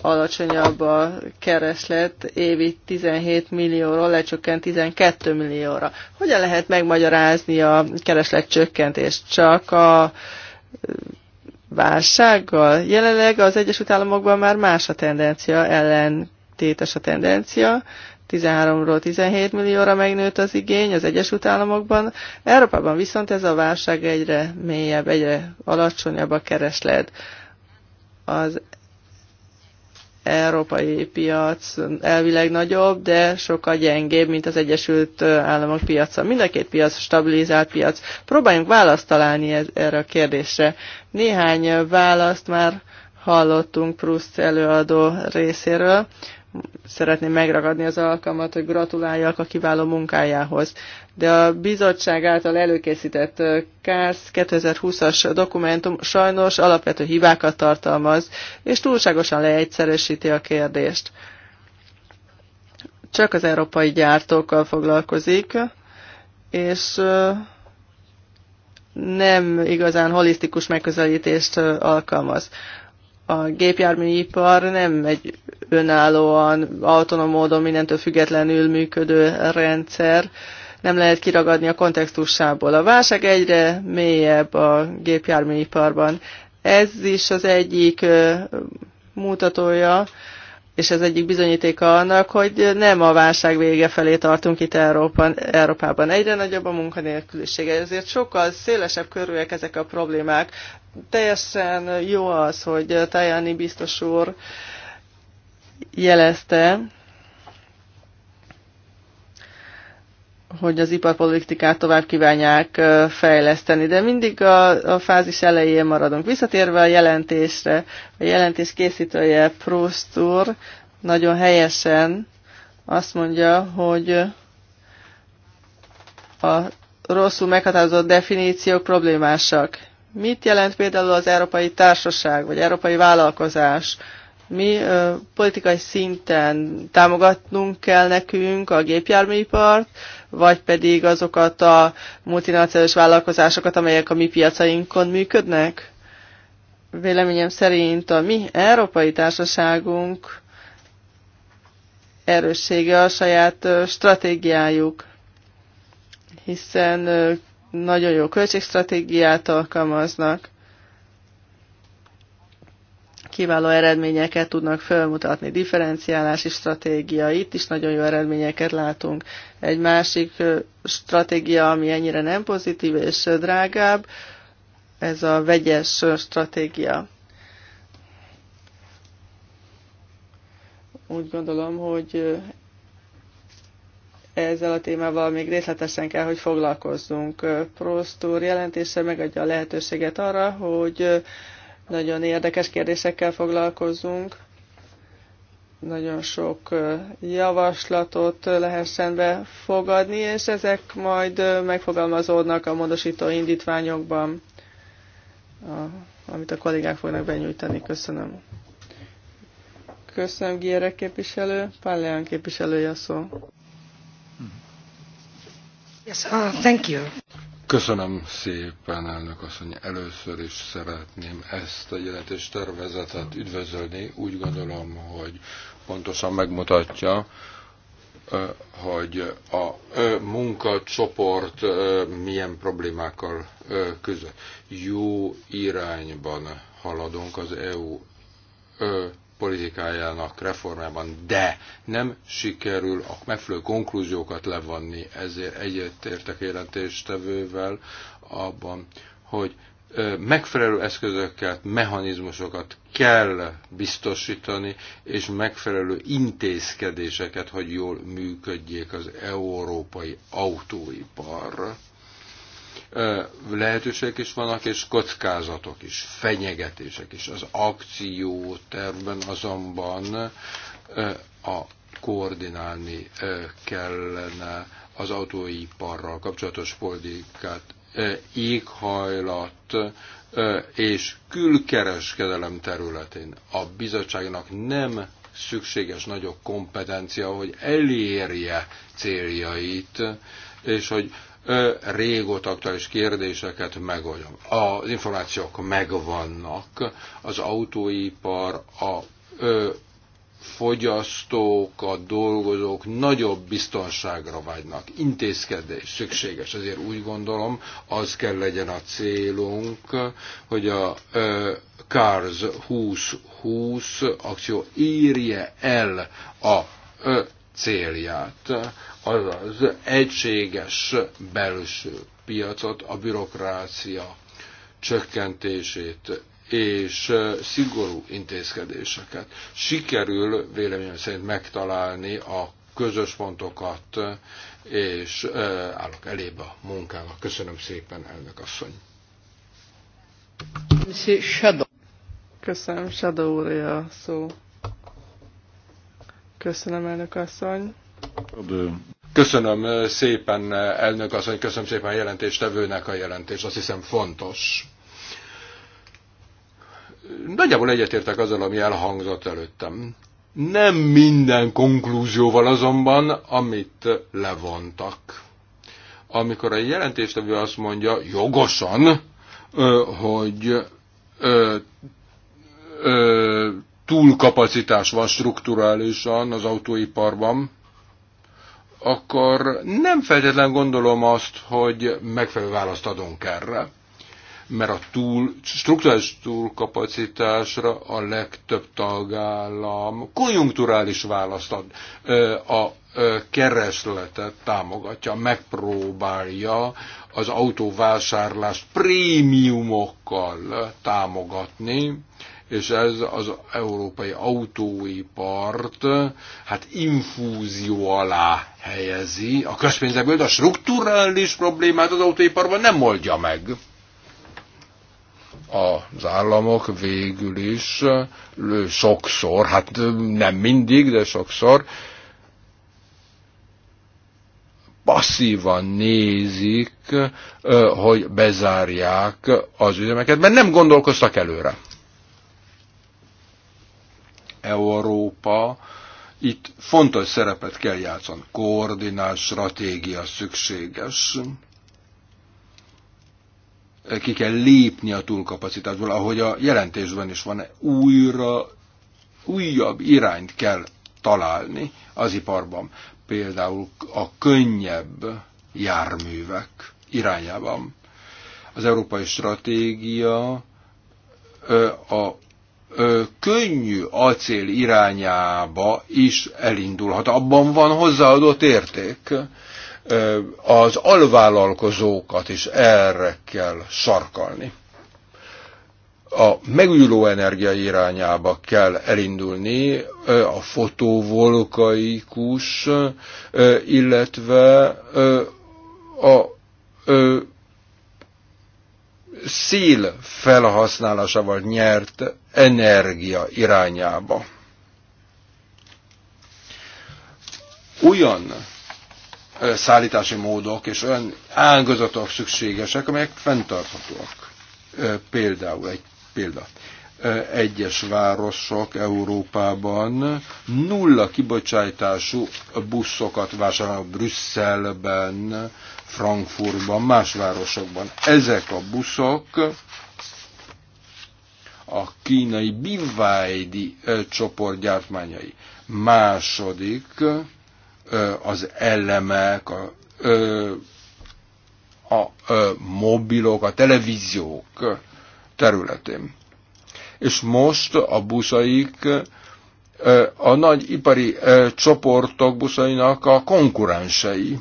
alacsonyabb a kereslet, évi 17 millióról lecsökkent 12 millióra. Hogyan lehet megmagyarázni a kereslet csökkentést? Csak a válsággal? Jelenleg az Egyesült Államokban már más a tendencia, ellentétes a tendencia, 13-ról 17 millióra megnőtt az igény az Egyesült Államokban, Európában viszont ez a válság egyre mélyebb, egyre alacsonyabb a kereslet. Az európai piac elvileg nagyobb, de sokkal gyengébb, mint az Egyesült Államok piaca. Mind a két piac stabilizált piac. Próbáljunk választ találni ez, erre a kérdésre. Néhány választ már hallottunk Pruszt előadó részéről szeretném megragadni az alkalmat, hogy gratuláljak a kiváló munkájához. De a bizottság által előkészített KÁSZ 2020-as dokumentum sajnos alapvető hibákat tartalmaz, és túlságosan leegyszerűsíti a kérdést. Csak az európai gyártókkal foglalkozik, és nem igazán holisztikus megközelítést alkalmaz a gépjárműipar nem egy önállóan, autonóm módon mindentől függetlenül működő rendszer, nem lehet kiragadni a kontextusából. A válság egyre mélyebb a gépjárműiparban. Ez is az egyik mutatója, és ez egyik bizonyítéka annak, hogy nem a válság vége felé tartunk itt Európán, Európában. Egyre nagyobb a munkanélküliség, ezért sokkal szélesebb körűek ezek a problémák teljesen jó az, hogy Tajani biztos úr jelezte, hogy az iparpolitikát tovább kívánják fejleszteni, de mindig a, a fázis elején maradunk. Visszatérve a jelentésre, a jelentés készítője Proust úr nagyon helyesen azt mondja, hogy a rosszul meghatározott definíciók problémásak. Mit jelent például az Európai Társaság, vagy Európai Vállalkozás? Mi ö, politikai szinten támogatnunk kell nekünk a gépjárműipart, vagy pedig azokat a multinacionális vállalkozásokat, amelyek a mi piacainkon működnek? Véleményem szerint a mi Európai Társaságunk erőssége a saját stratégiájuk, hiszen nagyon jó költségstratégiát alkalmaznak, kiváló eredményeket tudnak felmutatni, differenciálási stratégia, itt is nagyon jó eredményeket látunk. Egy másik stratégia, ami ennyire nem pozitív és drágább, ez a vegyes stratégia. Úgy gondolom, hogy ezzel a témával még részletesen kell, hogy foglalkozzunk. Prost úr jelentése megadja a lehetőséget arra, hogy nagyon érdekes kérdésekkel foglalkozzunk, nagyon sok javaslatot lehessen befogadni, és ezek majd megfogalmazódnak a módosító indítványokban, amit a kollégák fognak benyújtani. Köszönöm. Köszönöm, Gére képviselő. Páleán képviselője a szó. Uh, Köszönöm szépen, elnök asszony. Először is szeretném ezt a jelentés tervezetet üdvözölni. Úgy gondolom, hogy pontosan megmutatja, hogy a munkacsoport milyen problémákkal küzd. Jó irányban haladunk az EU politikájának reformjában, de nem sikerül a megfelelő konklúziókat levonni, ezért egyetértek jelentéstevővel abban, hogy megfelelő eszközöket, mechanizmusokat kell biztosítani, és megfelelő intézkedéseket, hogy jól működjék az európai autóipar lehetőségek is vannak, és kockázatok is, fenyegetések is. Az akciótervben azonban a koordinálni kellene az autóiparral kapcsolatos politikát, éghajlat és külkereskedelem területén. A bizottságnak nem szükséges nagyobb kompetencia, hogy elérje céljait, és hogy régóta aktuális kérdéseket megoldom. Az információk megvannak, az autóipar, a fogyasztók, a dolgozók nagyobb biztonságra vágynak. Intézkedés szükséges, ezért úgy gondolom, az kell legyen a célunk, hogy a CARS 2020 akció írje el a célját, az egységes belső piacot, a bürokrácia csökkentését és szigorú intézkedéseket. Sikerül véleményem szerint megtalálni a közös pontokat, és állok elébe a munkának. Köszönöm szépen, elnök asszony. Köszönöm, Shadow úr, a szó. Köszönöm, elnök asszony. Köszönöm szépen, elnök asszony, köszönöm szépen a jelentéstevőnek a jelentést, azt hiszem fontos. Nagyjából egyetértek azzal, ami elhangzott előttem. Nem minden konklúzióval azonban, amit levontak. Amikor a jelentéstevő azt mondja jogosan, hogy túlkapacitás van strukturálisan az autóiparban, akkor nem feltétlen gondolom azt, hogy megfelelő választ adunk erre, mert a túl, strukturális túlkapacitásra a legtöbb tagállam konjunkturális választ ad. A keresletet támogatja, megpróbálja az autóvásárlást prémiumokkal támogatni, és ez az európai autóipart hát infúzió alá helyezi a közpénzekből, de a strukturális problémát az autóiparban nem oldja meg. Az államok végül is sokszor, hát nem mindig, de sokszor passzívan nézik, hogy bezárják az üzemeket, mert nem gondolkoztak előre Európa itt fontos szerepet kell játszani. Koordinált stratégia szükséges. Ki kell lépni a túlkapacitásból, ahogy a jelentésben is van, újra, újabb irányt kell találni az iparban. Például a könnyebb járművek irányában. Az európai stratégia a könnyű acél irányába is elindulhat. Abban van hozzáadott érték. Az alvállalkozókat is erre kell sarkalni. A megújuló energia irányába kell elindulni, a fotovoltaikus, illetve a szél felhasználásával nyert energia irányába. Olyan szállítási módok és olyan ágazatok szükségesek, amelyek fenntarthatóak. Például egy példa. Egyes városok Európában nulla kibocsátású buszokat vásárolnak Brüsszelben, Frankfurtban, más városokban. Ezek a buszok a kínai Bivájdi csoport gyártmányai. Második az elemek, a, a, a mobilok, a televíziók területén. És most a buszaik a nagy ipari csoportok buszainak a konkurensei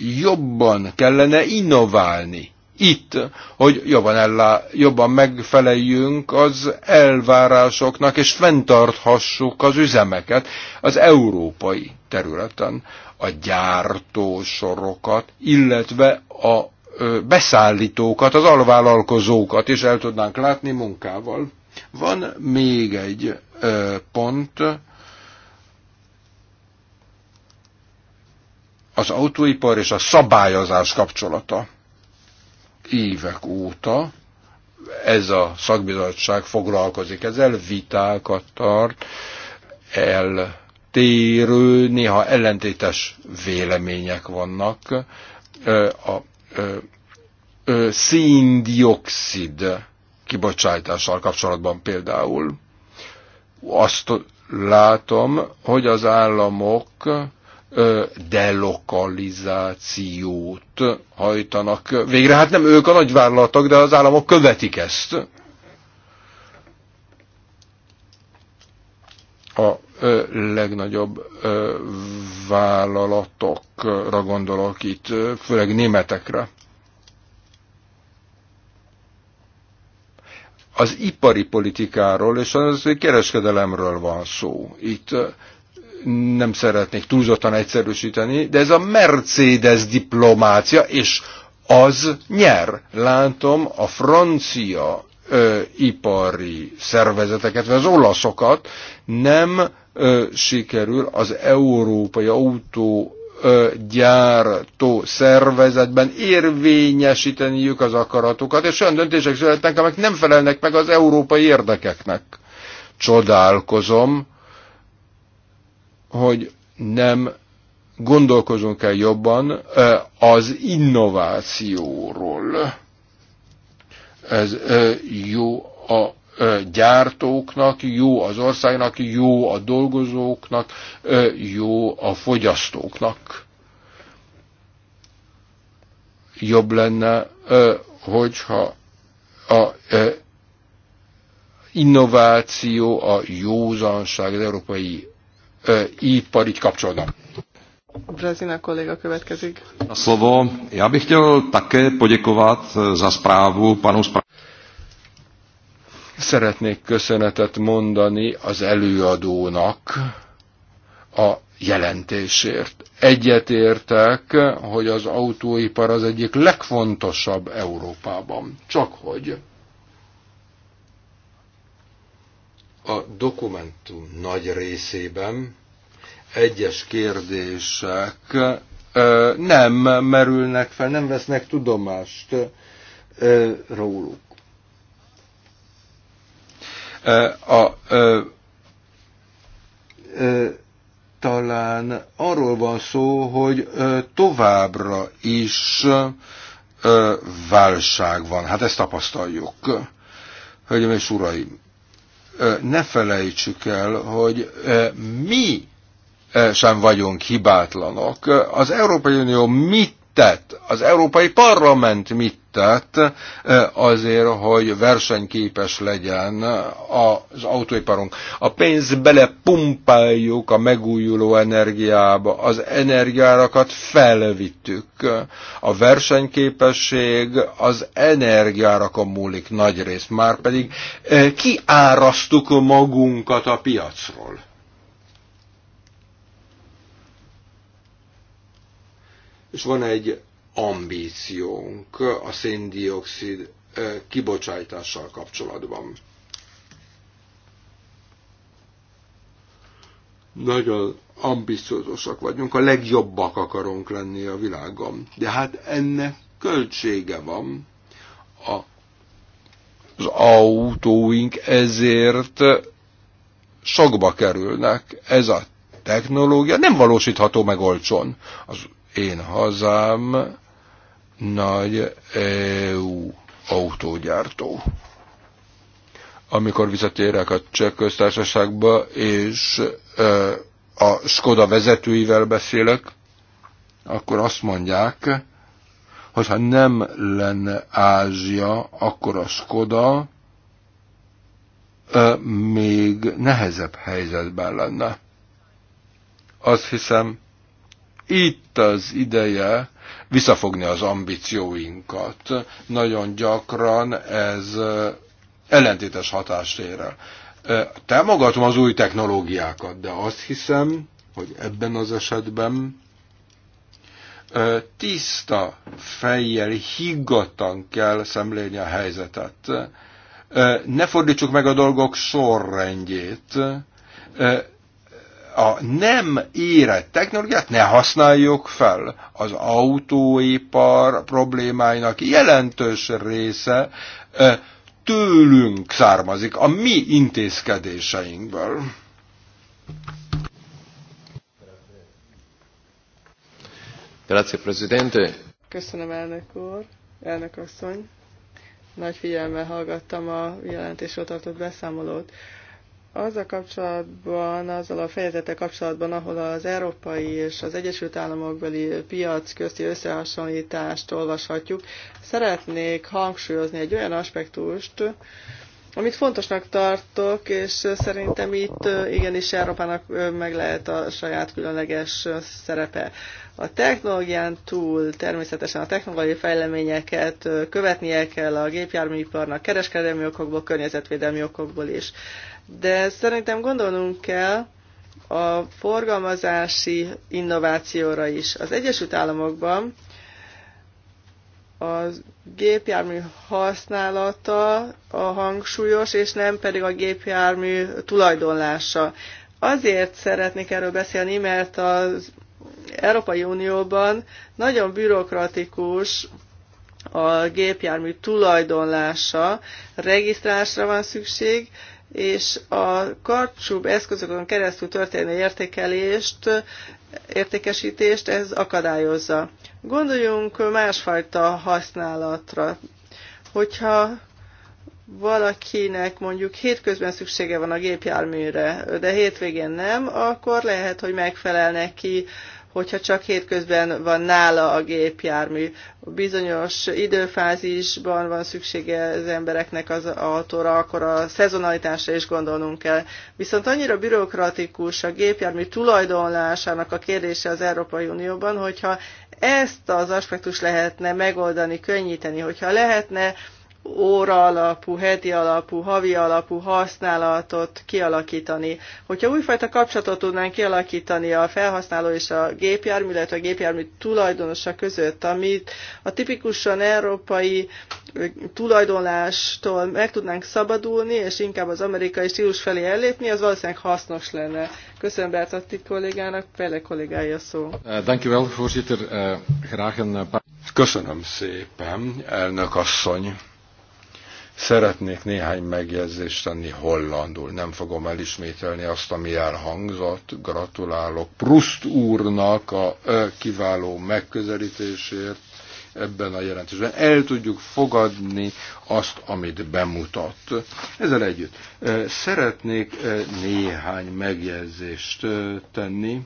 jobban kellene innoválni itt, hogy jobban, ellá, jobban megfeleljünk az elvárásoknak, és fenntarthassuk az üzemeket az európai területen, a gyártósorokat, illetve a beszállítókat, az alvállalkozókat is el tudnánk látni munkával. Van még egy pont, az autóipar és a szabályozás kapcsolata. Évek óta ez a szakbizottság foglalkozik ezzel, vitákat tart, eltérő, néha ellentétes vélemények vannak. A széndiokszid kibocsátással kapcsolatban például azt látom, hogy az államok delokalizációt hajtanak végre. Hát nem ők a nagyvállalatok, de az államok követik ezt. A legnagyobb vállalatokra gondolok itt, főleg németekre. az ipari politikáról és az kereskedelemről van szó. Itt nem szeretnék túlzottan egyszerűsíteni, de ez a Mercedes diplomácia, és az nyer. Látom a francia ö, ipari szervezeteket, vagy az olaszokat, nem ö, sikerül az európai autó gyártó szervezetben érvényesíteniük az akaratokat, és olyan döntések születnek, amelyek nem felelnek meg az európai érdekeknek. Csodálkozom, hogy nem gondolkozunk el jobban az innovációról. Ez jó a gyártóknak, jó az országnak, jó a dolgozóknak, jó a fogyasztóknak. Jobb lenne, hogyha a innováció, a józanság az európai ipar így kapcsolódnak. Brazina kolléga következik. A slovo. Já bych chtěl také poděkovat e, za zprávu panu zprávu. Szeretnék köszönetet mondani az előadónak a jelentésért. Egyetértek, hogy az autóipar az egyik legfontosabb Európában. Csak hogy A dokumentum nagy részében egyes kérdések nem merülnek fel, nem vesznek tudomást róluk. A, talán arról van szó, hogy továbbra is válság van. Hát ezt tapasztaljuk. Hölgyeim és uraim, ne felejtsük el, hogy mi sem vagyunk hibátlanok. Az Európai Unió mit tett, az Európai Parlament mit tett eh, azért, hogy versenyképes legyen az autóiparunk. A pénzt belepumpáljuk a megújuló energiába, az energiárakat felvittük. A versenyképesség az energiárakon múlik nagy rész, már pedig eh, kiárasztuk magunkat a piacról. és van egy ambíciónk a széndiokszid kibocsátással kapcsolatban. Nagyon ambiciózusak vagyunk, a legjobbak akarunk lenni a világon. De hát ennek költsége van. A, az autóink ezért sokba kerülnek. Ez a technológia nem valósítható meg olcsón. Az én hazám nagy EU autógyártó. Amikor visszatérek a cseh köztársaságba, és a Skoda vezetőivel beszélek, akkor azt mondják, hogy ha nem lenne Ázsia, akkor a Skoda még nehezebb helyzetben lenne. Azt hiszem, itt az ideje visszafogni az ambícióinkat. Nagyon gyakran ez ellentétes hatást ér el. Támogatom az új technológiákat, de azt hiszem, hogy ebben az esetben tiszta fejjel, higgadtan kell szemlélni a helyzetet. Ne fordítsuk meg a dolgok sorrendjét, a nem érett technológiát ne használjuk fel. Az autóipar problémáinak jelentős része tőlünk származik, a mi intézkedéseinkből. Grazie, Presidente. Köszönöm, elnök úr, elnök asszony. Nagy figyelemmel hallgattam a jelentésről tartott beszámolót az a kapcsolatban, azzal a fejezete kapcsolatban, ahol az európai és az Egyesült Államokbeli piac közti összehasonlítást olvashatjuk, szeretnék hangsúlyozni egy olyan aspektust, amit fontosnak tartok, és szerintem itt igenis Európának meg lehet a saját különleges szerepe. A technológián túl természetesen a technológiai fejleményeket követnie kell a gépjárműiparnak kereskedelmi okokból, környezetvédelmi okokból is. De szerintem gondolnunk kell a forgalmazási innovációra is. Az Egyesült Államokban a gépjármű használata a hangsúlyos, és nem pedig a gépjármű tulajdonlása. Azért szeretnék erről beszélni, mert az Európai Unióban nagyon bürokratikus a gépjármű tulajdonlása, regisztrálásra van szükség, és a karcsúbb eszközökön keresztül történő értékelést, értékesítést ez akadályozza. Gondoljunk másfajta használatra. Hogyha valakinek mondjuk hétközben szüksége van a gépjárműre, de hétvégén nem, akkor lehet, hogy megfelel neki hogyha csak hétközben van nála a gépjármű. Bizonyos időfázisban van szüksége az embereknek az autóra, akkor a szezonalitásra is gondolnunk kell. Viszont annyira bürokratikus a gépjármű tulajdonlásának a kérdése az Európai Unióban, hogyha ezt az aspektus lehetne megoldani, könnyíteni, hogyha lehetne óra alapú, heti alapú, havi alapú használatot kialakítani. Hogyha újfajta kapcsolatot tudnánk kialakítani a felhasználó és a gépjármű, illetve a gépjármű tulajdonosa között, amit a tipikusan európai tulajdonlástól meg tudnánk szabadulni, és inkább az amerikai stílus felé ellépni, az valószínűleg hasznos lenne. Köszönöm Bertatti kollégának, Pele kollégája szó. Eh, eh, eh, Köszönöm szépen, elnök asszony. Szeretnék néhány megjegyzést tenni hollandul. Nem fogom elismételni azt, ami elhangzott. Gratulálok Prust úrnak a kiváló megközelítésért ebben a jelentésben. El tudjuk fogadni azt, amit bemutat. Ezzel együtt szeretnék néhány megjegyzést tenni.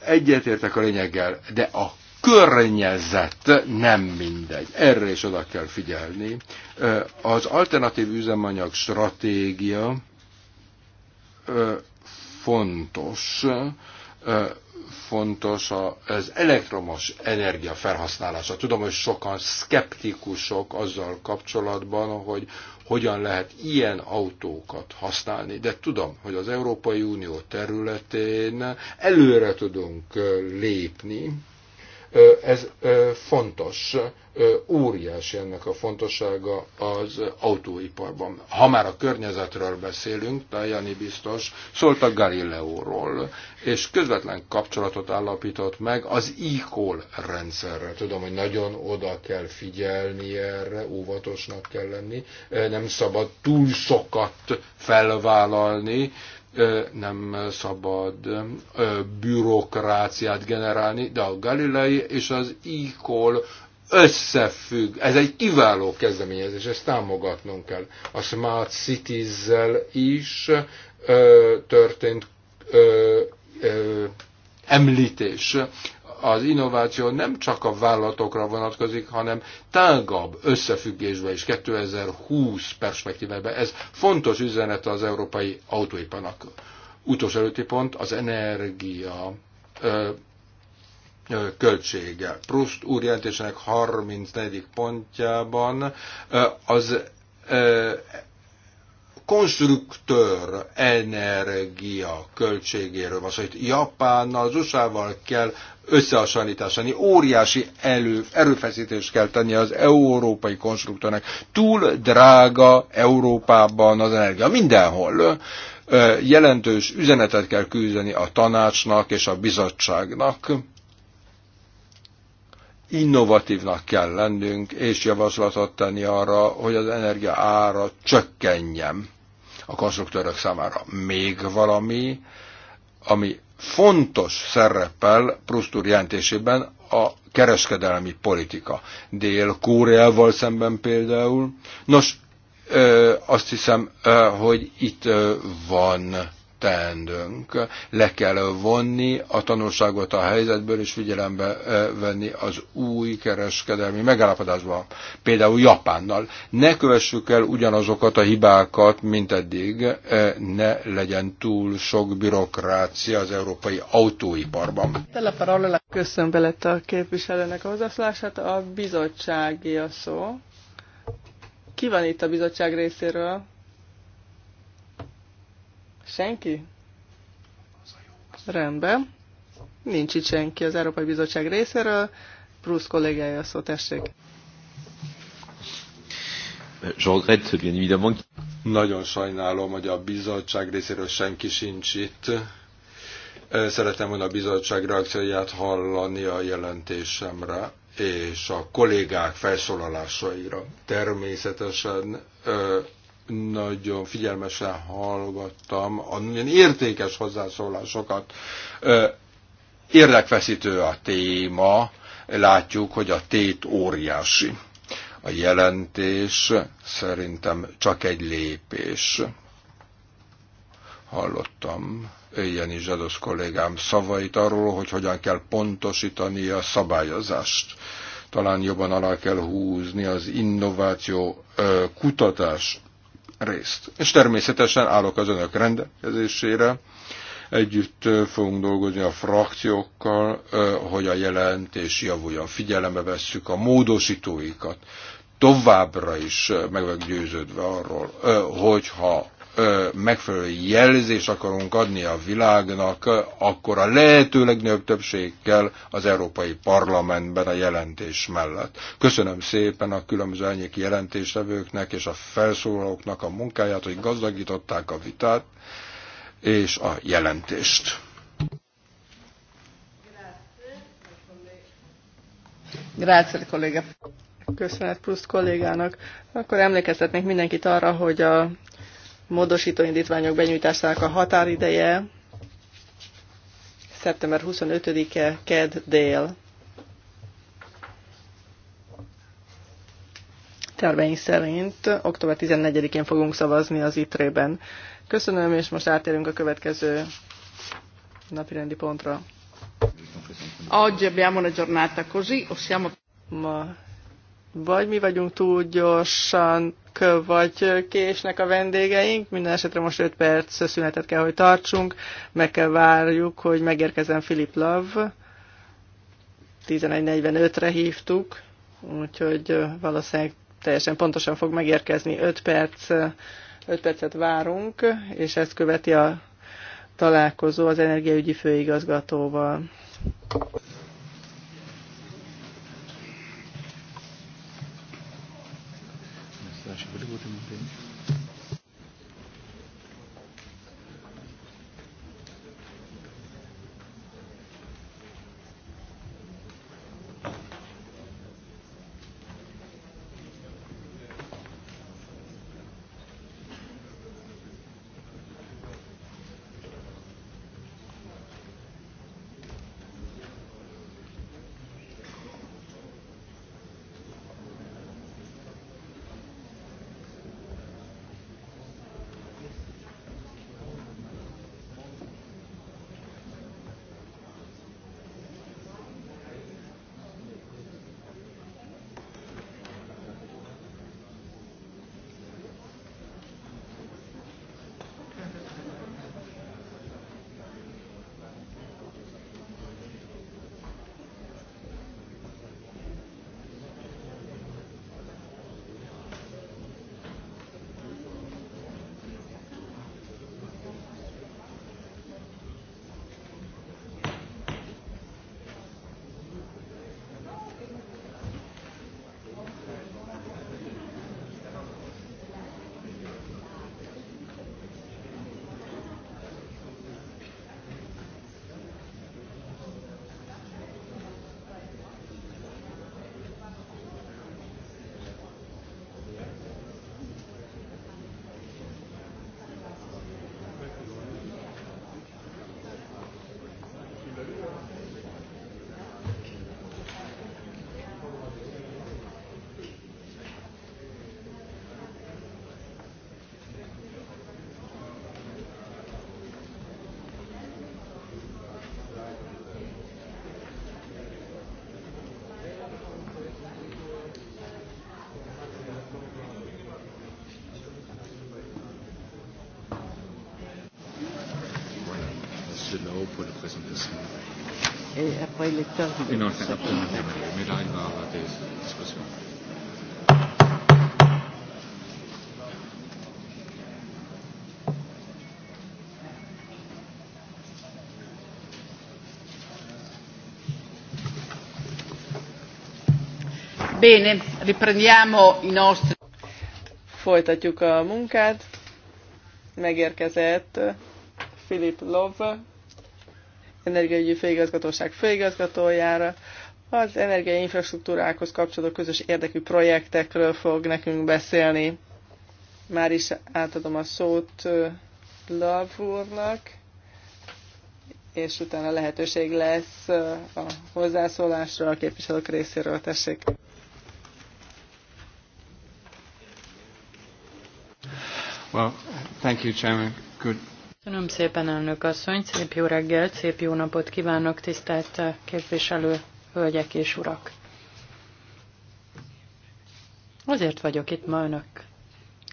Egyetértek a lényeggel, de a környezet nem mindegy. Erre is oda kell figyelni. Az alternatív üzemanyag stratégia fontos, fontos az elektromos energia felhasználása. Tudom, hogy sokan szkeptikusok azzal kapcsolatban, hogy hogyan lehet ilyen autókat használni, de tudom, hogy az Európai Unió területén előre tudunk lépni, ez fontos, óriási ennek a fontossága az autóiparban. Ha már a környezetről beszélünk, Tajani biztos szólt a Galileóról, és közvetlen kapcsolatot állapított meg az e rendszerre. Tudom, hogy nagyon oda kell figyelni erre, óvatosnak kell lenni, nem szabad túl sokat felvállalni, nem szabad bürokráciát generálni, de a Galilei és az IKOL összefügg. Ez egy kiváló kezdeményezés, ezt támogatnunk kell. A Smart Cities-zel is ö, történt ö, ö, említés az innováció nem csak a vállalatokra vonatkozik, hanem tágabb összefüggésbe is 2020 perspektívában. Ez fontos üzenet az európai autóiparnak. Utolsó előtti pont az energia ö, ö, költsége. Proust úr jelentésének 34. pontjában ö, az konstruktőr energia költségéről van szó. Szóval itt Japánnal, az USA-val kell összehasonlításani. Óriási elő, erőfeszítést kell tenni az európai konstruktőrnek. Túl drága Európában az energia. Mindenhol jelentős üzenetet kell küldeni a tanácsnak és a bizottságnak. Innovatívnak kell lennünk, és javaslatot tenni arra, hogy az energia ára csökkenjen a konstruktőrök számára. Még valami, ami fontos szerepel Prusztúr jelentésében a kereskedelmi politika. Dél-Kóreával szemben például. Nos, ö, azt hiszem, ö, hogy itt ö, van teendőnk. Le kell vonni a tanulságot a helyzetből, és figyelembe venni az új kereskedelmi megállapodásban, például Japánnal. Ne kövessük el ugyanazokat a hibákat, mint eddig, ne legyen túl sok bürokrácia az európai autóiparban. Köszönöm veled a képviselőnek a hozzászólását. A bizottsági a szó. Ki van itt a bizottság részéről? Senki? Rendben. Nincs itt senki az Európai Bizottság részéről. Bruce kollégája szó, tessék. Nagyon sajnálom, hogy a bizottság részéről senki sincs itt. Szeretem volna a bizottság reakcióját hallani a jelentésemre és a kollégák felszólalásaira. Természetesen nagyon figyelmesen hallgattam a nagyon értékes hozzászólásokat. Érdekfeszítő a téma, látjuk, hogy a tét óriási. A jelentés szerintem csak egy lépés. Hallottam ilyen is Zsadosz kollégám szavait arról, hogy hogyan kell pontosítani a szabályozást talán jobban alá kell húzni az innováció kutatás részt. És természetesen állok az önök rendelkezésére, együtt fogunk dolgozni a frakciókkal, hogy a jelentés javuljon. Figyelembe vesszük a módosítóikat. Továbbra is meg vagyok győződve arról, hogyha megfelelő jelzést akarunk adni a világnak, akkor a lehető legnagyobb többség kell az Európai Parlamentben a jelentés mellett. Köszönöm szépen a különböző elnyéki jelentéstevőknek és a felszólalóknak a munkáját, hogy gazdagították a vitát és a jelentést. Grazie, kolléga. Köszönet plusz kollégának. Akkor emlékeztetnék mindenkit arra, hogy a Módosító indítványok benyújtásának a határideje szeptember 25-e, KED dél. Terveink szerint október 14-én fogunk szavazni az ITRE-ben. Köszönöm, és most átérünk a következő napirendi pontra. Oggi abbiamo una giornata così, o siamo... Ma vagy mi vagyunk túl gyorsan várnak, vagy késnek a vendégeink. Minden esetre most 5 perc szünetet kell, hogy tartsunk. Meg kell várjuk, hogy megérkezzen Philip Love. 11.45-re hívtuk, úgyhogy valószínűleg teljesen pontosan fog megérkezni. 5 perc, 5 percet várunk, és ezt követi a találkozó az energiaügyi főigazgatóval. mi discussione. Bene, riprendiamo i nostri. Folytatjuk a munkát. Megérkezett Philip Love energiaügyi főigazgatóság főigazgatójára, az energiainfrastruktúrákhoz kapcsolódó közös érdekű projektekről fog nekünk beszélni. Már is átadom a szót Lav úrnak, és utána lehetőség lesz a hozzászólásra a képviselők részéről. Tessék! Well, thank you, Chairman. Good Köszönöm szépen, elnök asszony, szép jó reggelt, szép jó napot kívánok, tisztelt képviselő, hölgyek és urak. Azért vagyok itt ma önök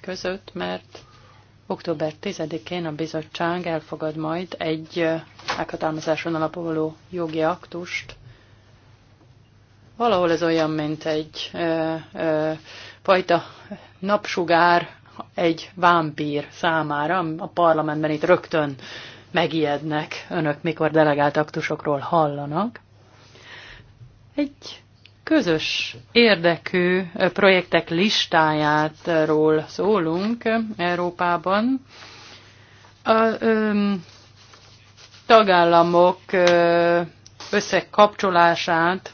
között, mert október 10-én a bizottság elfogad majd egy meghatalmazáson alapuló jogi aktust. Valahol ez olyan, mint egy ö, ö, fajta napsugár egy vámpír számára. A parlamentben itt rögtön megijednek önök, mikor delegált aktusokról hallanak. Egy közös érdekű projektek listájáról szólunk Európában. A ö, tagállamok ö, összekapcsolását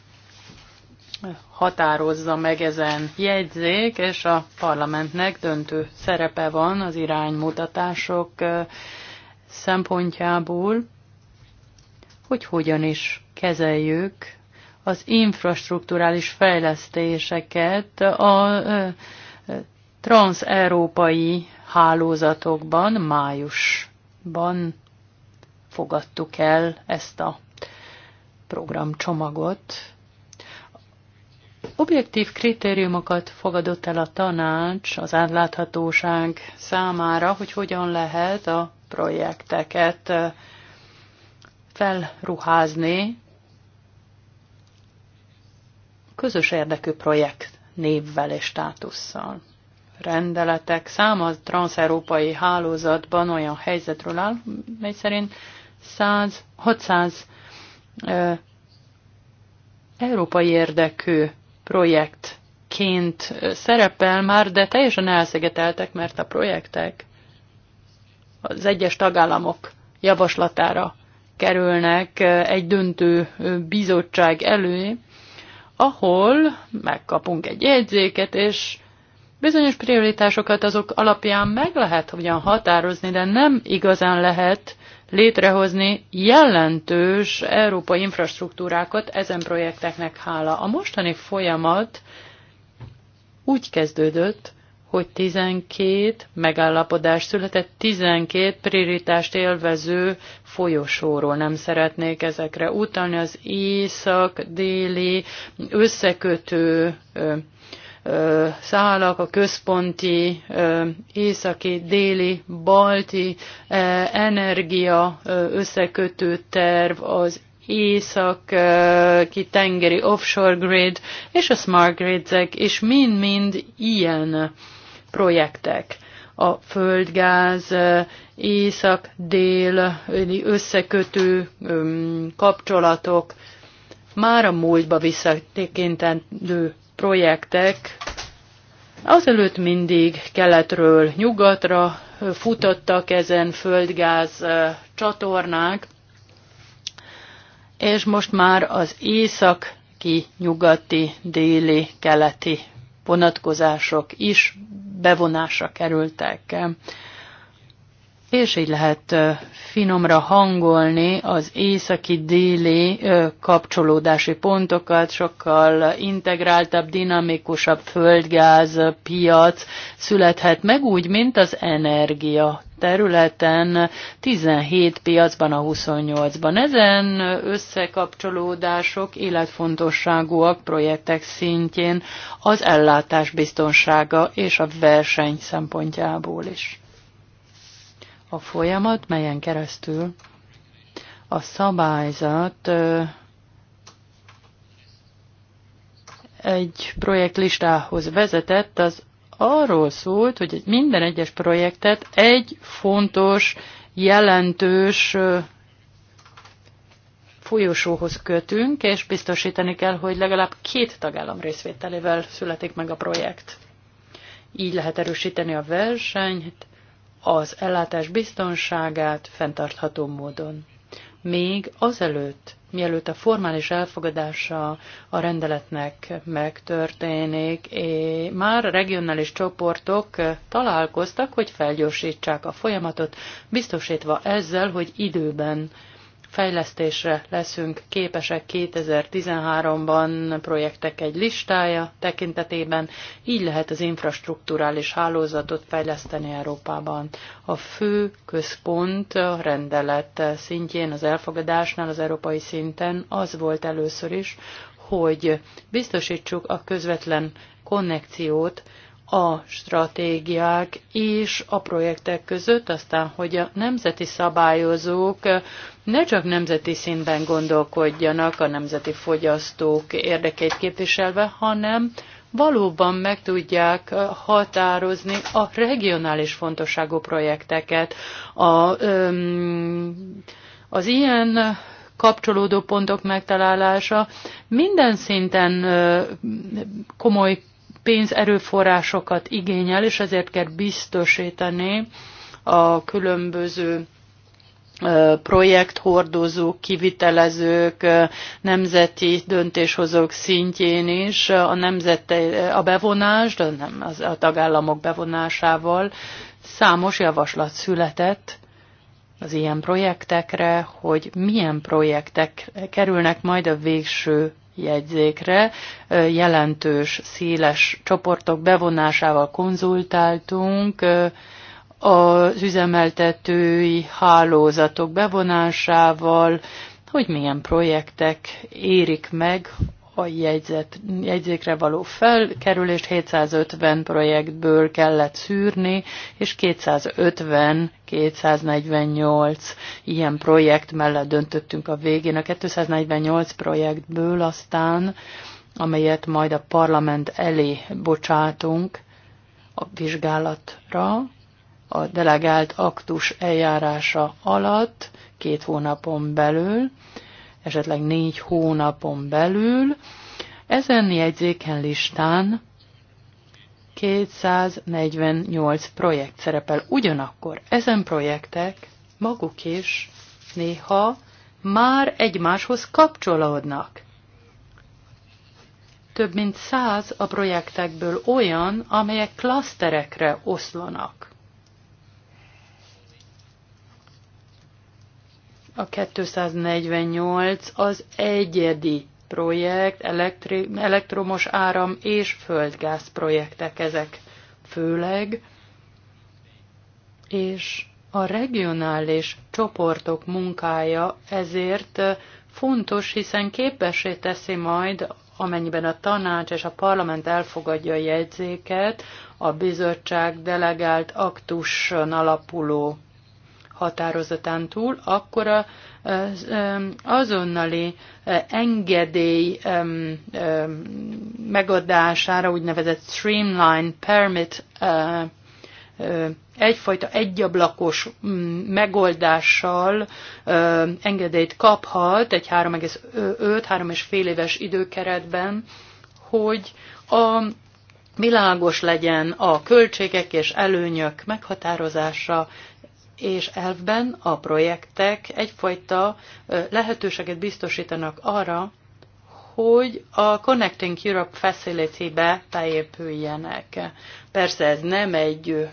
határozza meg ezen jegyzék, és a parlamentnek döntő szerepe van az iránymutatások szempontjából, hogy hogyan is kezeljük az infrastruktúrális fejlesztéseket a transeurópai hálózatokban májusban fogadtuk el ezt a programcsomagot, objektív kritériumokat fogadott el a tanács az átláthatóság számára, hogy hogyan lehet a projekteket felruházni közös érdekű projekt névvel és státusszal. Rendeletek száma a transzeurópai hálózatban olyan helyzetről áll, mely szerint 100, 600 európai érdekű projektként szerepel már, de teljesen elszegeteltek, mert a projektek az egyes tagállamok javaslatára kerülnek egy döntő bizottság elő, ahol megkapunk egy jegyzéket, és bizonyos prioritásokat azok alapján meg lehet ugyan határozni, de nem igazán lehet létrehozni jelentős európai infrastruktúrákat ezen projekteknek hála. A mostani folyamat úgy kezdődött, hogy 12 megállapodás született, 12 prioritást élvező folyosóról nem szeretnék ezekre utalni, az észak-déli összekötő szálak, a központi, északi, déli, balti energia összekötő terv, az északi tengeri offshore grid és a smart gridzek, és mind-mind ilyen projektek. A földgáz, észak-dél összekötő kapcsolatok, már a múltba visszatekintendő projektek azelőtt mindig keletről nyugatra futottak ezen földgáz csatornák, és most már az északi, nyugati, déli, keleti vonatkozások is bevonásra kerültek és így lehet finomra hangolni az északi-déli kapcsolódási pontokat, sokkal integráltabb, dinamikusabb földgáz piac születhet meg úgy, mint az energia területen 17 piacban a 28-ban. Ezen összekapcsolódások életfontosságúak projektek szintjén az ellátás biztonsága és a verseny szempontjából is a folyamat, melyen keresztül a szabályzat egy projektlistához vezetett, az arról szólt, hogy minden egyes projektet egy fontos, jelentős folyosóhoz kötünk, és biztosítani kell, hogy legalább két tagállam részvételével születik meg a projekt. Így lehet erősíteni a versenyt, az ellátás biztonságát fenntartható módon. Még azelőtt, mielőtt a formális elfogadása a rendeletnek megtörténik, már regionális csoportok találkoztak, hogy felgyorsítsák a folyamatot, biztosítva ezzel, hogy időben fejlesztésre leszünk képesek 2013-ban projektek egy listája tekintetében, így lehet az infrastruktúrális hálózatot fejleszteni Európában. A fő központ a rendelet szintjén, az elfogadásnál, az európai szinten az volt először is, hogy biztosítsuk a közvetlen konnekciót a stratégiák és a projektek között, aztán, hogy a nemzeti szabályozók ne csak nemzeti szinten gondolkodjanak a nemzeti fogyasztók érdekeit képviselve, hanem valóban meg tudják határozni a regionális fontosságú projekteket. A, az ilyen kapcsolódó pontok megtalálása minden szinten komoly erőforrásokat igényel, és ezért kell biztosítani a különböző projekthordozók, kivitelezők, nemzeti döntéshozók szintjén is a, nemzete, a bevonás, de nem az, a tagállamok bevonásával számos javaslat született az ilyen projektekre, hogy milyen projektek kerülnek majd a végső jegyzékre. Jelentős, széles csoportok bevonásával konzultáltunk, az üzemeltetői hálózatok bevonásával, hogy milyen projektek érik meg a jegyzet, jegyzékre való felkerülést 750 projektből kellett szűrni, és 250-248 ilyen projekt mellett döntöttünk a végén. A 248 projektből aztán, amelyet majd a parlament elé bocsátunk a vizsgálatra, a delegált aktus eljárása alatt, két hónapon belül, esetleg négy hónapon belül. Ezen jegyzéken listán 248 projekt szerepel. Ugyanakkor ezen projektek maguk is néha már egymáshoz kapcsolódnak. Több mint száz a projektekből olyan, amelyek klaszterekre oszlanak. A 248 az egyedi projekt, elektri, elektromos áram és földgáz projektek ezek főleg, és a regionális csoportok munkája ezért fontos, hiszen képessé teszi majd, amennyiben a tanács és a parlament elfogadja a jegyzéket, a bizottság delegált aktuson alapuló határozatán túl, akkor a, azonnali e, engedély megadására, úgynevezett streamline permit e, e, egyfajta egyablakos megoldással engedélyt kaphat egy 3,5-3,5 éves időkeretben, hogy a világos legyen a költségek és előnyök meghatározása, és elvben a projektek egyfajta lehetőséget biztosítanak arra, hogy a Connecting Europe Facility-be beépüljenek. Persze ez nem egy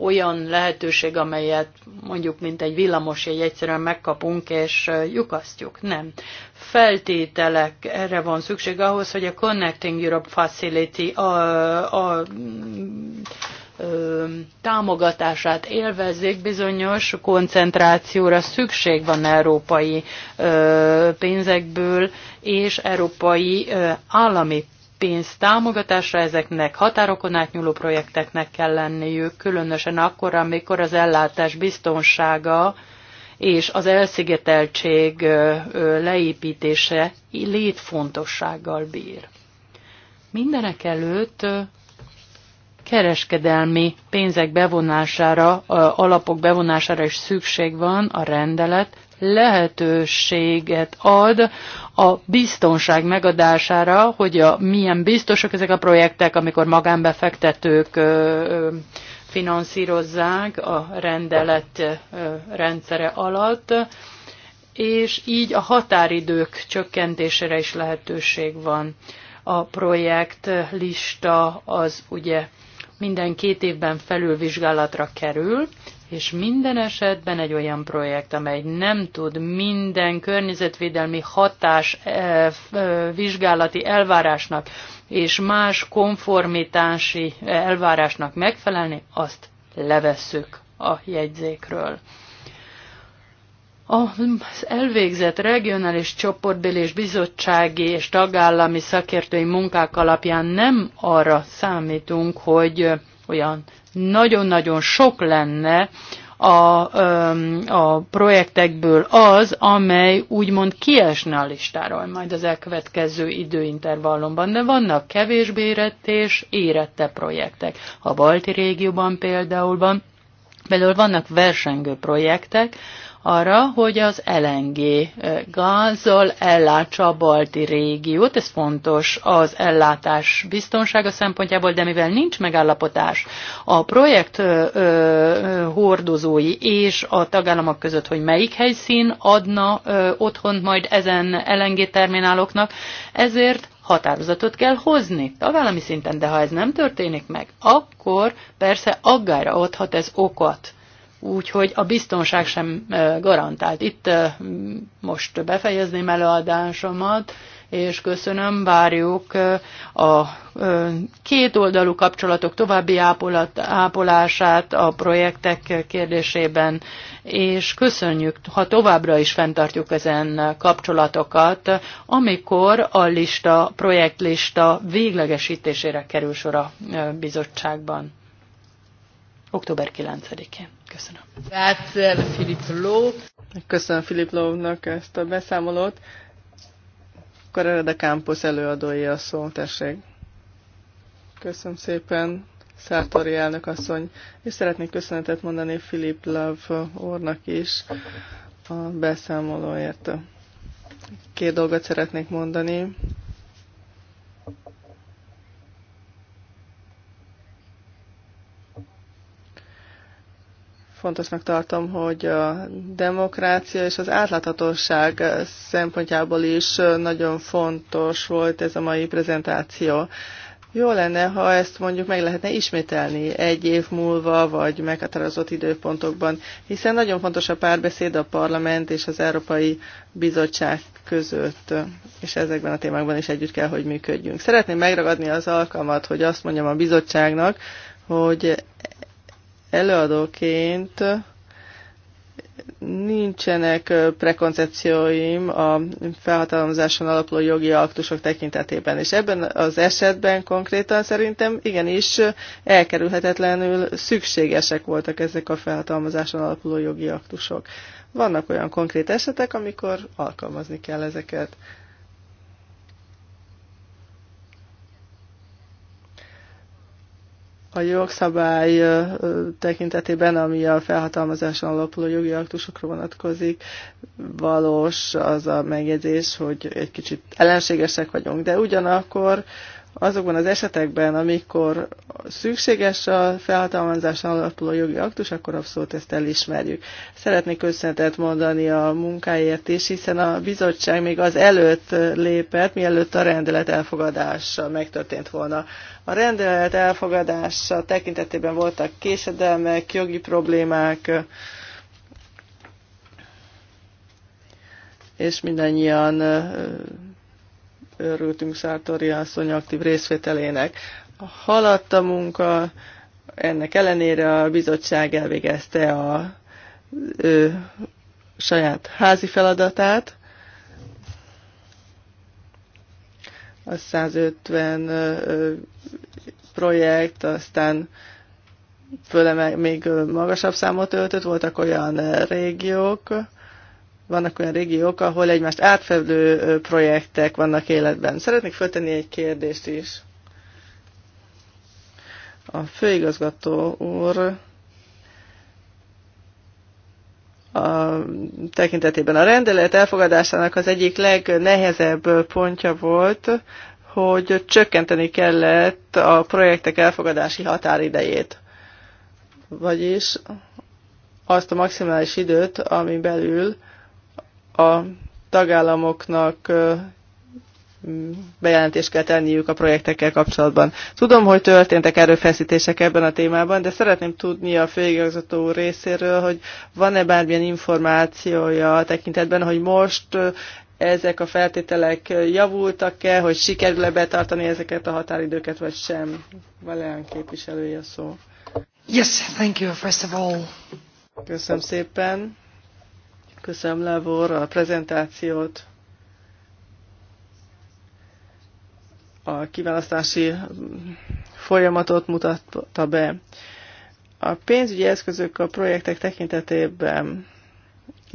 olyan lehetőség, amelyet mondjuk, mint egy villamosjegy egyszerűen megkapunk és lyukasztjuk. Nem. Feltételek erre van szükség ahhoz, hogy a Connecting Europe Facility a, a támogatását élvezzék, bizonyos koncentrációra szükség van európai pénzekből és európai állami pénz támogatásra ezeknek határokon átnyúló projekteknek kell lenniük, különösen akkor, amikor az ellátás biztonsága és az elszigeteltség leépítése létfontossággal bír. Mindenek előtt kereskedelmi pénzek bevonására, alapok bevonására is szükség van, a rendelet lehetőséget ad a biztonság megadására, hogy a, milyen biztosak ezek a projektek, amikor magánbefektetők ö, finanszírozzák a rendelet rendszere alatt, és így a határidők csökkentésére is lehetőség van. A projektlista az ugye minden két évben felülvizsgálatra kerül, és minden esetben egy olyan projekt, amely nem tud minden környezetvédelmi hatás eh, eh, vizsgálati elvárásnak és más konformitási eh, elvárásnak megfelelni, azt levesszük a jegyzékről. Az elvégzett regionális csoportbeli és bizottsági és tagállami szakértői munkák alapján nem arra számítunk, hogy olyan nagyon-nagyon sok lenne a, a projektekből az, amely úgymond kiesne a listáról majd az elkövetkező időintervallumban, de vannak kevésbé érett és érette projektek. A balti régióban például van, például vannak versengő projektek, arra, hogy az LNG gázzal ellátsa a balti régiót. Ez fontos az ellátás biztonsága szempontjából, de mivel nincs megállapotás a projekt hordozói és a tagállamok között, hogy melyik helyszín adna otthont majd ezen LNG termináloknak, ezért határozatot kell hozni tagállami szinten, de ha ez nem történik meg, akkor persze aggályra adhat ez okot úgyhogy a biztonság sem garantált. Itt most befejezném előadásomat, és köszönöm, várjuk a két oldalú kapcsolatok további ápolat, ápolását a projektek kérdésében, és köszönjük, ha továbbra is fenntartjuk ezen kapcsolatokat, amikor a lista, projektlista véglegesítésére kerül sor a bizottságban. Október 9-én. Köszönöm. Grazie, Filip Ló. Köszönöm Filip Lóvnak ezt a beszámolót. Akkor a Campos előadói a szó, tessék. Köszönöm szépen, Szártori elnök asszony, és szeretnék köszönetet mondani Philip Love úrnak is a beszámolóért. Két dolgot szeretnék mondani. fontosnak tartom, hogy a demokrácia és az átláthatóság szempontjából is nagyon fontos volt ez a mai prezentáció. Jó lenne, ha ezt mondjuk meg lehetne ismételni egy év múlva, vagy meghatározott időpontokban, hiszen nagyon fontos a párbeszéd a parlament és az Európai Bizottság között, és ezekben a témákban is együtt kell, hogy működjünk. Szeretném megragadni az alkalmat, hogy azt mondjam a bizottságnak, hogy Előadóként nincsenek prekoncepcióim a felhatalmazáson alapuló jogi aktusok tekintetében, és ebben az esetben konkrétan szerintem igenis elkerülhetetlenül szükségesek voltak ezek a felhatalmazáson alapuló jogi aktusok. Vannak olyan konkrét esetek, amikor alkalmazni kell ezeket. a jogszabály tekintetében, ami a felhatalmazáson alapuló jogi aktusokra vonatkozik, valós az a megjegyzés, hogy egy kicsit ellenségesek vagyunk, de ugyanakkor azokban az esetekben, amikor szükséges a felhatalmazáson alapuló jogi aktus, akkor abszolút ezt elismerjük. Szeretnék köszönetet mondani a munkáért is, hiszen a bizottság még az előtt lépett, mielőtt a rendelet elfogadása megtörtént volna. A rendelet elfogadása tekintetében voltak késedelmek, jogi problémák, és mindannyian örültünk Szártori asszony aktív részvételének. Haladt a munka, ennek ellenére a bizottság elvégezte a ő, saját házi feladatát. A 150 ö, projekt, aztán főleg még magasabb számot öltött, voltak olyan régiók, vannak olyan régiók, ahol egymást átfelelő projektek vannak életben. Szeretnék föltenni egy kérdést is. A főigazgató úr a tekintetében a rendelet elfogadásának az egyik legnehezebb pontja volt, hogy csökkenteni kellett a projektek elfogadási határidejét. Vagyis azt a maximális időt, ami belül a tagállamoknak bejelentést kell tenniük a projektekkel kapcsolatban. Tudom, hogy történtek erőfeszítések ebben a témában, de szeretném tudni a főigazgató részéről, hogy van-e bármilyen információja a tekintetben, hogy most ezek a feltételek javultak-e, hogy sikerül-e betartani ezeket a határidőket, vagy sem? Valéan képviselője szó. Yes, thank you, first of all. Köszönöm szépen. Köszönöm, Levor, a prezentációt. A kiválasztási folyamatot mutatta be. A pénzügyi eszközök a projektek tekintetében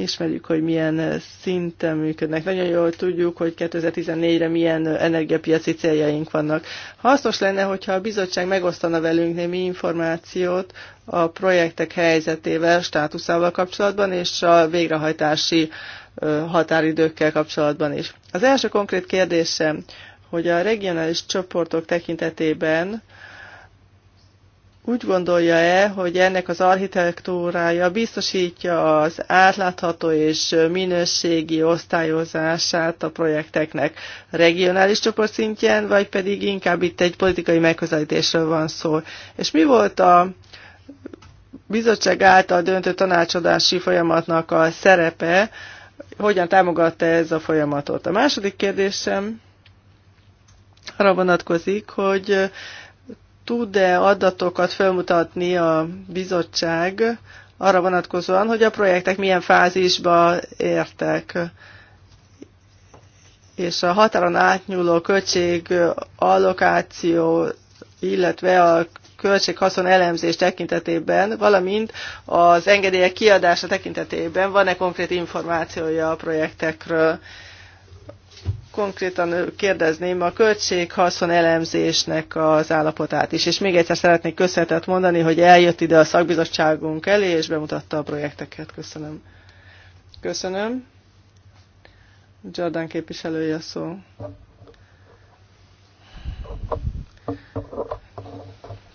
ismerjük, hogy milyen szinten működnek. Nagyon jól tudjuk, hogy 2014-re milyen energiapiaci céljaink vannak. Hasznos lenne, hogyha a bizottság megosztana velünk némi információt a projektek helyzetével, státuszával kapcsolatban és a végrehajtási határidőkkel kapcsolatban is. Az első konkrét kérdésem, hogy a regionális csoportok tekintetében úgy gondolja-e, hogy ennek az architektúrája biztosítja az átlátható és minőségi osztályozását a projekteknek regionális csoport szintjén, vagy pedig inkább itt egy politikai megközelítésről van szó. És mi volt a bizottság által döntő tanácsadási folyamatnak a szerepe, hogyan támogatta ez a folyamatot? A második kérdésem arra vonatkozik, hogy tud-e adatokat felmutatni a bizottság arra vonatkozóan, hogy a projektek milyen fázisba értek, és a határon átnyúló költség allokáció, illetve a költséghaszon elemzés tekintetében, valamint az engedélyek kiadása tekintetében van-e konkrét információja a projektekről konkrétan kérdezném a költséghaszon elemzésnek az állapotát is. És még egyszer szeretnék köszönetet mondani, hogy eljött ide a szakbizottságunk elé, és bemutatta a projekteket. Köszönöm. Köszönöm. Jordan képviselője a szó.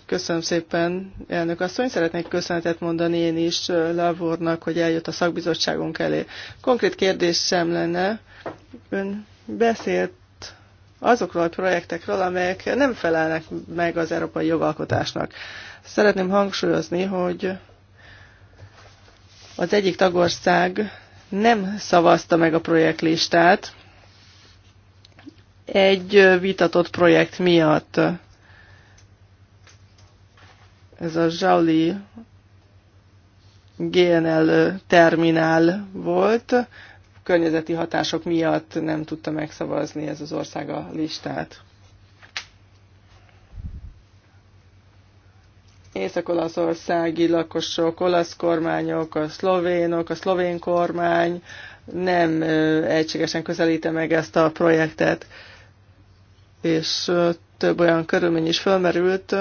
Köszönöm szépen, elnök asszony. Szeretnék köszönetet mondani én is Lavornak, hogy eljött a szakbizottságunk elé. Konkrét kérdés sem lenne. Ön beszélt azokról a projektekről, amelyek nem felelnek meg az európai jogalkotásnak. Szeretném hangsúlyozni, hogy az egyik tagország nem szavazta meg a projektlistát egy vitatott projekt miatt. Ez a Zsauli GNL terminál volt, környezeti hatások miatt nem tudta megszavazni ez az ország a listát. észak-olaszországi lakosok, olasz kormányok, a szlovénok, a szlovén kormány nem egységesen közelíte meg ezt a projektet, és több olyan körülmény is fölmerült,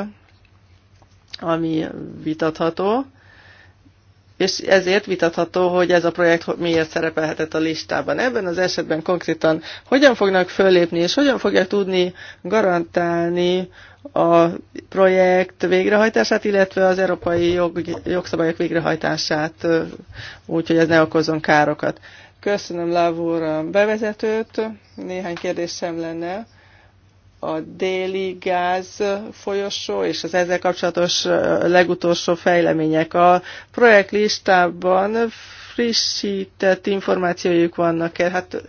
ami vitatható és ezért vitatható, hogy ez a projekt miért szerepelhetett a listában. Ebben az esetben konkrétan hogyan fognak föllépni, és hogyan fogják tudni garantálni a projekt végrehajtását, illetve az európai jog, jogszabályok végrehajtását, úgyhogy ez ne okozzon károkat. Köszönöm Lávóra bevezetőt, néhány kérdésem lenne a déli gáz folyosó és az ezzel kapcsolatos legutolsó fejlemények. A projekt listában frissített információjuk vannak el. Hát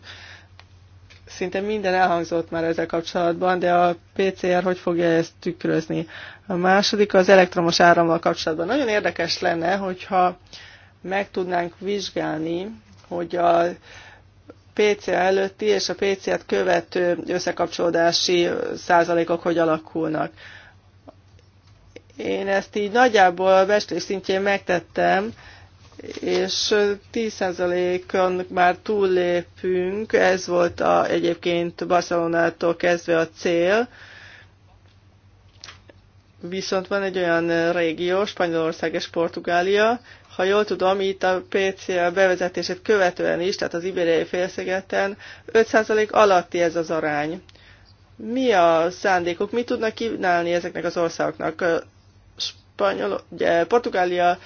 szinte minden elhangzott már ezzel kapcsolatban, de a PCR hogy fogja ezt tükrözni? A második az elektromos árammal kapcsolatban. Nagyon érdekes lenne, hogyha meg tudnánk vizsgálni, hogy a pc előtti és a pc t követő összekapcsolódási százalékok hogy alakulnak. Én ezt így nagyjából a vestés szintjén megtettem, és 10%-on már túllépünk, ez volt a, egyébként Barcelonától kezdve a cél, viszont van egy olyan régió, Spanyolország és Portugália, ha jól tudom, itt a PCL bevezetését követően is, tehát az ibériai félszigeten 5% alatti ez az arány. Mi a szándékuk, mit tudnak kínálni ezeknek az országoknak? Spanyol, ugye, Portugália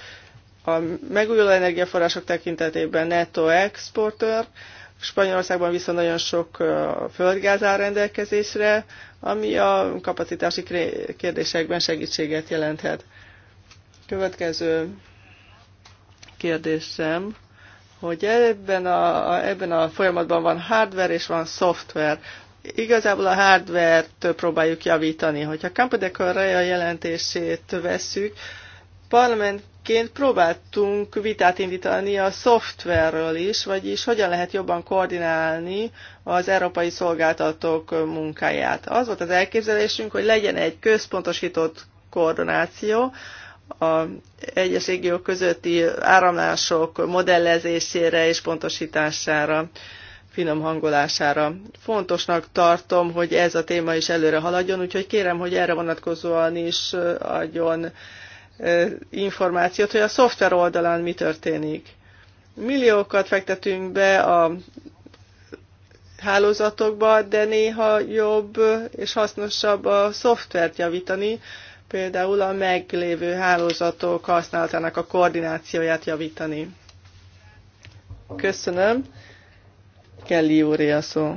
a megújuló energiaforrások tekintetében netto exportőr, Spanyolországban viszont nagyon sok földgáz áll rendelkezésre, ami a kapacitási kérdésekben segítséget jelenthet. Következő kérdésem, hogy ebben a, ebben a folyamatban van hardware és van szoftver. Igazából a hardware-t próbáljuk javítani. Hogyha Campo de Correa jelentését vesszük, parlamentként próbáltunk vitát indítani a szoftverről is, vagyis hogyan lehet jobban koordinálni az európai szolgáltatók munkáját. Az volt az elképzelésünk, hogy legyen egy központosított koordináció, a egyes régiók közötti áramlások modellezésére és pontosítására, finom hangolására. Fontosnak tartom, hogy ez a téma is előre haladjon, úgyhogy kérem, hogy erre vonatkozóan is adjon információt, hogy a szoftver oldalán mi történik. Milliókat fektetünk be a hálózatokba, de néha jobb és hasznosabb a szoftvert javítani, például a meglévő hálózatok használatának a koordinációját javítani. Köszönöm. Kelly úr, a szó.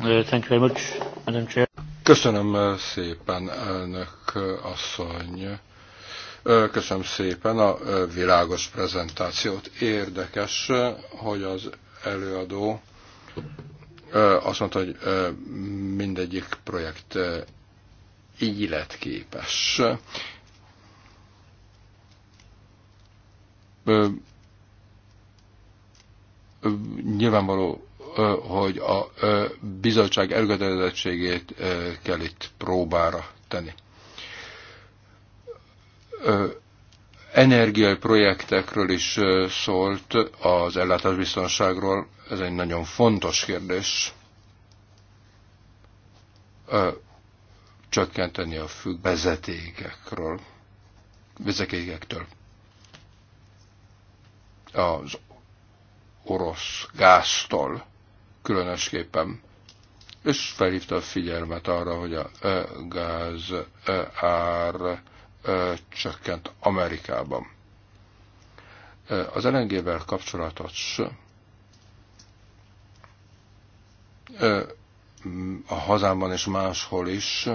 Uh, thank you very much, Madam Chair. Köszönöm uh, szépen, elnök uh, asszony. Köszönöm szépen a világos prezentációt. Érdekes, hogy az előadó azt mondta, hogy mindegyik projekt életképes. Nyilvánvaló, hogy a bizottság elkötelezettségét kell itt próbára tenni energiai projektekről is szólt, az ellátásbiztonságról, ez egy nagyon fontos kérdés csökkenteni a függ vezetékekről, vezetékektől. Az orosz gáztól különösképpen, és felhívta a figyelmet arra, hogy a gáz ár csökkent Amerikában. Az LNG-vel kapcsolatos a hazámban és máshol is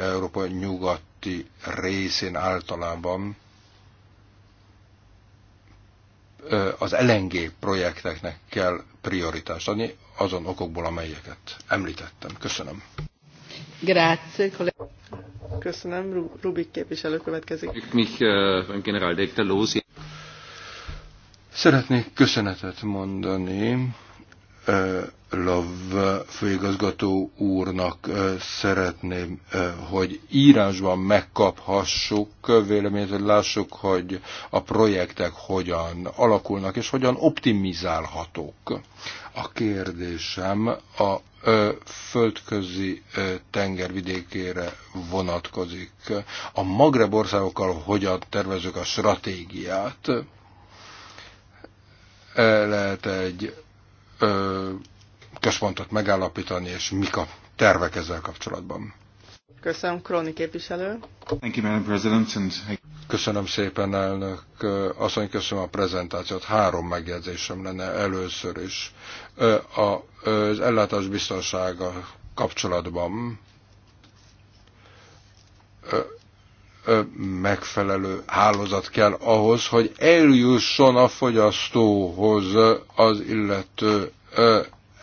Európa nyugati részén általában az LNG projekteknek kell prioritást adni, azon okokból, amelyeket említettem. Köszönöm. Grazie, Köszönöm. Rubik képviselő következik. Mich, uh, Szeretnék köszönetet mondani Lov főigazgató úrnak szeretném, hogy írásban megkaphassuk véleményet, hogy lássuk, hogy a projektek hogyan alakulnak és hogyan optimizálhatók. A kérdésem a földközi tengervidékére vonatkozik. A Magreb országokkal hogyan tervezük a stratégiát? Lehet egy központot megállapítani, és mik a tervek ezzel kapcsolatban. Köszönöm, Kroni képviselő. Thank you, Madam President, and... Köszönöm szépen, elnök asszony, köszönöm a prezentációt. Három megjegyzésem lenne először is. Az ellátás biztonsága kapcsolatban megfelelő hálózat kell ahhoz, hogy eljusson a fogyasztóhoz az illető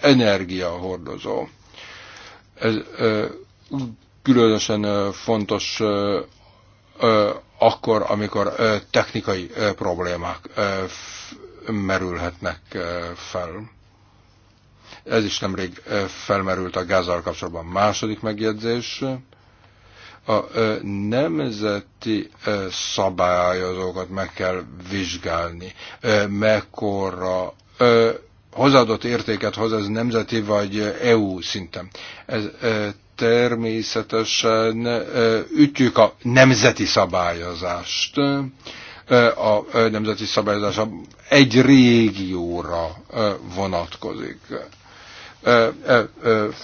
energiahordozó. Ez különösen fontos akkor, amikor technikai problémák merülhetnek fel. Ez is nemrég felmerült a gázzal kapcsolatban. Második megjegyzés, a nemzeti szabályozókat meg kell vizsgálni, mekkora hozadott értéket hoz ez nemzeti vagy EU szinten. Ez természetesen ütjük a nemzeti szabályozást. A nemzeti szabályozás egy régióra vonatkozik.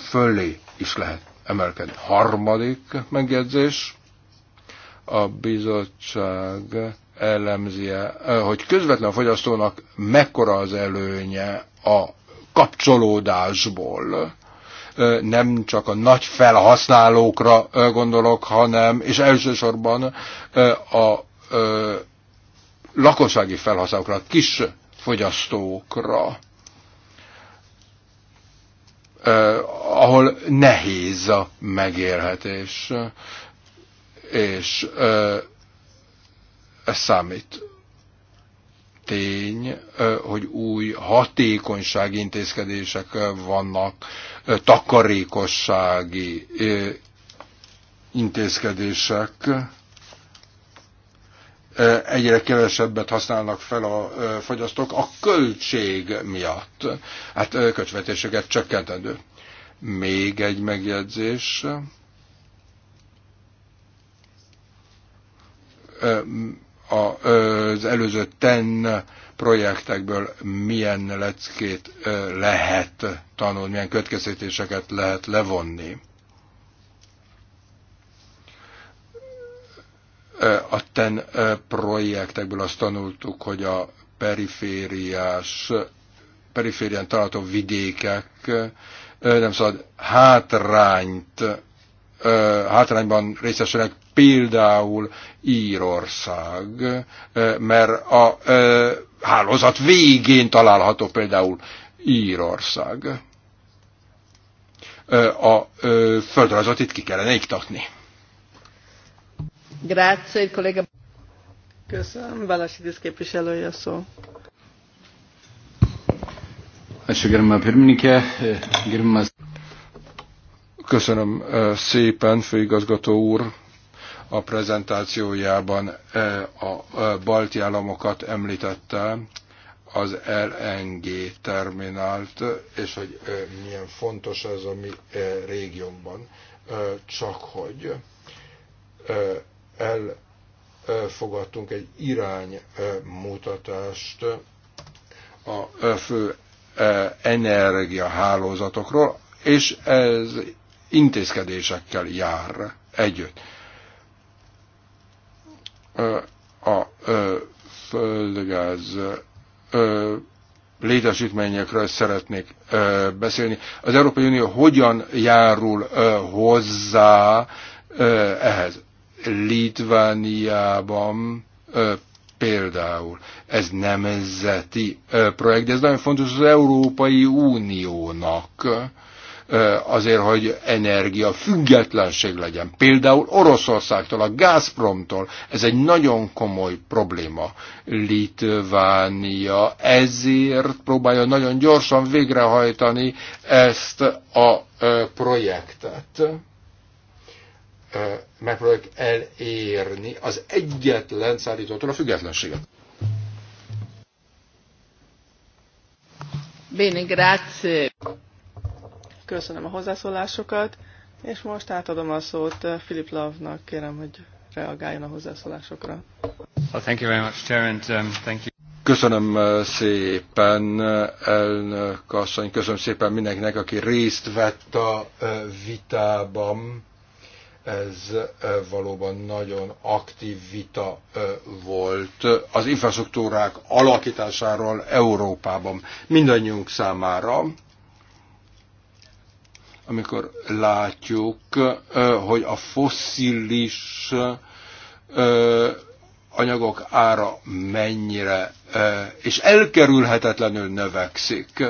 Fölé is lehet emelkedni. Harmadik megjegyzés, a bizottság elemzi, -e, hogy közvetlen fogyasztónak mekkora az előnye a kapcsolódásból. Nem csak a nagy felhasználókra gondolok, hanem, és elsősorban a lakossági felhasználókra, a kis fogyasztókra, ahol nehéz a megélhetés, és ez számít tény, hogy új hatékonyság intézkedések vannak, takarékossági intézkedések, egyre kevesebbet használnak fel a fogyasztók a költség miatt. Hát kötvetéseket csökkentendő. Még egy megjegyzés az előző TEN projektekből milyen leckét lehet tanulni, milyen következtetéseket lehet levonni. A TEN projektekből azt tanultuk, hogy a perifériás, periférián található vidékek nem szabad hátrányt hátrányban részesülnek, például Írország, mert a hálózat végén található például Írország. A földrajzot itt ki kellene iktatni. Grazie, kollega. Köszönöm, Balasi diszképviselője szó. Ačiū gerima pirmininkė, gerimas Köszönöm szépen, főigazgató úr, a prezentációjában a balti államokat említette, az LNG terminált, és hogy milyen fontos ez a mi régiónban. Csak hogy elfogadtunk egy iránymutatást a fő energiahálózatokról, és ez intézkedésekkel jár együtt. A földgáz létesítményekről szeretnék beszélni. Az Európai Unió hogyan járul hozzá ehhez? Litvániában például. Ez nemzeti projekt, de ez nagyon fontos az Európai Uniónak azért, hogy energia függetlenség legyen. Például Oroszországtól, a Gazpromtól. Ez egy nagyon komoly probléma. Litvánia ezért próbálja nagyon gyorsan végrehajtani ezt a projektet megpróbáljuk elérni az egyetlen szállítótól a függetlenséget. Bene, grazie. Köszönöm a hozzászólásokat, és most átadom a szót eh, Philip Lovnak. kérem, hogy reagáljon a hozzászólásokra. Well, thank you very much, Chair, and, um, thank you. Köszönöm eh, szépen, elnök asszony, köszönöm szépen mindenkinek, aki részt vett a eh, vitában. Ez valóban nagyon aktív vita volt az infrastruktúrák alakításáról Európában mindannyiunk számára amikor látjuk, hogy a fosszilis anyagok ára mennyire, és elkerülhetetlenül növekszik.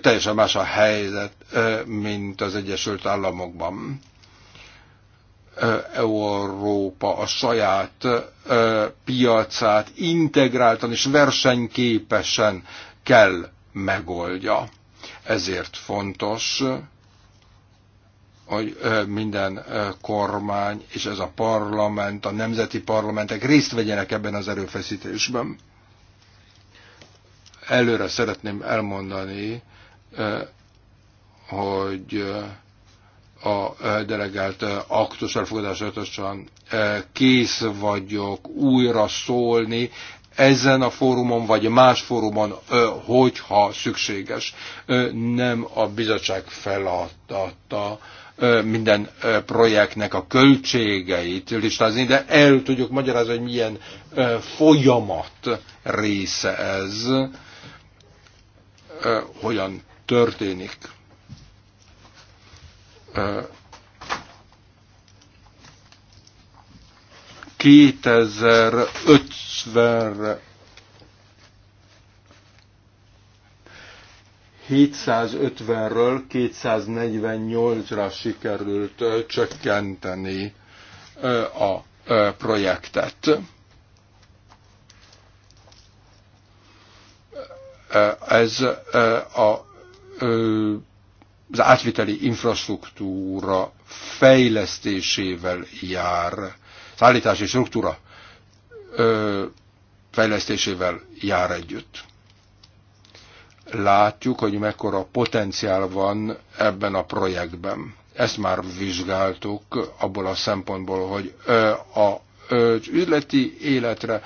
Teljesen más a helyzet, mint az Egyesült Államokban. Európa a saját piacát integráltan és versenyképesen kell megoldja ezért fontos, hogy minden kormány és ez a parlament, a nemzeti parlamentek részt vegyenek ebben az erőfeszítésben. Előre szeretném elmondani, hogy a delegált aktus elfogadásra ötösen kész vagyok újra szólni ezen a fórumon, vagy más fórumon, hogyha szükséges. Nem a bizottság feladata minden projektnek a költségeit listázni, de el tudjuk magyarázni, hogy milyen folyamat része ez, hogyan történik 2050-re 750-ről 248-ra sikerült csökkenteni a projektet. Ez a, az átviteli infrastruktúra fejlesztésével jár szállítási struktúra ö, fejlesztésével jár együtt. Látjuk, hogy mekkora potenciál van ebben a projektben. Ezt már vizsgáltuk abból a szempontból, hogy ö, a az üzleti életre,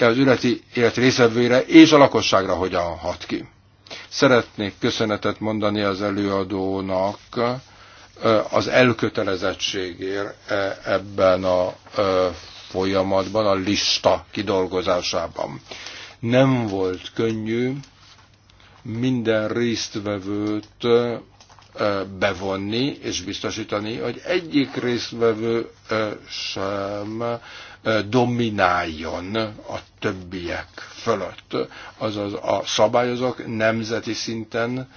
az üzleti élet részevőire és a lakosságra hogyan hat ki. Szeretnék köszönetet mondani az előadónak az elkötelezettségért ebben a folyamatban, a lista kidolgozásában. Nem volt könnyű minden résztvevőt bevonni és biztosítani, hogy egyik résztvevő sem domináljon a többiek fölött. Azaz a szabályozók nemzeti szinten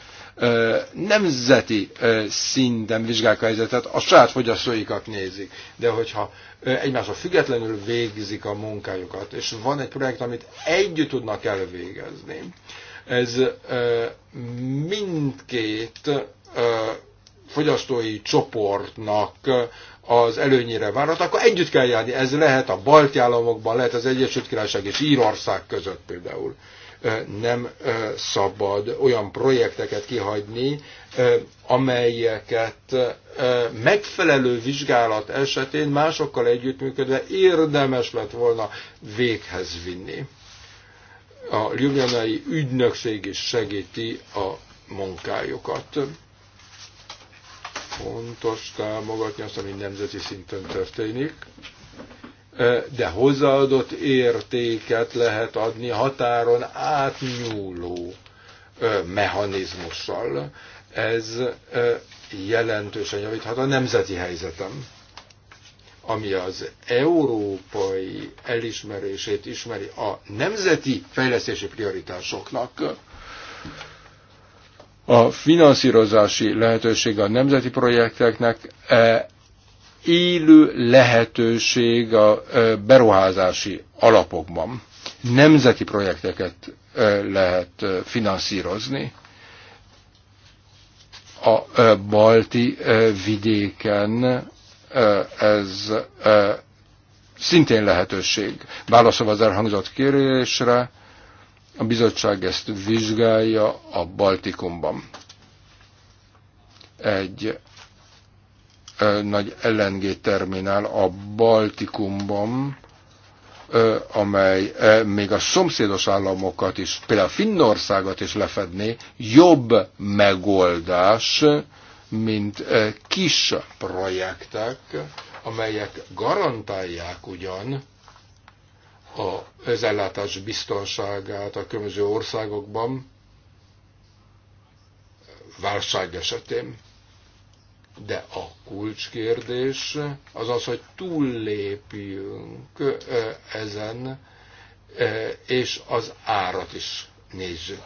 nemzeti szinten vizsgálják a helyzetet, a saját fogyasztóikat nézik. De hogyha egymásra függetlenül végzik a munkájukat, és van egy projekt, amit együtt tudnak elvégezni, ez mindkét fogyasztói csoportnak az előnyére várat, akkor együtt kell járni. Ez lehet a balti államokban, lehet az Egyesült Királyság és Írország között például nem szabad olyan projekteket kihagyni, amelyeket megfelelő vizsgálat esetén másokkal együttműködve érdemes lett volna véghez vinni. A ljubljanai ügynökség is segíti a munkájukat. Fontos támogatni azt, ami nemzeti szinten történik de hozzáadott értéket lehet adni határon átnyúló mechanizmussal. Ez jelentősen javíthat a nemzeti helyzetem, ami az európai elismerését ismeri a nemzeti fejlesztési prioritásoknak. A finanszírozási lehetőség a nemzeti projekteknek e, élő lehetőség a beruházási alapokban. Nemzeti projekteket lehet finanszírozni. A balti vidéken ez szintén lehetőség. Válaszol az elhangzott kérésre, a bizottság ezt vizsgálja a Baltikumban. Egy nagy LNG terminál a Baltikumban, amely még a szomszédos államokat is, például Finnországot is lefedné, jobb megoldás, mint kis projektek, amelyek garantálják ugyan a ellátás biztonságát a különböző országokban, válság esetén de a kulcskérdés az az, hogy túllépjünk ezen, és az árat is nézzük.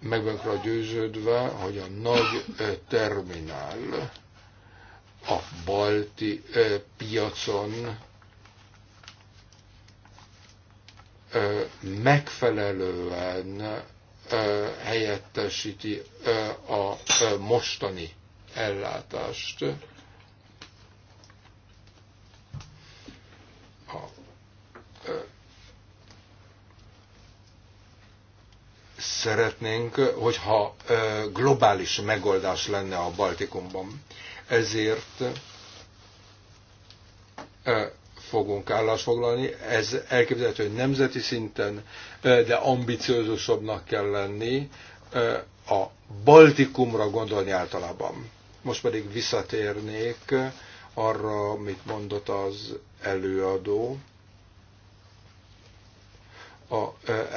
Meg a győződve, hogy a nagy terminál a balti piacon megfelelően helyettesíti a mostani ellátást. A, szeretnénk, hogyha globális megoldás lenne a Baltikumban. Ezért fogunk állásfoglalni. Ez elképzelhető, hogy nemzeti szinten, de ambiciózusabbnak kell lenni a Baltikumra gondolni általában. Most pedig visszatérnék arra, amit mondott az előadó, a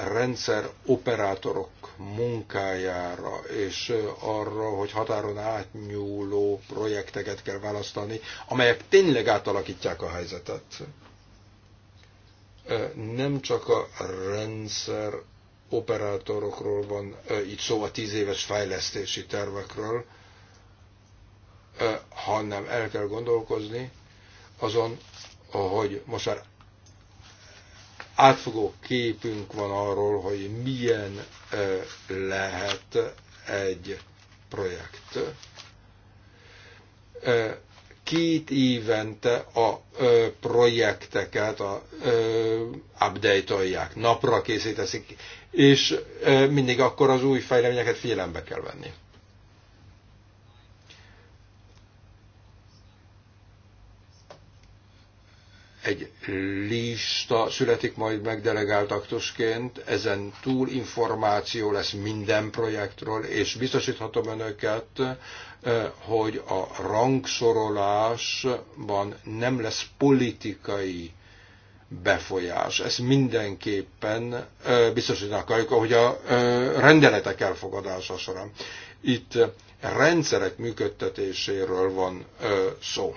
rendszer operátorok munkájára, és arra, hogy határon átnyúló projekteket kell választani, amelyek tényleg átalakítják a helyzetet. Nem csak a rendszer operátorokról van itt szó a tíz éves fejlesztési tervekről, hanem el kell gondolkozni azon, hogy most már átfogó képünk van arról, hogy milyen lehet egy projekt. Két évente a projekteket a, update-olják, napra készítezik, és mindig akkor az új fejleményeket figyelembe kell venni. egy lista születik majd meg delegált aktusként, ezen túl információ lesz minden projektről, és biztosíthatom önöket, eh, hogy a rangsorolásban nem lesz politikai befolyás. Ezt mindenképpen eh, biztosítani akarjuk, hogy a eh, rendeletek elfogadása során. Itt rendszerek működtetéséről van szó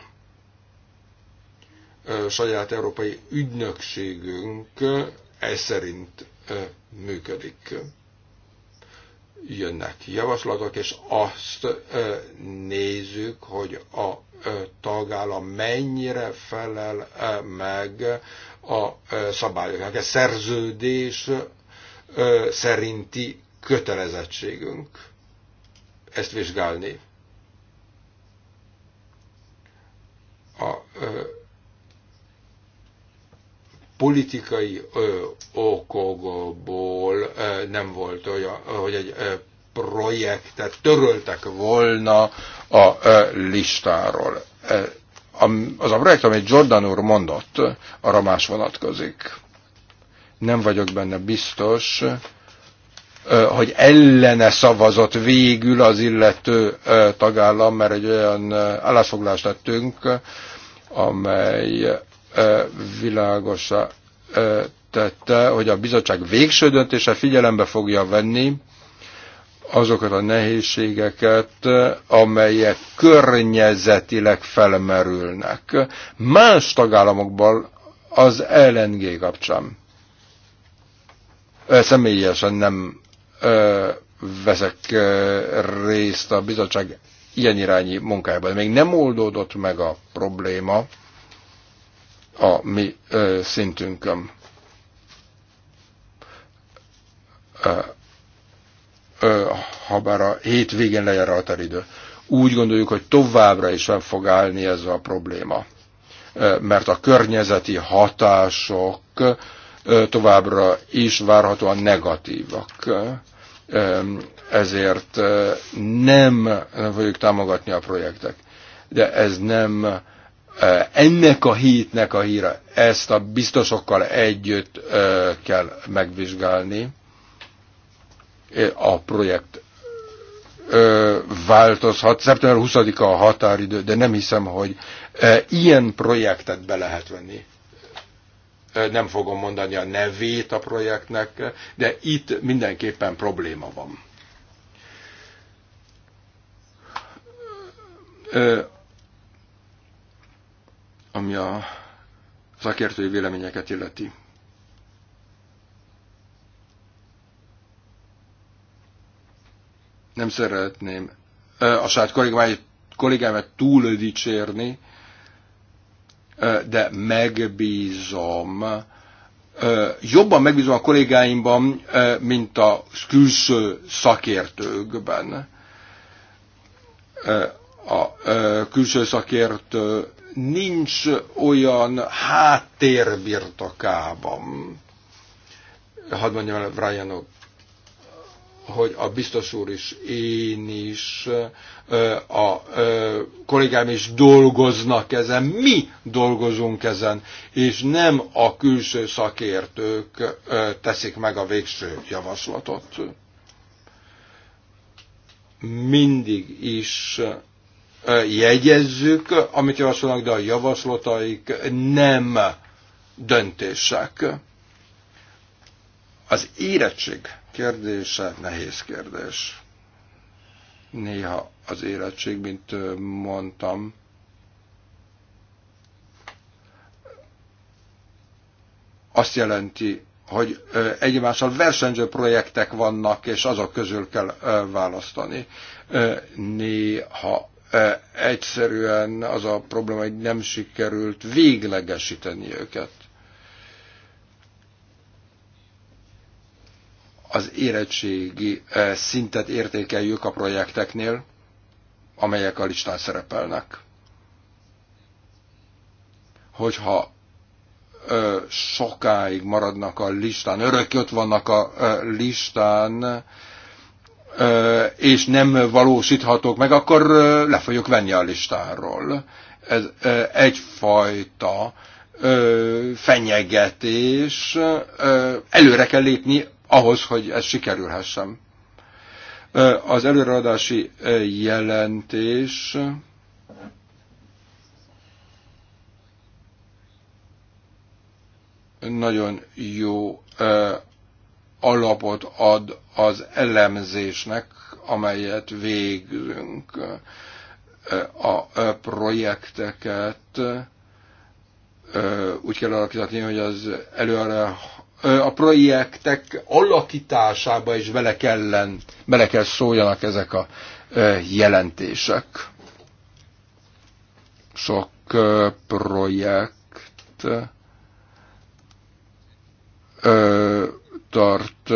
saját európai ügynökségünk ez szerint működik. Jönnek javaslatok, és azt nézzük, hogy a tagállam mennyire felel meg a szabályoknak. Ez szerződés szerinti kötelezettségünk ezt vizsgálni. A politikai okokból nem volt olyan, hogy egy ö, projektet töröltek volna a ö, listáról. Az a projekt, amit Jordan úr mondott, arra más vonatkozik. Nem vagyok benne biztos, hogy ellene szavazott végül az illető tagállam, mert egy olyan állásfoglást tettünk, amely világosra tette, hogy a bizottság végső döntése figyelembe fogja venni azokat a nehézségeket, amelyek környezetileg felmerülnek más tagállamokban az LNG kapcsán. Személyesen nem ö, veszek ö, részt a bizottság ilyen irányi munkájában. Még nem oldódott meg a probléma, a mi szintünkön. Habár a hétvégén lejár a határidő. Úgy gondoljuk, hogy továbbra is nem fog állni ez a probléma. Mert a környezeti hatások továbbra is várhatóan negatívak. Ezért nem, nem fogjuk támogatni a projektek. De ez nem ennek a hétnek a híra, ezt a biztosokkal együtt kell megvizsgálni a projekt változhat. Szeptember 20-a a határidő, de nem hiszem, hogy ilyen projektet be lehet venni. nem fogom mondani a nevét a projektnek, de itt mindenképpen probléma van ami a szakértői véleményeket illeti. Nem szeretném a saját kollégámat, kollégámat túl dicsérni, de megbízom, jobban megbízom a kollégáimban, mint a külső szakértőkben. A külső szakértő nincs olyan háttérbirtokában, hadd mondjam el Brian, hogy a biztos úr is, én is, a kollégám is dolgoznak ezen, mi dolgozunk ezen, és nem a külső szakértők teszik meg a végső javaslatot. Mindig is jegyezzük, amit javasolnak, de a javaslataik nem döntések. Az érettség kérdése nehéz kérdés. Néha az érettség, mint mondtam, azt jelenti, hogy egymással versenyző projektek vannak, és azok közül kell választani. Néha E, egyszerűen az a probléma, hogy nem sikerült véglegesíteni őket. Az érettségi e, szintet értékeljük a projekteknél, amelyek a listán szerepelnek. Hogyha ö, e, sokáig maradnak a listán, örök ott vannak a ö, listán, és nem valósíthatók meg, akkor le fogjuk venni a listáról. Ez egyfajta fenyegetés. Előre kell lépni ahhoz, hogy ez sikerülhessen. Az előreadási jelentés nagyon jó alapot ad az elemzésnek, amelyet végzünk a projekteket. Úgy kell alakítani, hogy az előre a projektek alakításába is bele, kellen, bele kell szóljanak ezek a jelentések. Sok projekt tart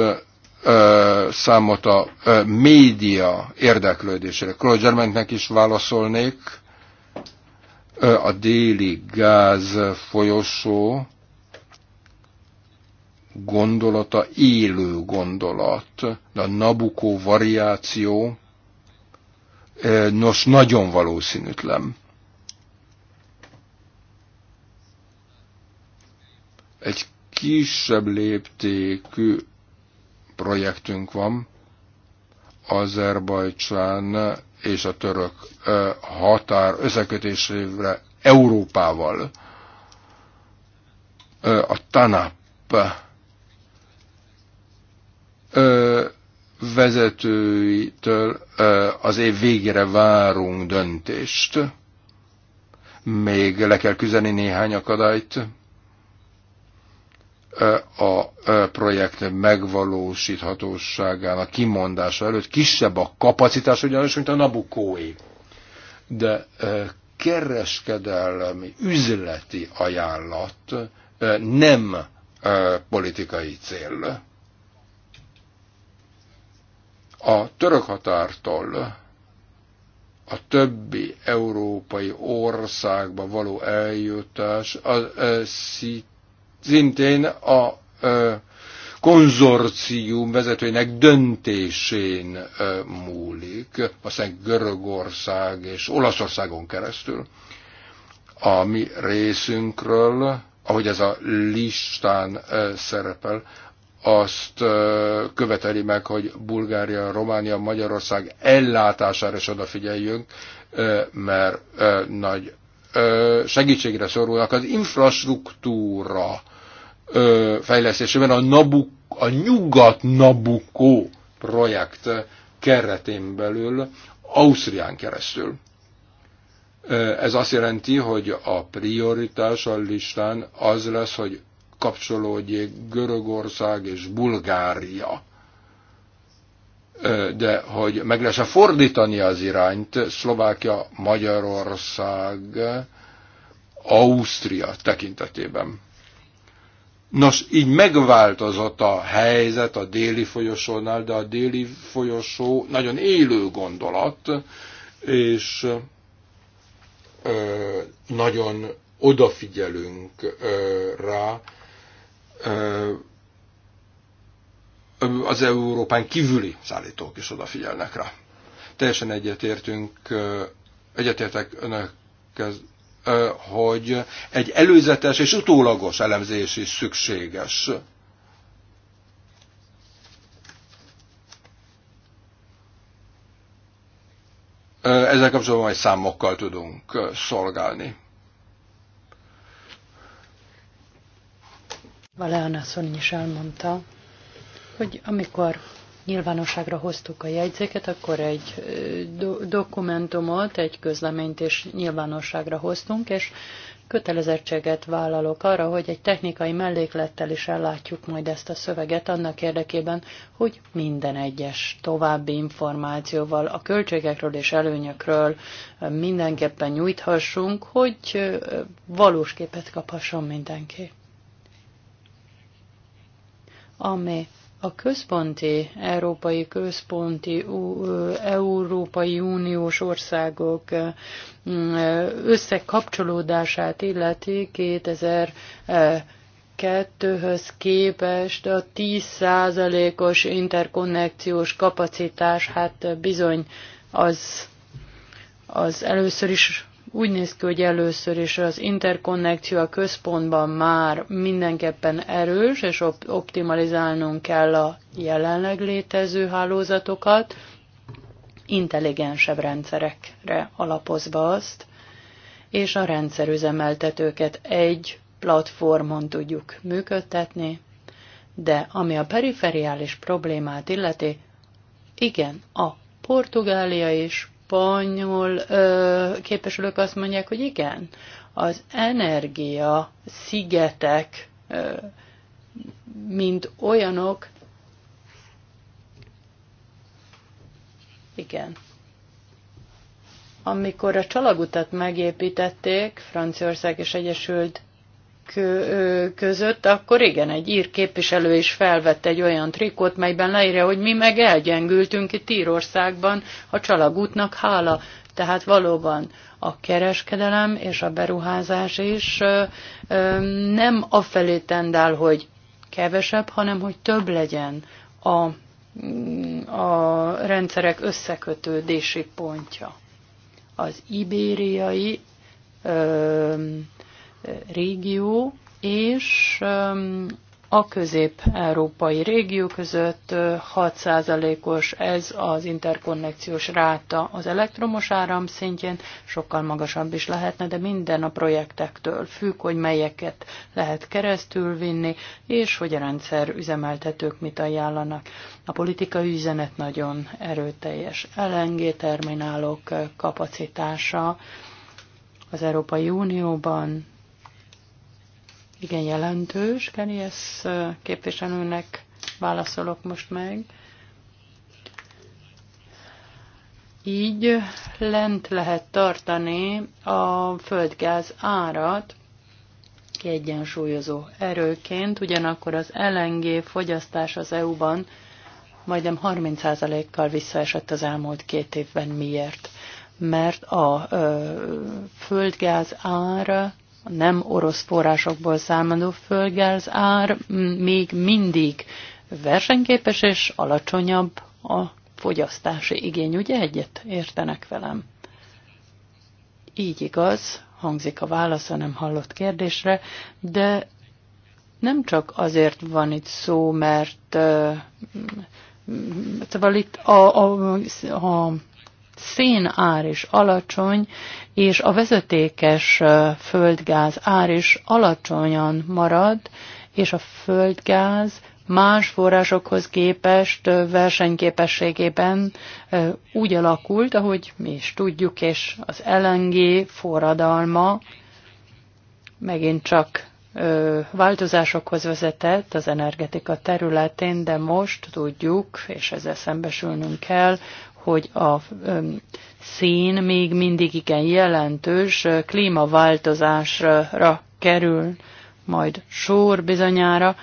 ö, számot a ö, média érdeklődésére. Krogermentnek is válaszolnék. Ö, a déli gáz folyosó gondolata élő gondolat, de a Nabukó variáció, ö, nos, nagyon valószínűtlen. Egy kisebb léptékű projektünk van, Azerbajcsán és a török határ összekötésére Európával. A TANAP vezetőitől az év végére várunk döntést. Még le kell küzdeni néhány akadályt a projekt megvalósíthatóságának kimondása előtt kisebb a kapacitás ugyanis, mint a Nabukói. De kereskedelmi, üzleti ajánlat nem politikai cél. A török határtól a többi európai országba való eljutás a, a, szintén a konzorcium vezetőinek döntésén múlik, aztán Görögország és Olaszországon keresztül. A mi részünkről, ahogy ez a listán szerepel, azt követeli meg, hogy Bulgária, Románia, Magyarország ellátására is odafigyeljünk, mert nagy segítségre szorulnak az infrastruktúra fejlesztésében a, Nabuk, a nyugat Nabukó projekt keretén belül Ausztrián keresztül. Ez azt jelenti, hogy a prioritás a listán az lesz, hogy kapcsolódjék Görögország és Bulgária de hogy meg lehessen fordítani az irányt, Szlovákia, Magyarország, Ausztria tekintetében. Nos, így megváltozott a helyzet a déli folyosónál, de a déli folyosó nagyon élő gondolat, és ö, nagyon odafigyelünk ö, rá, ö, az Európán kívüli szállítók is odafigyelnek rá. Teljesen egyetértünk, egyetértek önök, hogy egy előzetes és utólagos elemzés is szükséges. Ezzel kapcsolatban majd számokkal tudunk szolgálni. Valána azt is elmondta, hogy amikor nyilvánosságra hoztuk a jegyzéket, akkor egy do- dokumentumot, egy közleményt is nyilvánosságra hoztunk, és kötelezettséget vállalok arra, hogy egy technikai melléklettel is ellátjuk majd ezt a szöveget annak érdekében, hogy minden egyes további információval a költségekről és előnyökről mindenképpen nyújthassunk, hogy valós képet kaphasson mindenki. Ami a központi, európai központi, európai uniós országok összekapcsolódását illeti 2002-höz képest a 10%-os interkonnekciós kapacitás, hát bizony az, az először is úgy néz ki, hogy először is az interkonnekció a központban már mindenképpen erős, és op- optimalizálnunk kell a jelenleg létező hálózatokat, intelligensebb rendszerekre alapozva azt, és a rendszerüzemeltetőket egy platformon tudjuk működtetni, de ami a periferiális problémát illeti, igen, a Portugália is spanyol ö, képviselők azt mondják, hogy igen, az energia szigetek, ö, mint olyanok, igen. Amikor a csalagutat megépítették, Franciaország és Egyesült között, akkor igen, egy ír képviselő is felvett egy olyan trikót, melyben leírja, hogy mi meg elgyengültünk itt Írországban a csalagútnak hála. Tehát valóban a kereskedelem és a beruházás is nem afelé tendál, hogy kevesebb, hanem hogy több legyen a, a rendszerek összekötődési pontja. Az ibériai régió és a közép-európai régió között 6%-os ez az interkonnekciós ráta az elektromos áram szintjén, sokkal magasabb is lehetne, de minden a projektektől függ, hogy melyeket lehet keresztül vinni, és hogy a rendszer üzemeltetők mit ajánlanak. A politikai üzenet nagyon erőteljes. LNG terminálok kapacitása az Európai Unióban igen jelentős. Keniesz képviselőnek válaszolok most meg. Így lent lehet tartani a földgáz árat kiegyensúlyozó erőként, ugyanakkor az LNG fogyasztás az EU-ban majdnem 30%-kal visszaesett az elmúlt két évben. Miért? Mert a ö, földgáz ára a nem orosz forrásokból származó földgáz ár még mindig versenyképes és alacsonyabb a fogyasztási igény, ugye egyet értenek velem? Így igaz, hangzik a válasz a nem hallott kérdésre, de nem csak azért van itt szó, mert uh, szóval itt a, a, a szén ár is alacsony, és a vezetékes földgáz ár is alacsonyan marad, és a földgáz más forrásokhoz képest versenyképességében úgy alakult, ahogy mi is tudjuk, és az LNG forradalma megint csak változásokhoz vezetett az energetika területén, de most tudjuk, és ezzel szembesülnünk kell, hogy a szén még mindig igen jelentős klímaváltozásra kerül majd sor bizonyára,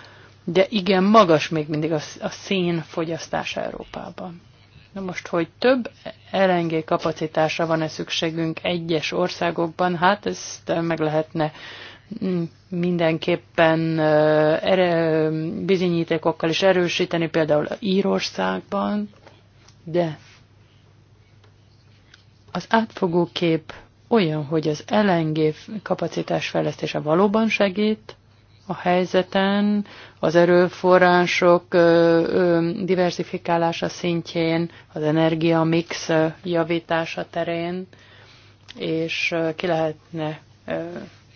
de igen magas még mindig a, szén fogyasztás Európában. Na most, hogy több LNG kapacitásra van-e szükségünk egyes országokban, hát ezt meg lehetne mm, mindenképpen bizonyítékokkal is erősíteni, például Írországban, de az átfogó kép olyan, hogy az LNG kapacitás fejlesztése valóban segít a helyzeten, az erőforrások diversifikálása szintjén, az energiamix javítása terén, és ki lehetne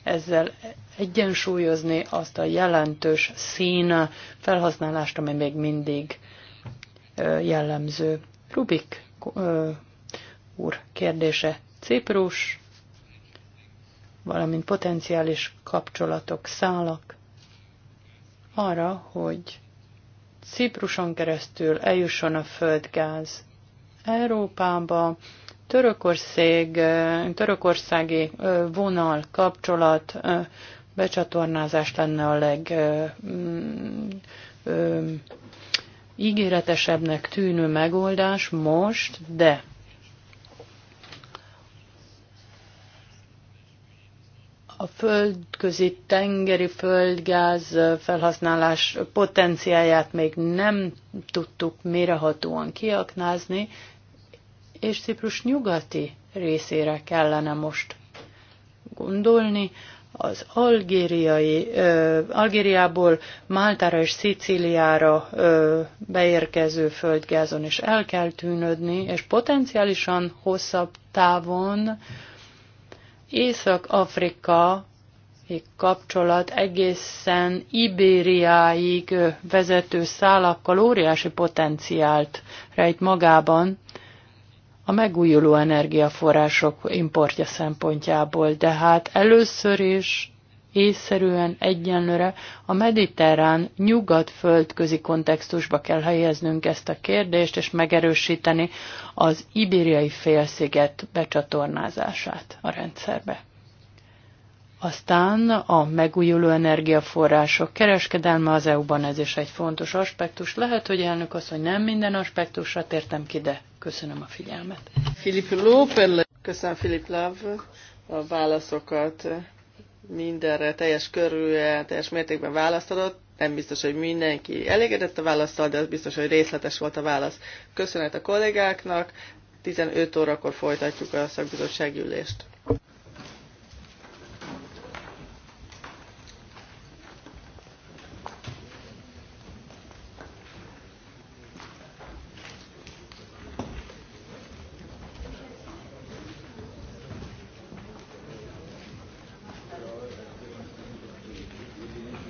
ezzel egyensúlyozni azt a jelentős szín felhasználást, ami még mindig jellemző. Rubik úr kérdése Ciprus, valamint potenciális kapcsolatok, szálak arra, hogy Cipruson keresztül eljusson a földgáz Európába, Törökország, törökországi vonal kapcsolat becsatornázás lenne a leg mm, ígéretesebbnek tűnő megoldás most, de a földközi tengeri földgáz felhasználás potenciáját még nem tudtuk mérehatóan kiaknázni, és Ciprus nyugati részére kellene most gondolni. Az algériai, ö, Algériából Máltára és Szicíliára ö, beérkező földgázon is el kell tűnődni, és potenciálisan hosszabb távon ö, Észak-Afrika kapcsolat egészen Ibériáig vezető szálakkal óriási potenciált rejt magában a megújuló energiaforrások importja szempontjából. De hát először is észszerűen egyenlőre a mediterrán nyugat-földközi kontextusba kell helyeznünk ezt a kérdést, és megerősíteni az ibériai félsziget becsatornázását a rendszerbe. Aztán a megújuló energiaforrások kereskedelme az EU-ban, ez is egy fontos aspektus. Lehet, hogy elnök az, hogy nem minden aspektusra tértem ki, de köszönöm a figyelmet. Philip Lóper, köszönöm Filip Love a válaszokat mindenre teljes körülön, teljes mértékben választ adott. Nem biztos, hogy mindenki elégedett a válaszsal, de az biztos, hogy részletes volt a válasz. Köszönet a kollégáknak, 15 órakor folytatjuk a szakbizottsági ülést.